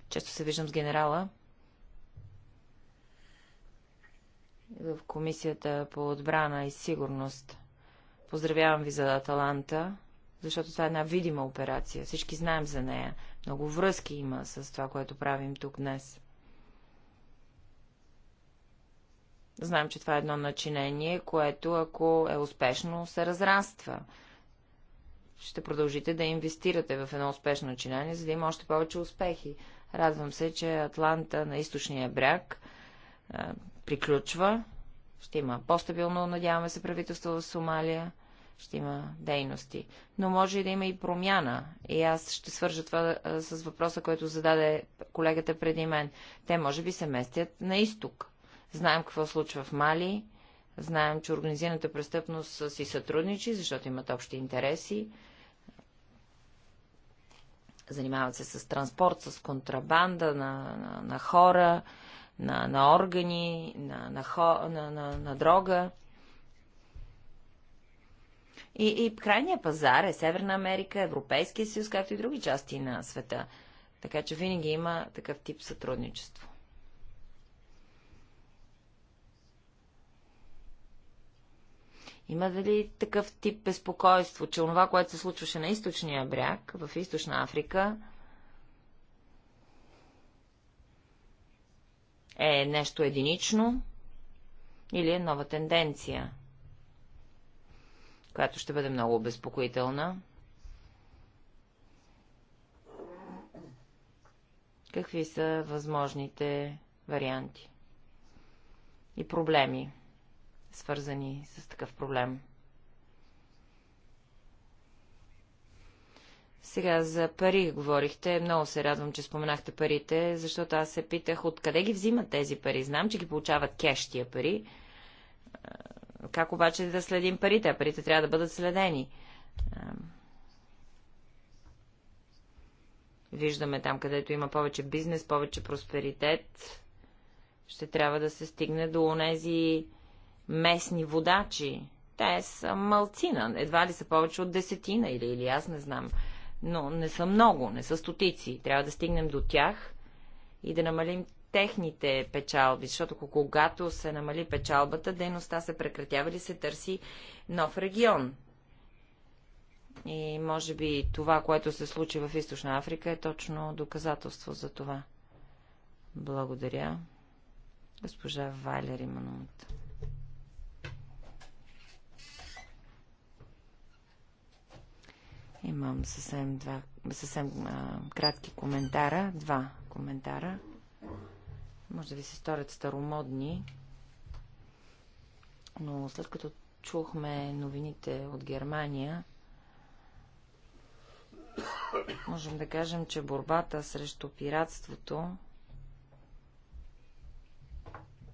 Често се виждам с генерала в Комисията по отбрана и сигурност. Поздравявам ви за Аталанта, защото това е една видима операция. Всички знаем за нея. Много връзки има с това, което правим тук днес. Знаем, че това е едно начинение, което, ако е успешно, се разраства. Ще продължите да инвестирате в едно успешно начинание, за да има още повече успехи. Радвам се, че Атланта на източния бряг приключва. Ще има по-стабилно, надяваме се, правителство в Сомалия ще има дейности. Но може и да има и промяна. И аз ще свържа това а, с въпроса, който зададе колегата преди мен. Те може би се местят на изток. Знаем какво случва в Мали, знаем, че организираната престъпност си сътрудничи, защото имат общи интереси. Занимават се с транспорт, с контрабанда на, на, на хора, на, на органи, на, на, на, на, на, на дрога. И, и крайния пазар е Северна Америка, Европейския съюз, както и други части на света. Така че винаги има такъв тип сътрудничество. Има дали такъв тип безпокойство, че онова, което се случваше на източния бряг, в източна Африка, е нещо единично или е нова тенденция? която ще бъде много обезпокоителна. Какви са възможните варианти и проблеми, свързани с такъв проблем? Сега за пари говорихте. Много се радвам, че споменахте парите, защото аз се питах откъде ги взимат тези пари. Знам, че ги получават кеш тия пари. Как обаче да следим парите? парите трябва да бъдат следени. Виждаме там, където има повече бизнес, повече просперитет. Ще трябва да се стигне до онези местни водачи. Те са малцина, едва ли са повече от десетина или, или аз не знам. Но не са много, не са стотици. Трябва да стигнем до тях и да намалим техните печалби, защото когато се намали печалбата, дейността се прекратява или се търси нов регион. И може би това, което се случи в Източна Африка, е точно доказателство за това. Благодаря. Госпожа Валери Манумът. Имам съвсем, два, съвсем а, кратки коментара, два коментара може да ви се сторят старомодни, но след като чухме новините от Германия, можем да кажем, че борбата срещу пиратството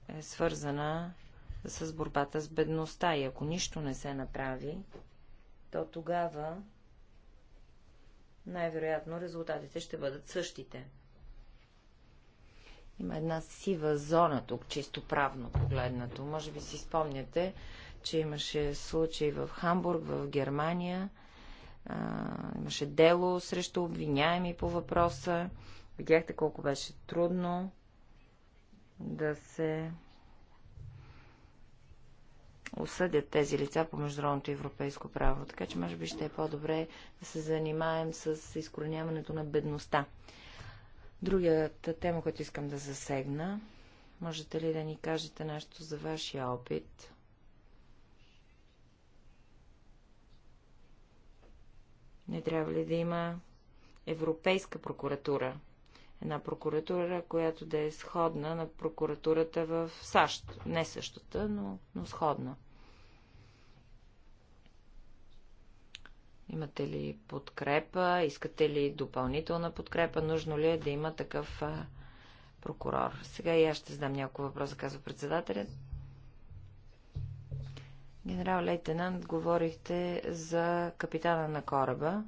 е свързана с борбата с бедността и ако нищо не се направи, то тогава най-вероятно резултатите ще бъдат същите. Има една сива зона тук, чисто правно погледнато. Може би си спомняте, че имаше случай в Хамбург, в Германия. А, имаше дело срещу обвиняеми по въпроса. Видяхте колко беше трудно да се осъдят тези лица по международното европейско право. Така че може би ще е по-добре да се занимаем с изкореняването на бедността. Другата тема, която искам да засегна, можете ли да ни кажете нещо за вашия опит? Не трябва ли да има Европейска прокуратура? Една прокуратура, която да е сходна на прокуратурата в САЩ. Не същата, но, но сходна. Имате ли подкрепа? Искате ли допълнителна подкрепа? Нужно ли е да има такъв а, прокурор? Сега и аз ще задам няколко въпроса, казва председателят. Генерал лейтенант, говорихте за капитана на кораба,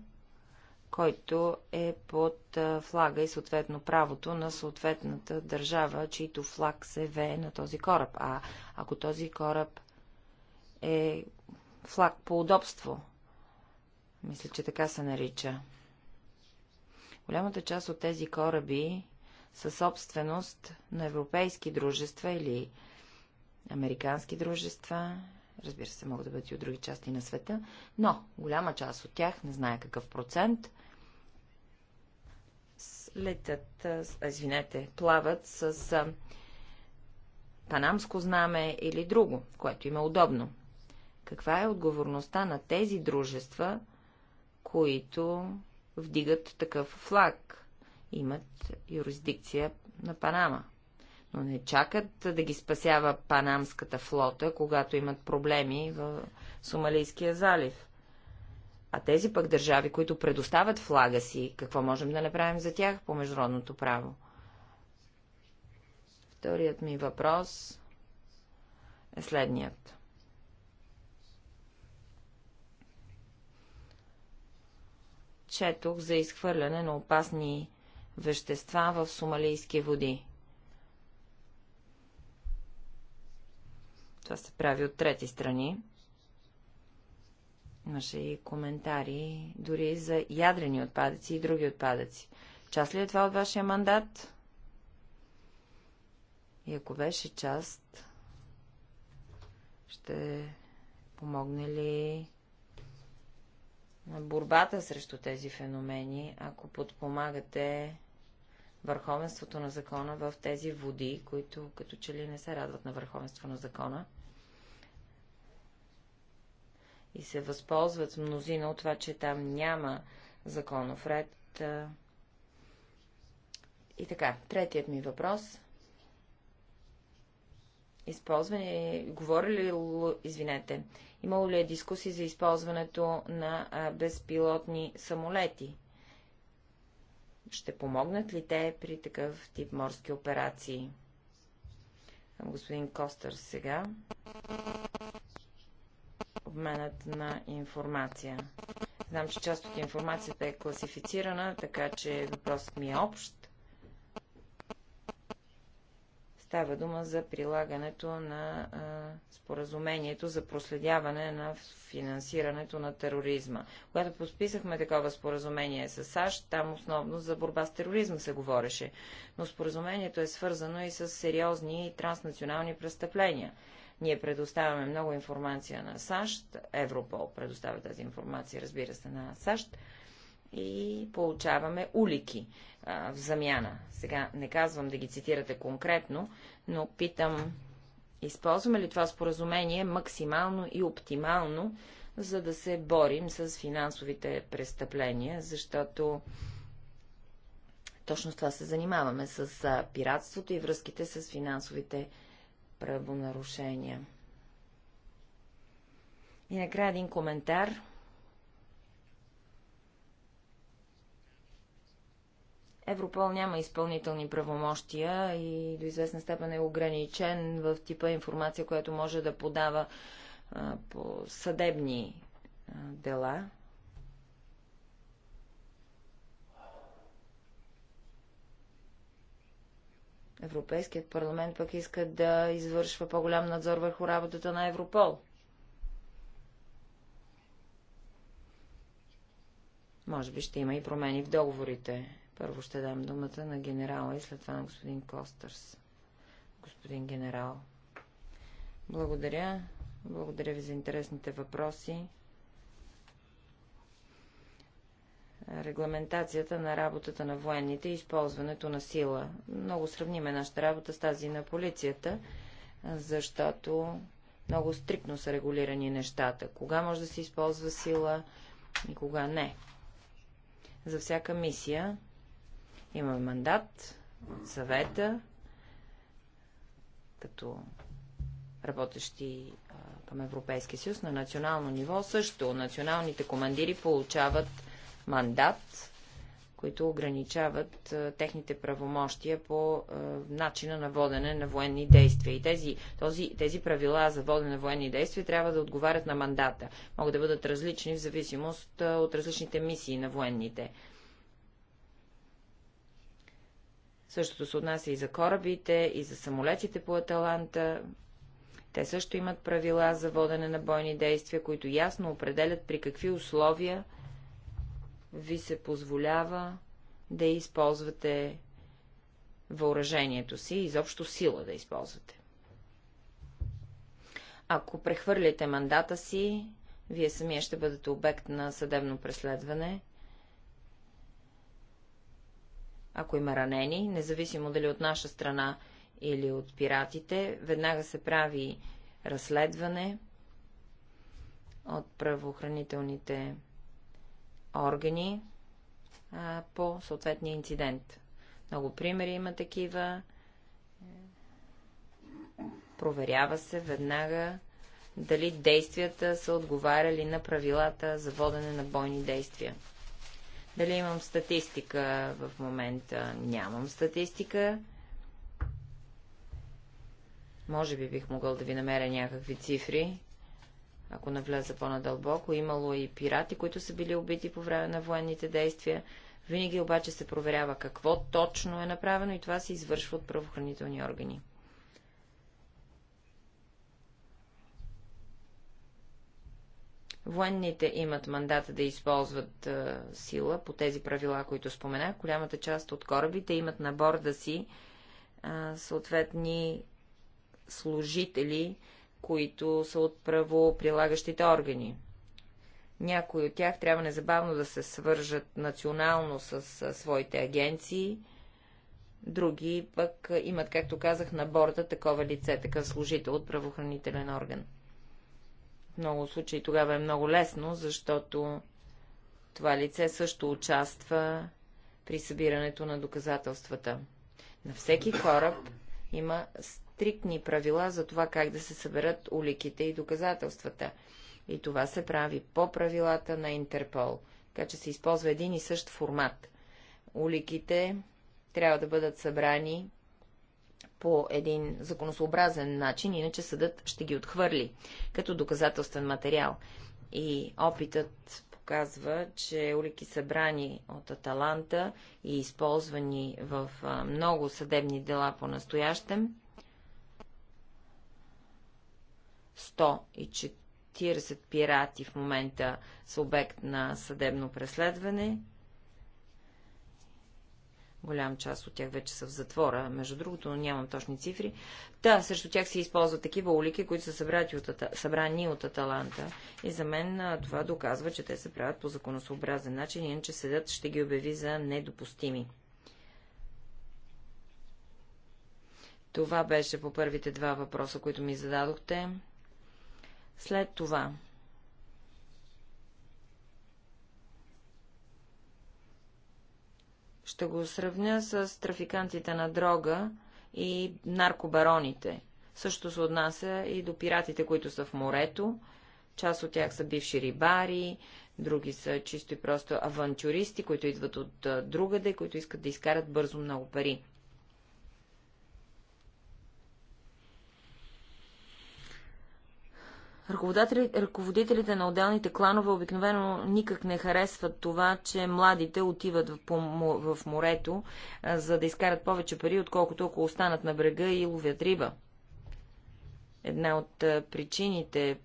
който е под флага и съответно правото на съответната държава, чийто флаг се вее на този кораб. А ако този кораб е флаг по удобство, мисля, че така се нарича. Голямата част от тези кораби са собственост на европейски дружества или американски дружества. Разбира се, могат да бъдат и от други части на света, но голяма част от тях, не знае какъв процент, летят, извинете, плават с панамско знаме или друго, което им е удобно. Каква е отговорността на тези дружества които вдигат такъв флаг, имат юрисдикция на Панама. Но не чакат да ги спасява панамската флота, когато имат проблеми в Сомалийския залив. А тези пък държави, които предоставят флага си, какво можем да направим за тях по международното право? Вторият ми въпрос е следният. четох за изхвърляне на опасни вещества в Сумалийски води. Това се прави от трети страни. Имаше и коментари дори за ядрени отпадъци и други отпадъци. Част ли е това от вашия мандат? И ако беше част, ще помогне ли на борбата срещу тези феномени, ако подпомагате върховенството на закона в тези води, които като че ли не се радват на върховенство на закона и се възползват мнозина от това, че там няма законов ред. И така, третият ми въпрос – използвани, говорили, извинете, имало ли е дискусии за използването на безпилотни самолети? Ще помогнат ли те при такъв тип морски операции? Господин Костър сега. Обменът на информация. Знам, че част от информацията е класифицирана, така че въпросът ми е общ. Става дума за прилагането на а, споразумението за проследяване на финансирането на тероризма. Когато подписахме такова споразумение с САЩ, там основно за борба с тероризма се говореше. Но споразумението е свързано и с сериозни транснационални престъпления. Ние предоставяме много информация на САЩ, Европол предоставя тази информация, разбира се, на САЩ, и получаваме улики а, в замяна. Сега не казвам да ги цитирате конкретно, но питам, използваме ли това споразумение максимално и оптимално, за да се борим с финансовите престъпления, защото точно с това се занимаваме, с пиратството и връзките с финансовите правонарушения. И накрая един коментар – Европол няма изпълнителни правомощия и до известна степен е ограничен в типа информация, която може да подава а, по съдебни а, дела. Европейският парламент пък иска да извършва по-голям надзор върху работата на Европол. Може би ще има и промени в договорите първо ще дам думата на генерала и след това на господин Костърс. Господин генерал. Благодаря. Благодаря ви за интересните въпроси. регламентацията на работата на военните и използването на сила. Много сравниме нашата работа с тази на полицията, защото много стриктно са регулирани нещата. Кога може да се използва сила и кога не. За всяка мисия Имаме мандат от съвета като работещи към Европейския съюз на национално ниво. Също националните командири получават мандат, които ограничават а, техните правомощия по а, начина на водене на военни действия. И тези, този, тези правила за водене на военни действия трябва да отговарят на мандата. Могат да бъдат различни в зависимост а, от различните мисии на военните. Същото се отнася и за корабите, и за самолетите по Аталанта. Те също имат правила за водене на бойни действия, които ясно определят при какви условия ви се позволява да използвате въоръжението си и изобщо сила да използвате. Ако прехвърлите мандата си, вие самия ще бъдете обект на съдебно преследване ако има ранени, независимо дали от наша страна или от пиратите, веднага се прави разследване от правоохранителните органи а, по съответния инцидент. Много примери има такива. Проверява се веднага дали действията са отговаряли на правилата за водене на бойни действия. Дали имам статистика в момента? Нямам статистика. Може би бих могъл да ви намеря някакви цифри, ако навляза по-надълбоко. Имало и пирати, които са били убити по време на военните действия. Винаги обаче се проверява какво точно е направено и това се извършва от правоохранителни органи. Военните имат мандат да използват а, сила по тези правила, които споменах. Голямата част от корабите имат на борда си а, съответни служители, които са от правоприлагащите органи. Някои от тях трябва незабавно да се свържат национално с, с своите агенции, други пък имат, както казах, на борда такова лице, такъв служител от правоохранителен орган много случаи тогава е много лесно, защото това лице също участва при събирането на доказателствата. На всеки кораб има стриктни правила за това как да се съберат уликите и доказателствата. И това се прави по правилата на Интерпол, така че се използва един и същ формат. Уликите трябва да бъдат събрани по един законосообразен начин, иначе съдът ще ги отхвърли като доказателствен материал. И опитът показва, че улики събрани от Аталанта и използвани в много съдебни дела по настоящем, 140 пирати в момента са обект на съдебно преследване, Голям част от тях вече са в затвора, между другото, но нямам точни цифри. да, срещу тях се използват такива улики, които са събрани от, събрани от Аталанта. И за мен това доказва, че те се правят по законосообразен начин, иначе съдът ще ги обяви за недопустими. Това беше по първите два въпроса, които ми зададохте. След това Ще го сравня с трафикантите на дрога и наркобароните. Също се отнася и до пиратите, които са в морето. Част от тях са бивши рибари, други са чисто и просто авантюристи, които идват от другаде, които искат да изкарат бързо много пари. Ръководителите на отделните кланове обикновено никак не харесват това, че младите отиват в морето, за да изкарат повече пари, отколкото ако останат на брега и ловят риба. Една от причините,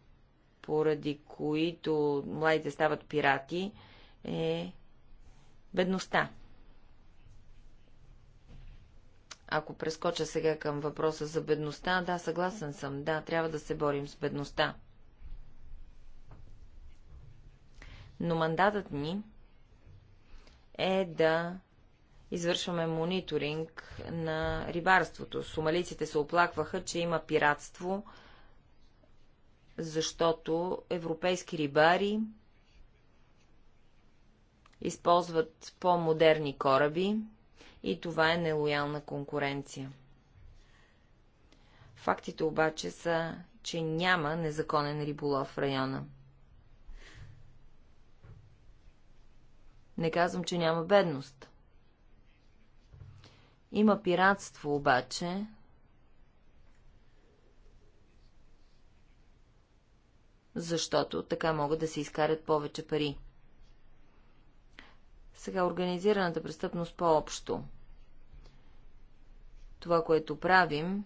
поради които младите стават пирати, е бедността. Ако прескоча сега към въпроса за бедността, да, съгласен съм. Да, трябва да се борим с бедността. но мандатът ни е да извършваме мониторинг на рибарството. Сомалиците се оплакваха, че има пиратство, защото европейски рибари използват по-модерни кораби и това е нелоялна конкуренция. Фактите обаче са, че няма незаконен риболов в района. Не казвам, че няма бедност. Има пиратство обаче. Защото така могат да се изкарят повече пари. Сега организираната престъпност по-общо. Това, което правим,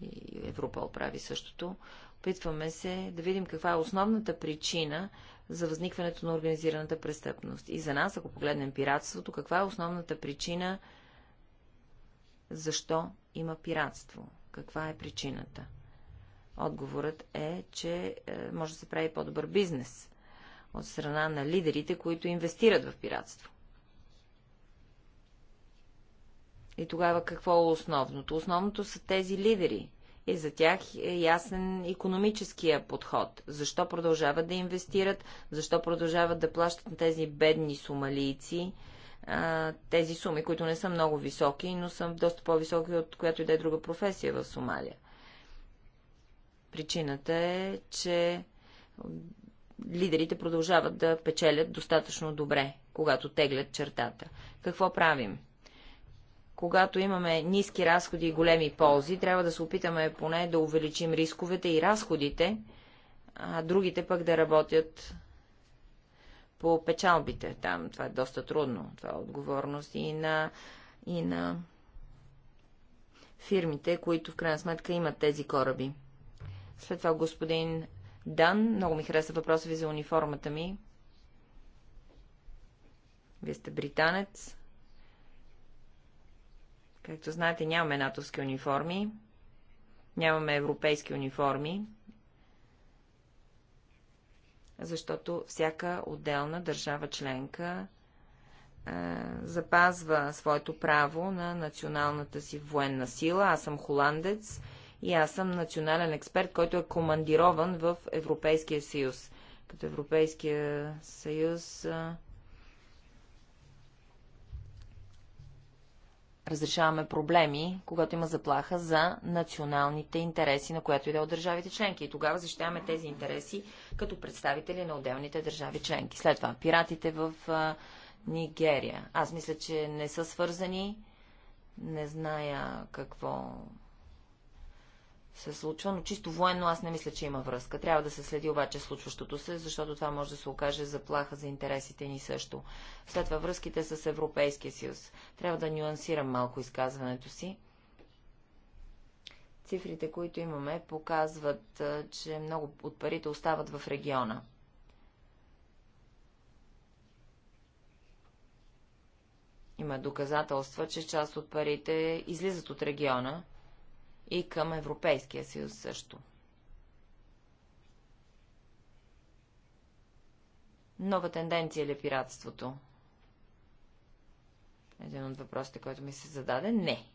и Европа прави същото, Опитваме се да видим каква е основната причина за възникването на организираната престъпност. И за нас, ако погледнем пиратството, каква е основната причина защо има пиратство? Каква е причината? Отговорът е, че е, може да се прави по-добър бизнес от страна на лидерите, които инвестират в пиратство. И тогава какво е основното? Основното са тези лидери – и за тях е ясен економическия подход. Защо продължават да инвестират, защо продължават да плащат на тези бедни сумалийци, тези суми, които не са много високи, но са доста по-високи от която и да е друга професия в Сомалия. Причината е, че лидерите продължават да печелят достатъчно добре, когато теглят чертата. Какво правим? когато имаме ниски разходи и големи ползи, трябва да се опитаме поне да увеличим рисковете и разходите, а другите пък да работят по печалбите. Там това е доста трудно. Това е отговорност и на, и на фирмите, които в крайна сметка имат тези кораби. След това господин Дан, много ми хареса въпроса ви за униформата ми. Вие сте британец. Както знаете, нямаме натовски униформи, нямаме европейски униформи, защото всяка отделна държава членка е, запазва своето право на националната си военна сила. Аз съм холандец и аз съм национален експерт, който е командирован в Европейския съюз. Като Европейския съюз Е, разрешаваме проблеми, когато има заплаха за националните интереси, на която и да е от държавите членки. И тогава защитаваме тези интереси като представители на отделните държави членки. След това, пиратите в а, Нигерия. Аз мисля, че не са свързани. Не зная какво се случва, но чисто военно аз не мисля, че има връзка. Трябва да се следи обаче случващото се, защото това може да се окаже заплаха за интересите ни също. След това връзките с Европейския съюз. Трябва да нюансирам малко изказването си. Цифрите, които имаме, показват, че много от парите остават в региона. Има доказателства, че част от парите излизат от региона и към Европейския съюз също. Нова тенденция ли е пиратството? Един от въпросите, който ми се зададе, не.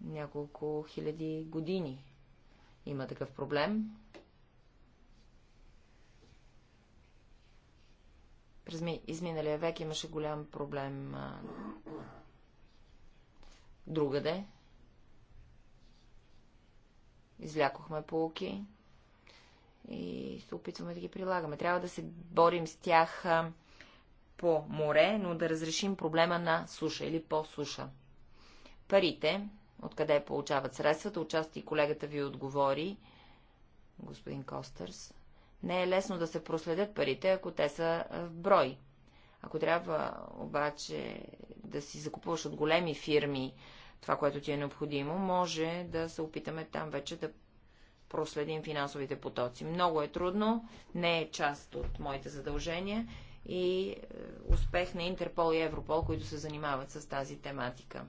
Няколко хиляди години има такъв проблем. През изминалия век имаше голям проблем другаде Излякохме полуки и се опитваме да ги прилагаме. Трябва да се борим с тях по море, но да разрешим проблема на суша или по суша. Парите, откъде получават средствата, участи и колегата ви отговори, господин Костърс. Не е лесно да се проследят парите, ако те са в брой. Ако трябва обаче да си закупуваш от големи фирми това, което ти е необходимо, може да се опитаме там вече да проследим финансовите потоци. Много е трудно, не е част от моите задължения и е, успех на Интерпол и Европол, които се занимават с тази тематика.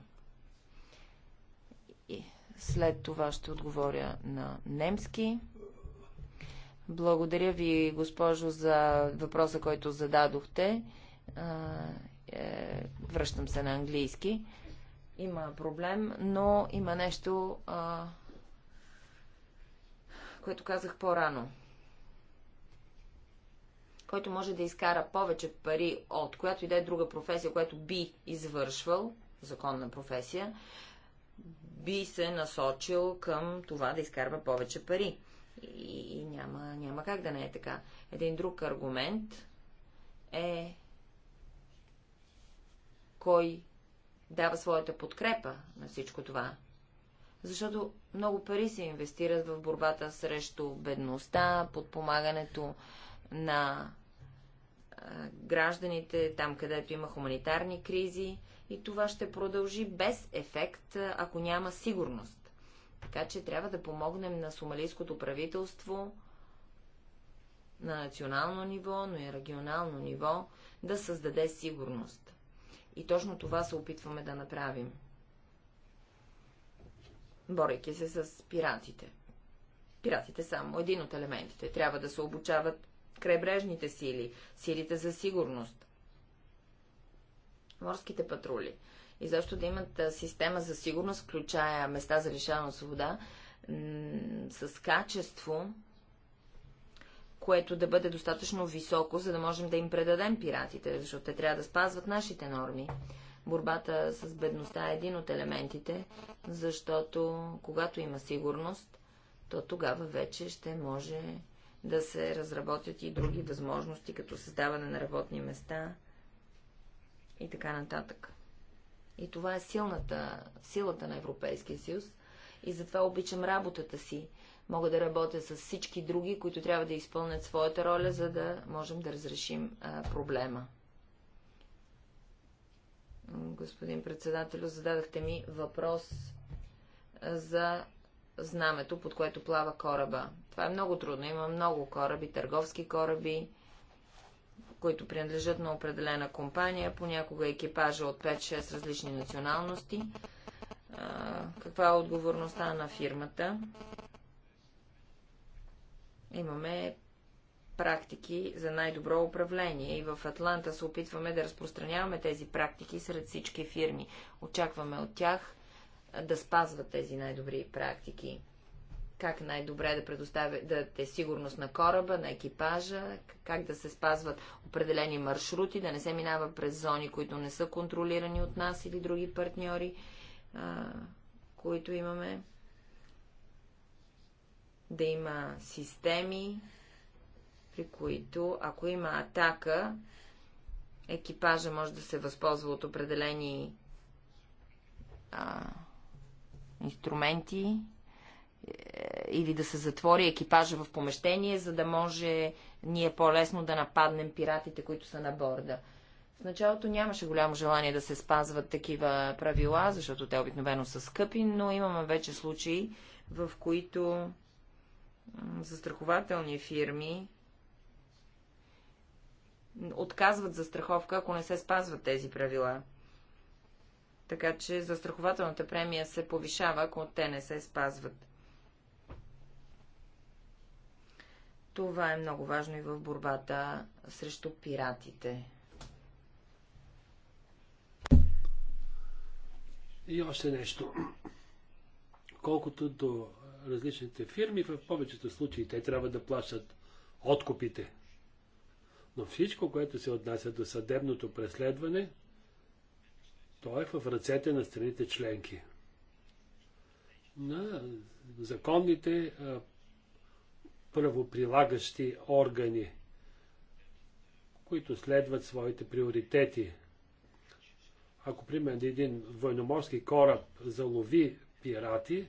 И след това ще отговоря на немски. Благодаря ви, госпожо, за въпроса, който зададохте. Е, връщам се на английски. Има проблем, но има нещо, а, което казах по-рано. Който може да изкара повече пари от която и да е друга професия, която би извършвал, законна професия, би се насочил към това да изкарва повече пари. И, и няма, няма как да не е така. Един друг аргумент е кой дава своята подкрепа на всичко това. Защото много пари се инвестират в борбата срещу бедността, подпомагането на гражданите, там където има хуманитарни кризи и това ще продължи без ефект, ако няма сигурност. Така че трябва да помогнем на сомалийското правителство на национално ниво, но и регионално ниво да създаде сигурност. И точно това се опитваме да направим. Борейки се с пиратите. Пиратите само един от елементите. Трябва да се обучават крайбрежните сили, силите за сигурност, морските патрули. И защо да имат система за сигурност, включая места за лишаване от свобода, с качество, което да бъде достатъчно високо, за да можем да им предадем пиратите, защото те трябва да спазват нашите норми. Борбата с бедността е един от елементите, защото когато има сигурност, то тогава вече ще може да се разработят и други възможности, като създаване на работни места и така нататък. И това е силната, силата на Европейския съюз и затова обичам работата си, мога да работя с всички други, които трябва да изпълнят своята роля, за да можем да разрешим а, проблема. Господин председател, зададахте ми въпрос за знамето, под което плава кораба. Това е много трудно. Има много кораби, търговски кораби, които принадлежат на определена компания, понякога екипажа от 5-6 различни националности. А, каква е отговорността на фирмата? имаме практики за най-добро управление и в Атланта се опитваме да разпространяваме тези практики сред всички фирми. Очакваме от тях да спазват тези най-добри практики. Как най-добре да предоставя да е сигурност на кораба, на екипажа, как да се спазват определени маршрути, да не се минава през зони, които не са контролирани от нас или други партньори, а, които имаме да има системи, при които, ако има атака, екипажа може да се възползва от определени а, инструменти е, или да се затвори екипажа в помещение, за да може ние по-лесно да нападнем пиратите, които са на борда. В началото нямаше голямо желание да се спазват такива правила, защото те обикновено са скъпи, но имаме вече случаи, в които застрахователни фирми отказват застраховка, ако не се спазват тези правила. Така че застрахователната премия се повишава, ако те не се спазват. Това е много важно и в борбата срещу пиратите. И още нещо. Колкото до различните фирми, в повечето случаи те трябва да плащат откупите. Но всичко, което се отнася до съдебното преследване, то е в ръцете на страните членки. На законните правоприлагащи органи, които следват своите приоритети. Ако, примерно, един военноморски кораб залови пирати,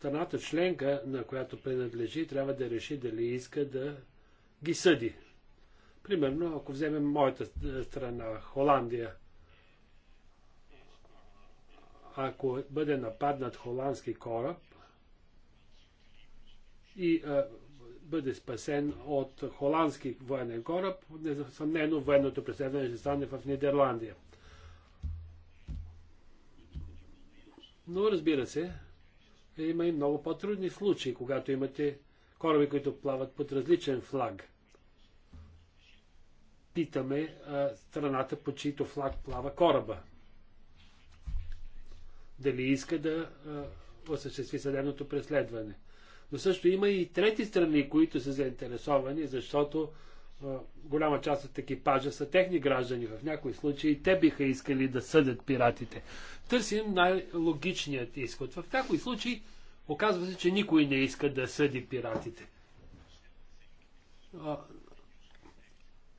страната членка, на която принадлежи, трябва да реши дали иска да ги съди. Примерно, ако вземем моята страна, Холандия, ако бъде нападнат холандски кораб и а, бъде спасен от холандски военен кораб, несъмнено военното преследване ще стане в Нидерландия. Но разбира се, има и много по-трудни случаи, когато имате кораби, които плават под различен флаг. Питаме а, страната, по чийто флаг плава кораба. Дали иска да а, осъществи съдебното преследване. Но също има и трети страни, които са заинтересовани, защото а, голяма част от екипажа са техни граждани. В някои случаи те биха искали да съдят пиратите. Търсим най-логичният изход. В някои случаи Оказва се, че никой не иска да съди пиратите.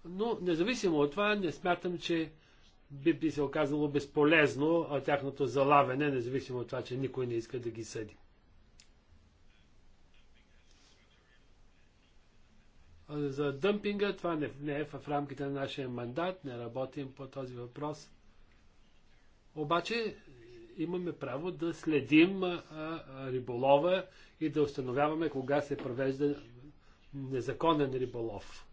Но независимо от това, не смятам, че би, би се оказало безполезно тяхното залавяне, независимо от това, че никой не иска да ги съди. За дъмпинга това не, не е в рамките на нашия мандат, не работим по този въпрос. Обаче имаме право да следим риболова и да установяваме кога се провежда незаконен риболов.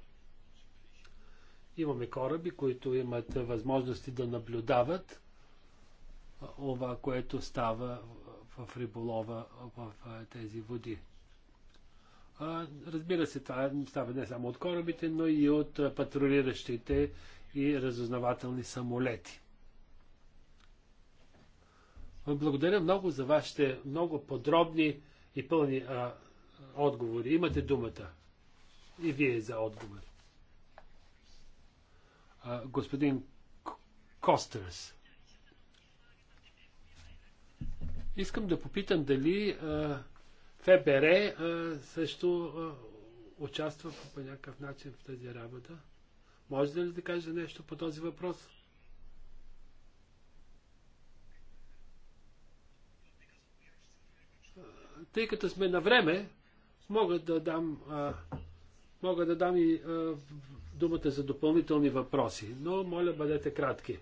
Имаме кораби, които имат възможности да наблюдават това, което става в риболова в тези води. Разбира се, това става не само от корабите, но и от патрулиращите и разузнавателни самолети. Благодаря много за вашите много подробни и пълни а, отговори. Имате думата. И вие за отговор. А, господин Костерс. Искам да попитам дали а, ФБР а, също а, участва по някакъв начин в тази работа. Може ли да кажа нещо по този въпрос? тъй като сме на време, мога да дам, а, мога да дам и а, думата за допълнителни въпроси, но моля бъдете кратки.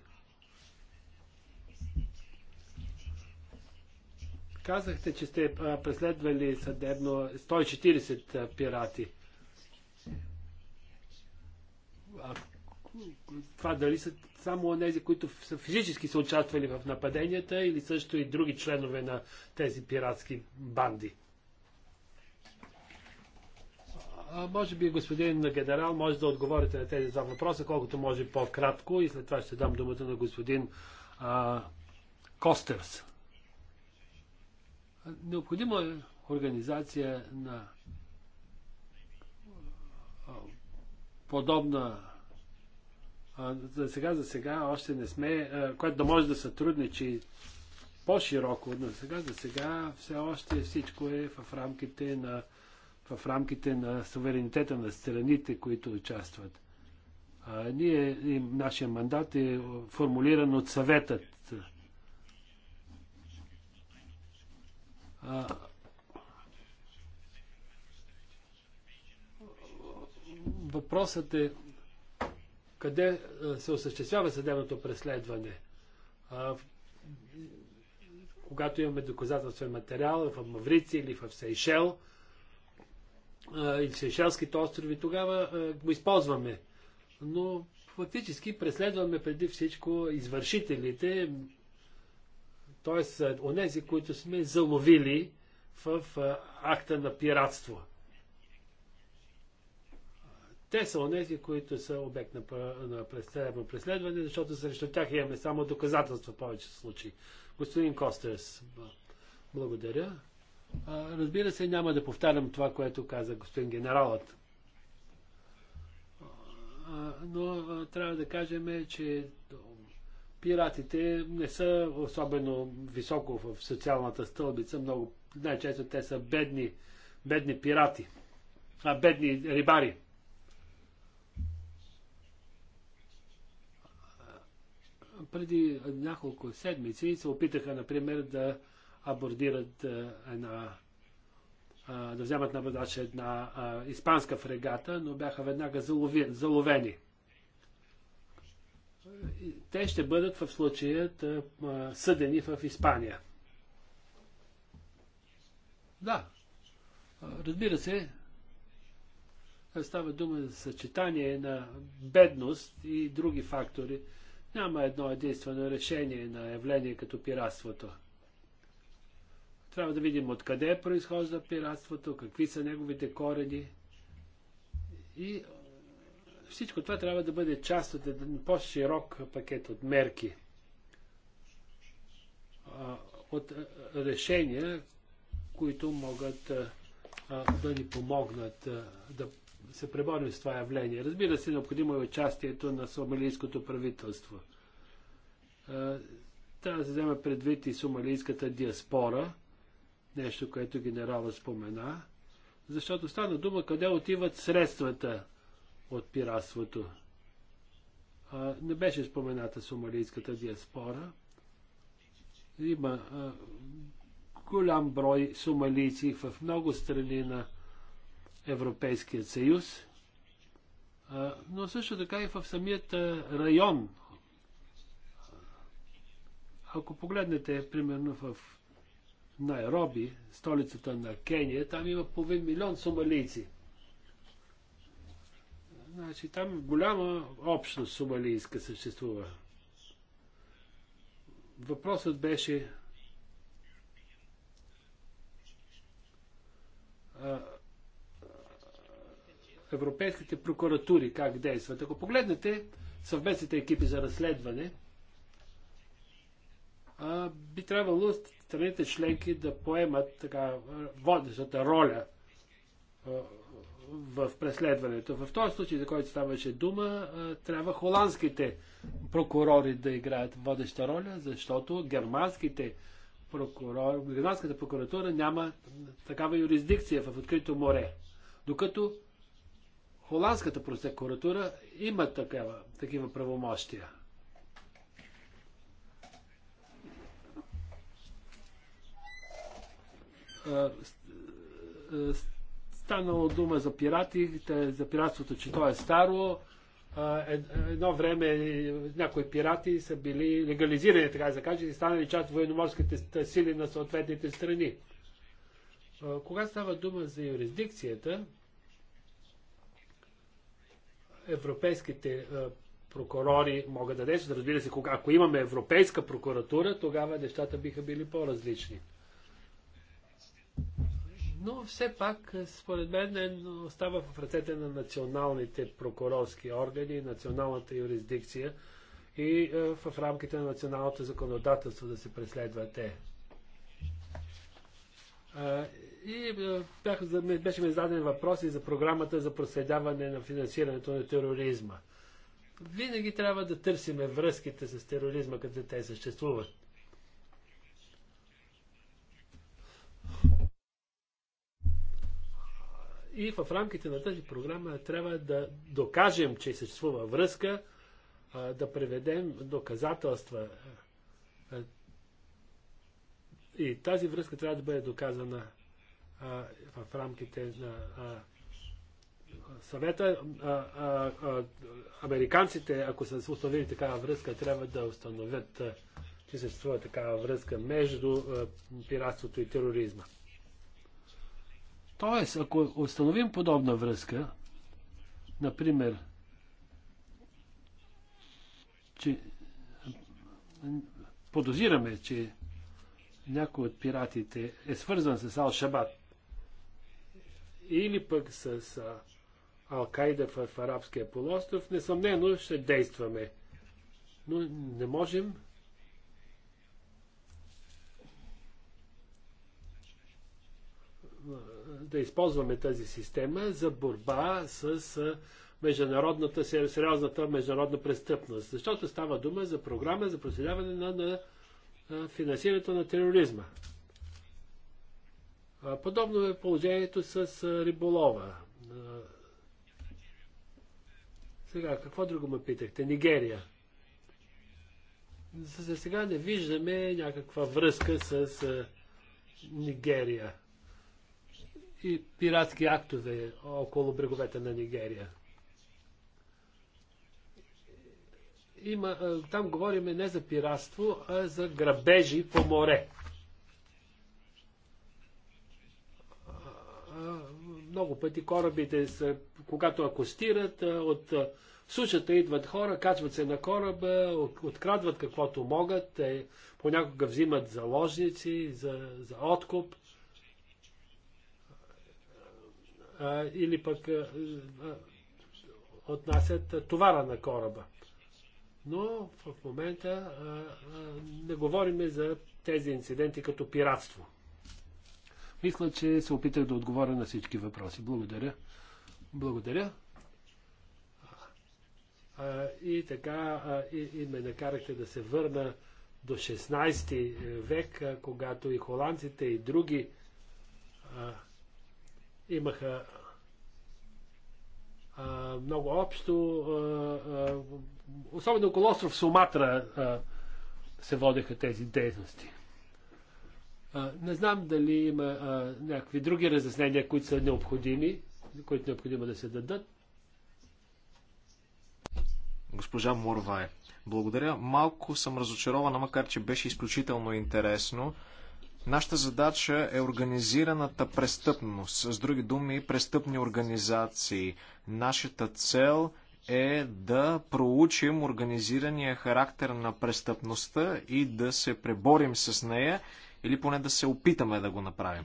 Казахте, че сте а, преследвали съдебно 140 а, пирати. А, това дали са само онези, които са физически са участвали в нападенията или също и други членове на тези пиратски банди. А, може би господин генерал може да отговорите на тези два въпроса, колкото може по-кратко и след това ще дам думата на господин а, Костерс. Необходима е организация на подобна за сега, за сега още не сме, което да може да сътрудничи по-широко, но сега, за сега все още всичко е в рамките на, в рамките на суверенитета на страните, които участват. А, ние, и нашия мандат е формулиран от съветът. А, въпросът е къде е, се осъществява съдебното преследване. А, когато имаме доказателствен материал в Маврици или в Сейшел а, или Сейшелските острови, тогава а, го използваме. Но фактически преследваме преди всичко извършителите, т.е. онези, които сме заловили в акта на пиратство. Те са онези, които са обект на, на преследване, защото срещу тях имаме само доказателства в повече случаи. Господин Костерс, благодаря. Разбира се, няма да повтарям това, което каза господин генералът. Но трябва да кажем, че пиратите не са особено високо в социалната стълбица. Много, най-често те са бедни, бедни пирати, а бедни рибари. преди няколко седмици се опитаха, например, да абордират една да вземат на една а, испанска фрегата, но бяха веднага залови, заловени. Те ще бъдат в случая съдени в Испания. Да, разбира се, става дума за съчетание на бедност и други фактори. Няма едно единствено решение на явление като пиратството. Трябва да видим откъде произхожда пиратството, какви са неговите корени. И всичко това трябва да бъде част от един по-широк пакет от мерки, от решения, които могат да ни помогнат да се преборим с това явление. Разбира се, необходимо е участието на сомалийското правителство. Е, трябва да се вземе предвид и сомалийската диаспора, нещо, което генерала спомена, защото стана дума къде отиват средствата от пиратството. Е, не беше спомената сомалийската диаспора. Има е, голям брой сомалийци в много страни на Европейският съюз, но също така и в самият район. Ако погледнете, примерно в Найроби, столицата на Кения, там има половин милион сомалийци. Значи там голяма общност сомалийска съществува. Въпросът беше а, европейските прокуратури как действат. Ако погледнете съвместните екипи за разследване, а, би трябвало страните членки да поемат така водещата роля а, в преследването. В този случай, за който ставаше дума, а, трябва холандските прокурори да играят водеща роля, защото германските прокурор, германската прокуратура няма такава юрисдикция в открито море. Докато Холандската прокуратура има такава, такива правомощия. Станало дума за пирати, за пиратството, че то е старо. Е, едно време някои пирати са били легализирани, така да кажа, и станали част от военноморските сили на съответните страни. Кога става дума за юрисдикцията, европейските е, прокурори могат да действат. Разбира се, кога, ако имаме Европейска прокуратура, тогава нещата биха били по-различни. Но все пак, е, според мен, е, остава в ръцете на националните прокурорски органи, националната юрисдикция и в рамките на националното законодателство да се преследва те. И е, бях, беше ми зададен въпроси за програмата за проследяване на финансирането на тероризма. Винаги трябва да търсиме връзките с тероризма, къде те съществуват. И в рамките на тази програма трябва да докажем, че съществува връзка, да преведем доказателства. И тази връзка трябва да бъде доказана в рамките на съвета. Американците, ако са установили такава връзка, трябва да установят, че съществува такава връзка между пиратството и тероризма. Тоест, ако установим подобна връзка, например, че подозираме, че някой от пиратите е свързан с Ал-Шабат или пък с Алкайда в Арабския полуостров, несъмнено ще действаме. Но не можем да използваме тази система за борба с международната, сериозната международна престъпност. Защото става дума за програма за проследяване на, на, на финансирането на тероризма. Подобно е положението с риболова. Сега, какво друго ме питахте? Нигерия. За сега не виждаме някаква връзка с Нигерия и пиратски актове около бреговете на Нигерия. Има, там говориме не за пиратство, а за грабежи по море. Много пъти корабите са, когато акостират, от сушата идват хора, качват се на кораба, открадват каквото могат, понякога взимат заложници за, за откуп. Или пък отнасят товара на кораба. Но в момента а, а, не говориме за тези инциденти като пиратство. Мисля, че се опитах да отговоря на всички въпроси. Благодаря. Благодаря. А, и така, а, и, и ме накарахте да се върна до 16 е, век, а, когато и холандците, и други а, имаха а, много общо. А, а, особено около остров Суматра а, се водеха тези дейности. Не знам дали има някакви други разяснения, които са необходими, които е необходимо да се дадат. Госпожа Морвае, благодаря. Малко съм разочарована, макар че беше изключително интересно. Нашата задача е организираната престъпност, с други думи престъпни организации. Нашата цел е да проучим организирания характер на престъпността и да се преборим с нея или поне да се опитаме да го направим.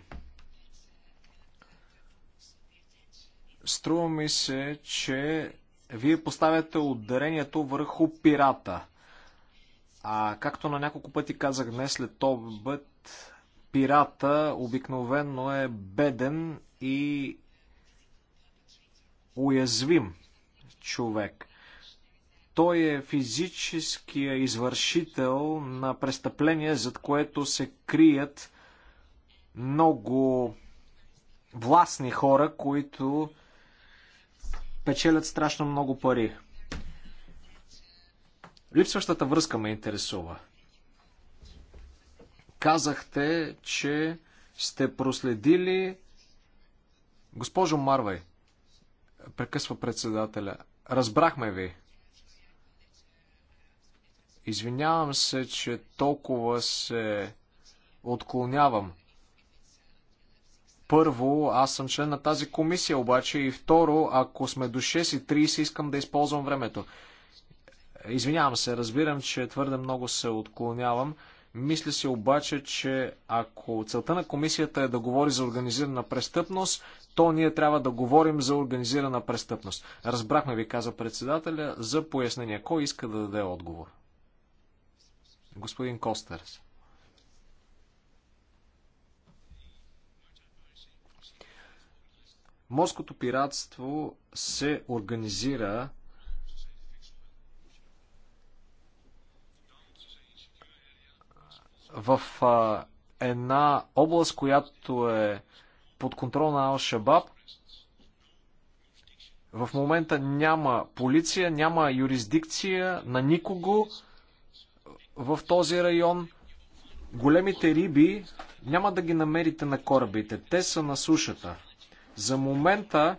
Струва ми се, че вие поставяте ударението върху пирата. А както на няколко пъти казах днес след обед, пирата обикновено е беден и уязвим човек. Той е физическия извършител на престъпление, зад което се крият много властни хора, които печелят страшно много пари. Липсващата връзка ме интересува. Казахте, че сте проследили. Госпожо Марвай, прекъсва председателя. Разбрахме ви. Извинявам се, че толкова се отклонявам. Първо, аз съм член на тази комисия, обаче и второ, ако сме до 6.30, искам да използвам времето. Извинявам се, разбирам, че твърде много се отклонявам. Мисля си обаче, че ако целта на комисията е да говори за организирана престъпност, то ние трябва да говорим за организирана престъпност. Разбрахме ви, каза председателя, за пояснение. Кой иска да даде отговор? Господин Костърс. Морското пиратство се организира в а, една област, която е под контрол на Ал-Шабаб. В момента няма полиция, няма юрисдикция на никого в този район. Големите риби няма да ги намерите на корабите. Те са на сушата. За момента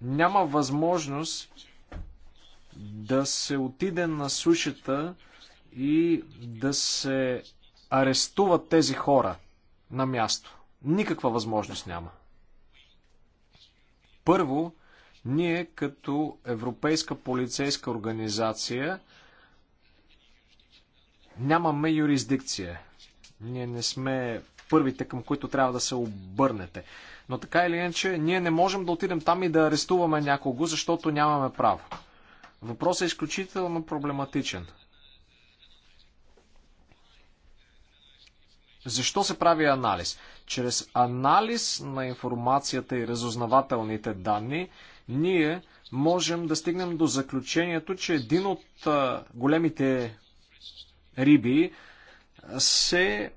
няма възможност да се отиде на сушата и да се арестуват тези хора на място. Никаква възможност няма. Първо, ние като Европейска полицейска организация Нямаме юрисдикция. Ние не сме първите, към които трябва да се обърнете. Но така или иначе, ние не можем да отидем там и да арестуваме някого, защото нямаме право. Въпросът е изключително проблематичен. Защо се прави анализ? Чрез анализ на информацията и разузнавателните данни, ние можем да стигнем до заключението, че един от големите риби се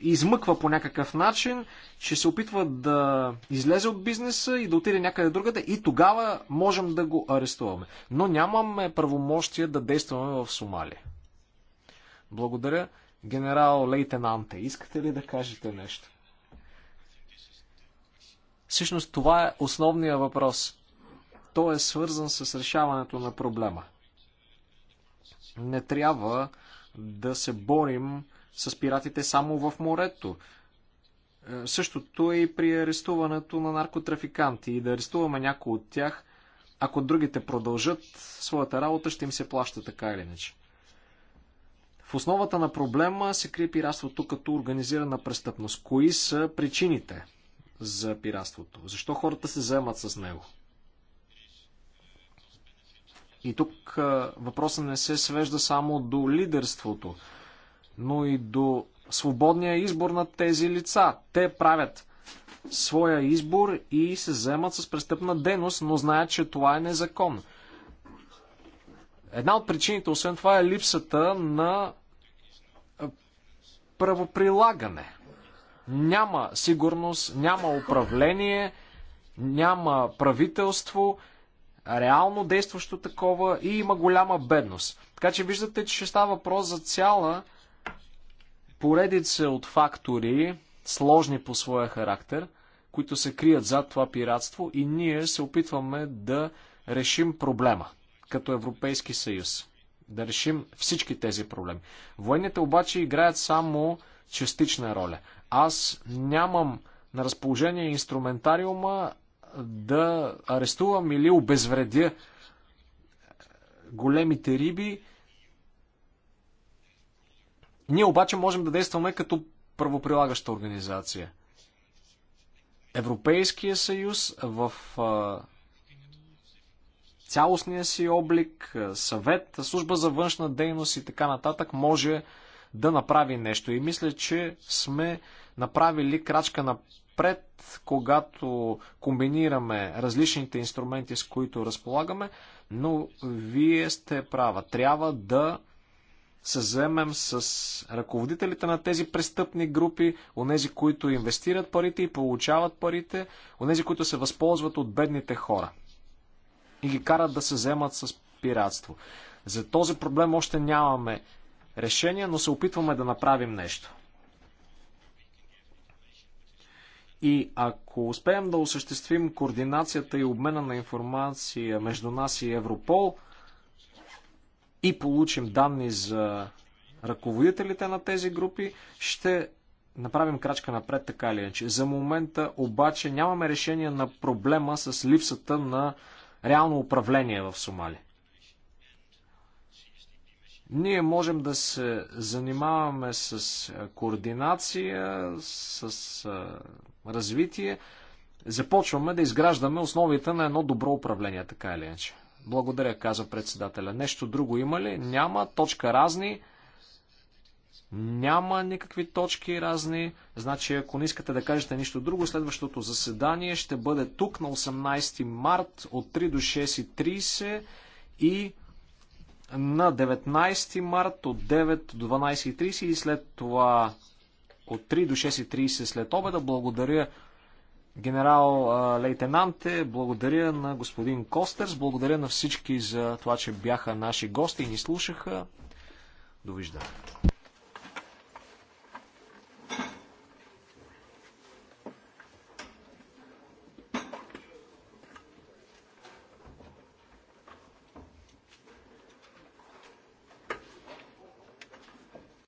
измъква по някакъв начин, ще се опитва да излезе от бизнеса и да отиде някъде другаде и тогава можем да го арестуваме. Но нямаме правомощия да действаме в Сомалия. Благодаря. Генерал Лейтенанте, искате ли да кажете нещо? Всъщност това е основният въпрос. Той е свързан с решаването на проблема – не трябва да се борим с пиратите само в морето. Е, същото е и при арестуването на наркотрафиканти и да арестуваме някои от тях, ако другите продължат своята работа, ще им се плаща така или иначе. В основата на проблема се крие пиратството като организирана престъпност. Кои са причините за пиратството? Защо хората се заемат с него? И тук въпросът не се свежда само до лидерството, но и до свободния избор на тези лица. Те правят своя избор и се вземат с престъпна дейност, но знаят, че това е незакон. Една от причините, освен това, е липсата на правоприлагане. Няма сигурност, няма управление, няма правителство, реално действащо такова и има голяма бедност. Така че виждате, че ще става въпрос за цяла поредица от фактори, сложни по своя характер, които се крият зад това пиратство и ние се опитваме да решим проблема като Европейски съюз. Да решим всички тези проблеми. Военните обаче играят само частична роля. Аз нямам на разположение инструментариума, да арестувам или обезвредя големите риби. Ние обаче можем да действаме като правоприлагаща организация. Европейския съюз в а, цялостния си облик, съвет, служба за външна дейност и така нататък може да направи нещо. И мисля, че сме направили крачка на напред, когато комбинираме различните инструменти, с които разполагаме, но вие сте права. Трябва да се вземем с ръководителите на тези престъпни групи, онези, които инвестират парите и получават парите, онези, които се възползват от бедните хора и ги карат да се вземат с пиратство. За този проблем още нямаме решение, но се опитваме да направим нещо. И ако успеем да осъществим координацията и обмена на информация между нас и Европол и получим данни за ръководителите на тези групи, ще направим крачка напред, така или иначе. За момента обаче нямаме решение на проблема с липсата на реално управление в Сомали. Ние можем да се занимаваме с координация, с развитие. Започваме да изграждаме основите на едно добро управление, така или иначе. Благодаря, каза председателя. Нещо друго има ли? Няма. Точка разни. Няма никакви точки разни. Значи, ако не искате да кажете нищо друго, следващото заседание ще бъде тук на 18 март от 3 до 6.30 и на 19 март от 9 до 12.30 и след това от 3 до 6.30 след обеда. Благодаря генерал лейтенанте, благодаря на господин Костерс, благодаря на всички за това, че бяха наши гости и ни слушаха. Довиждане.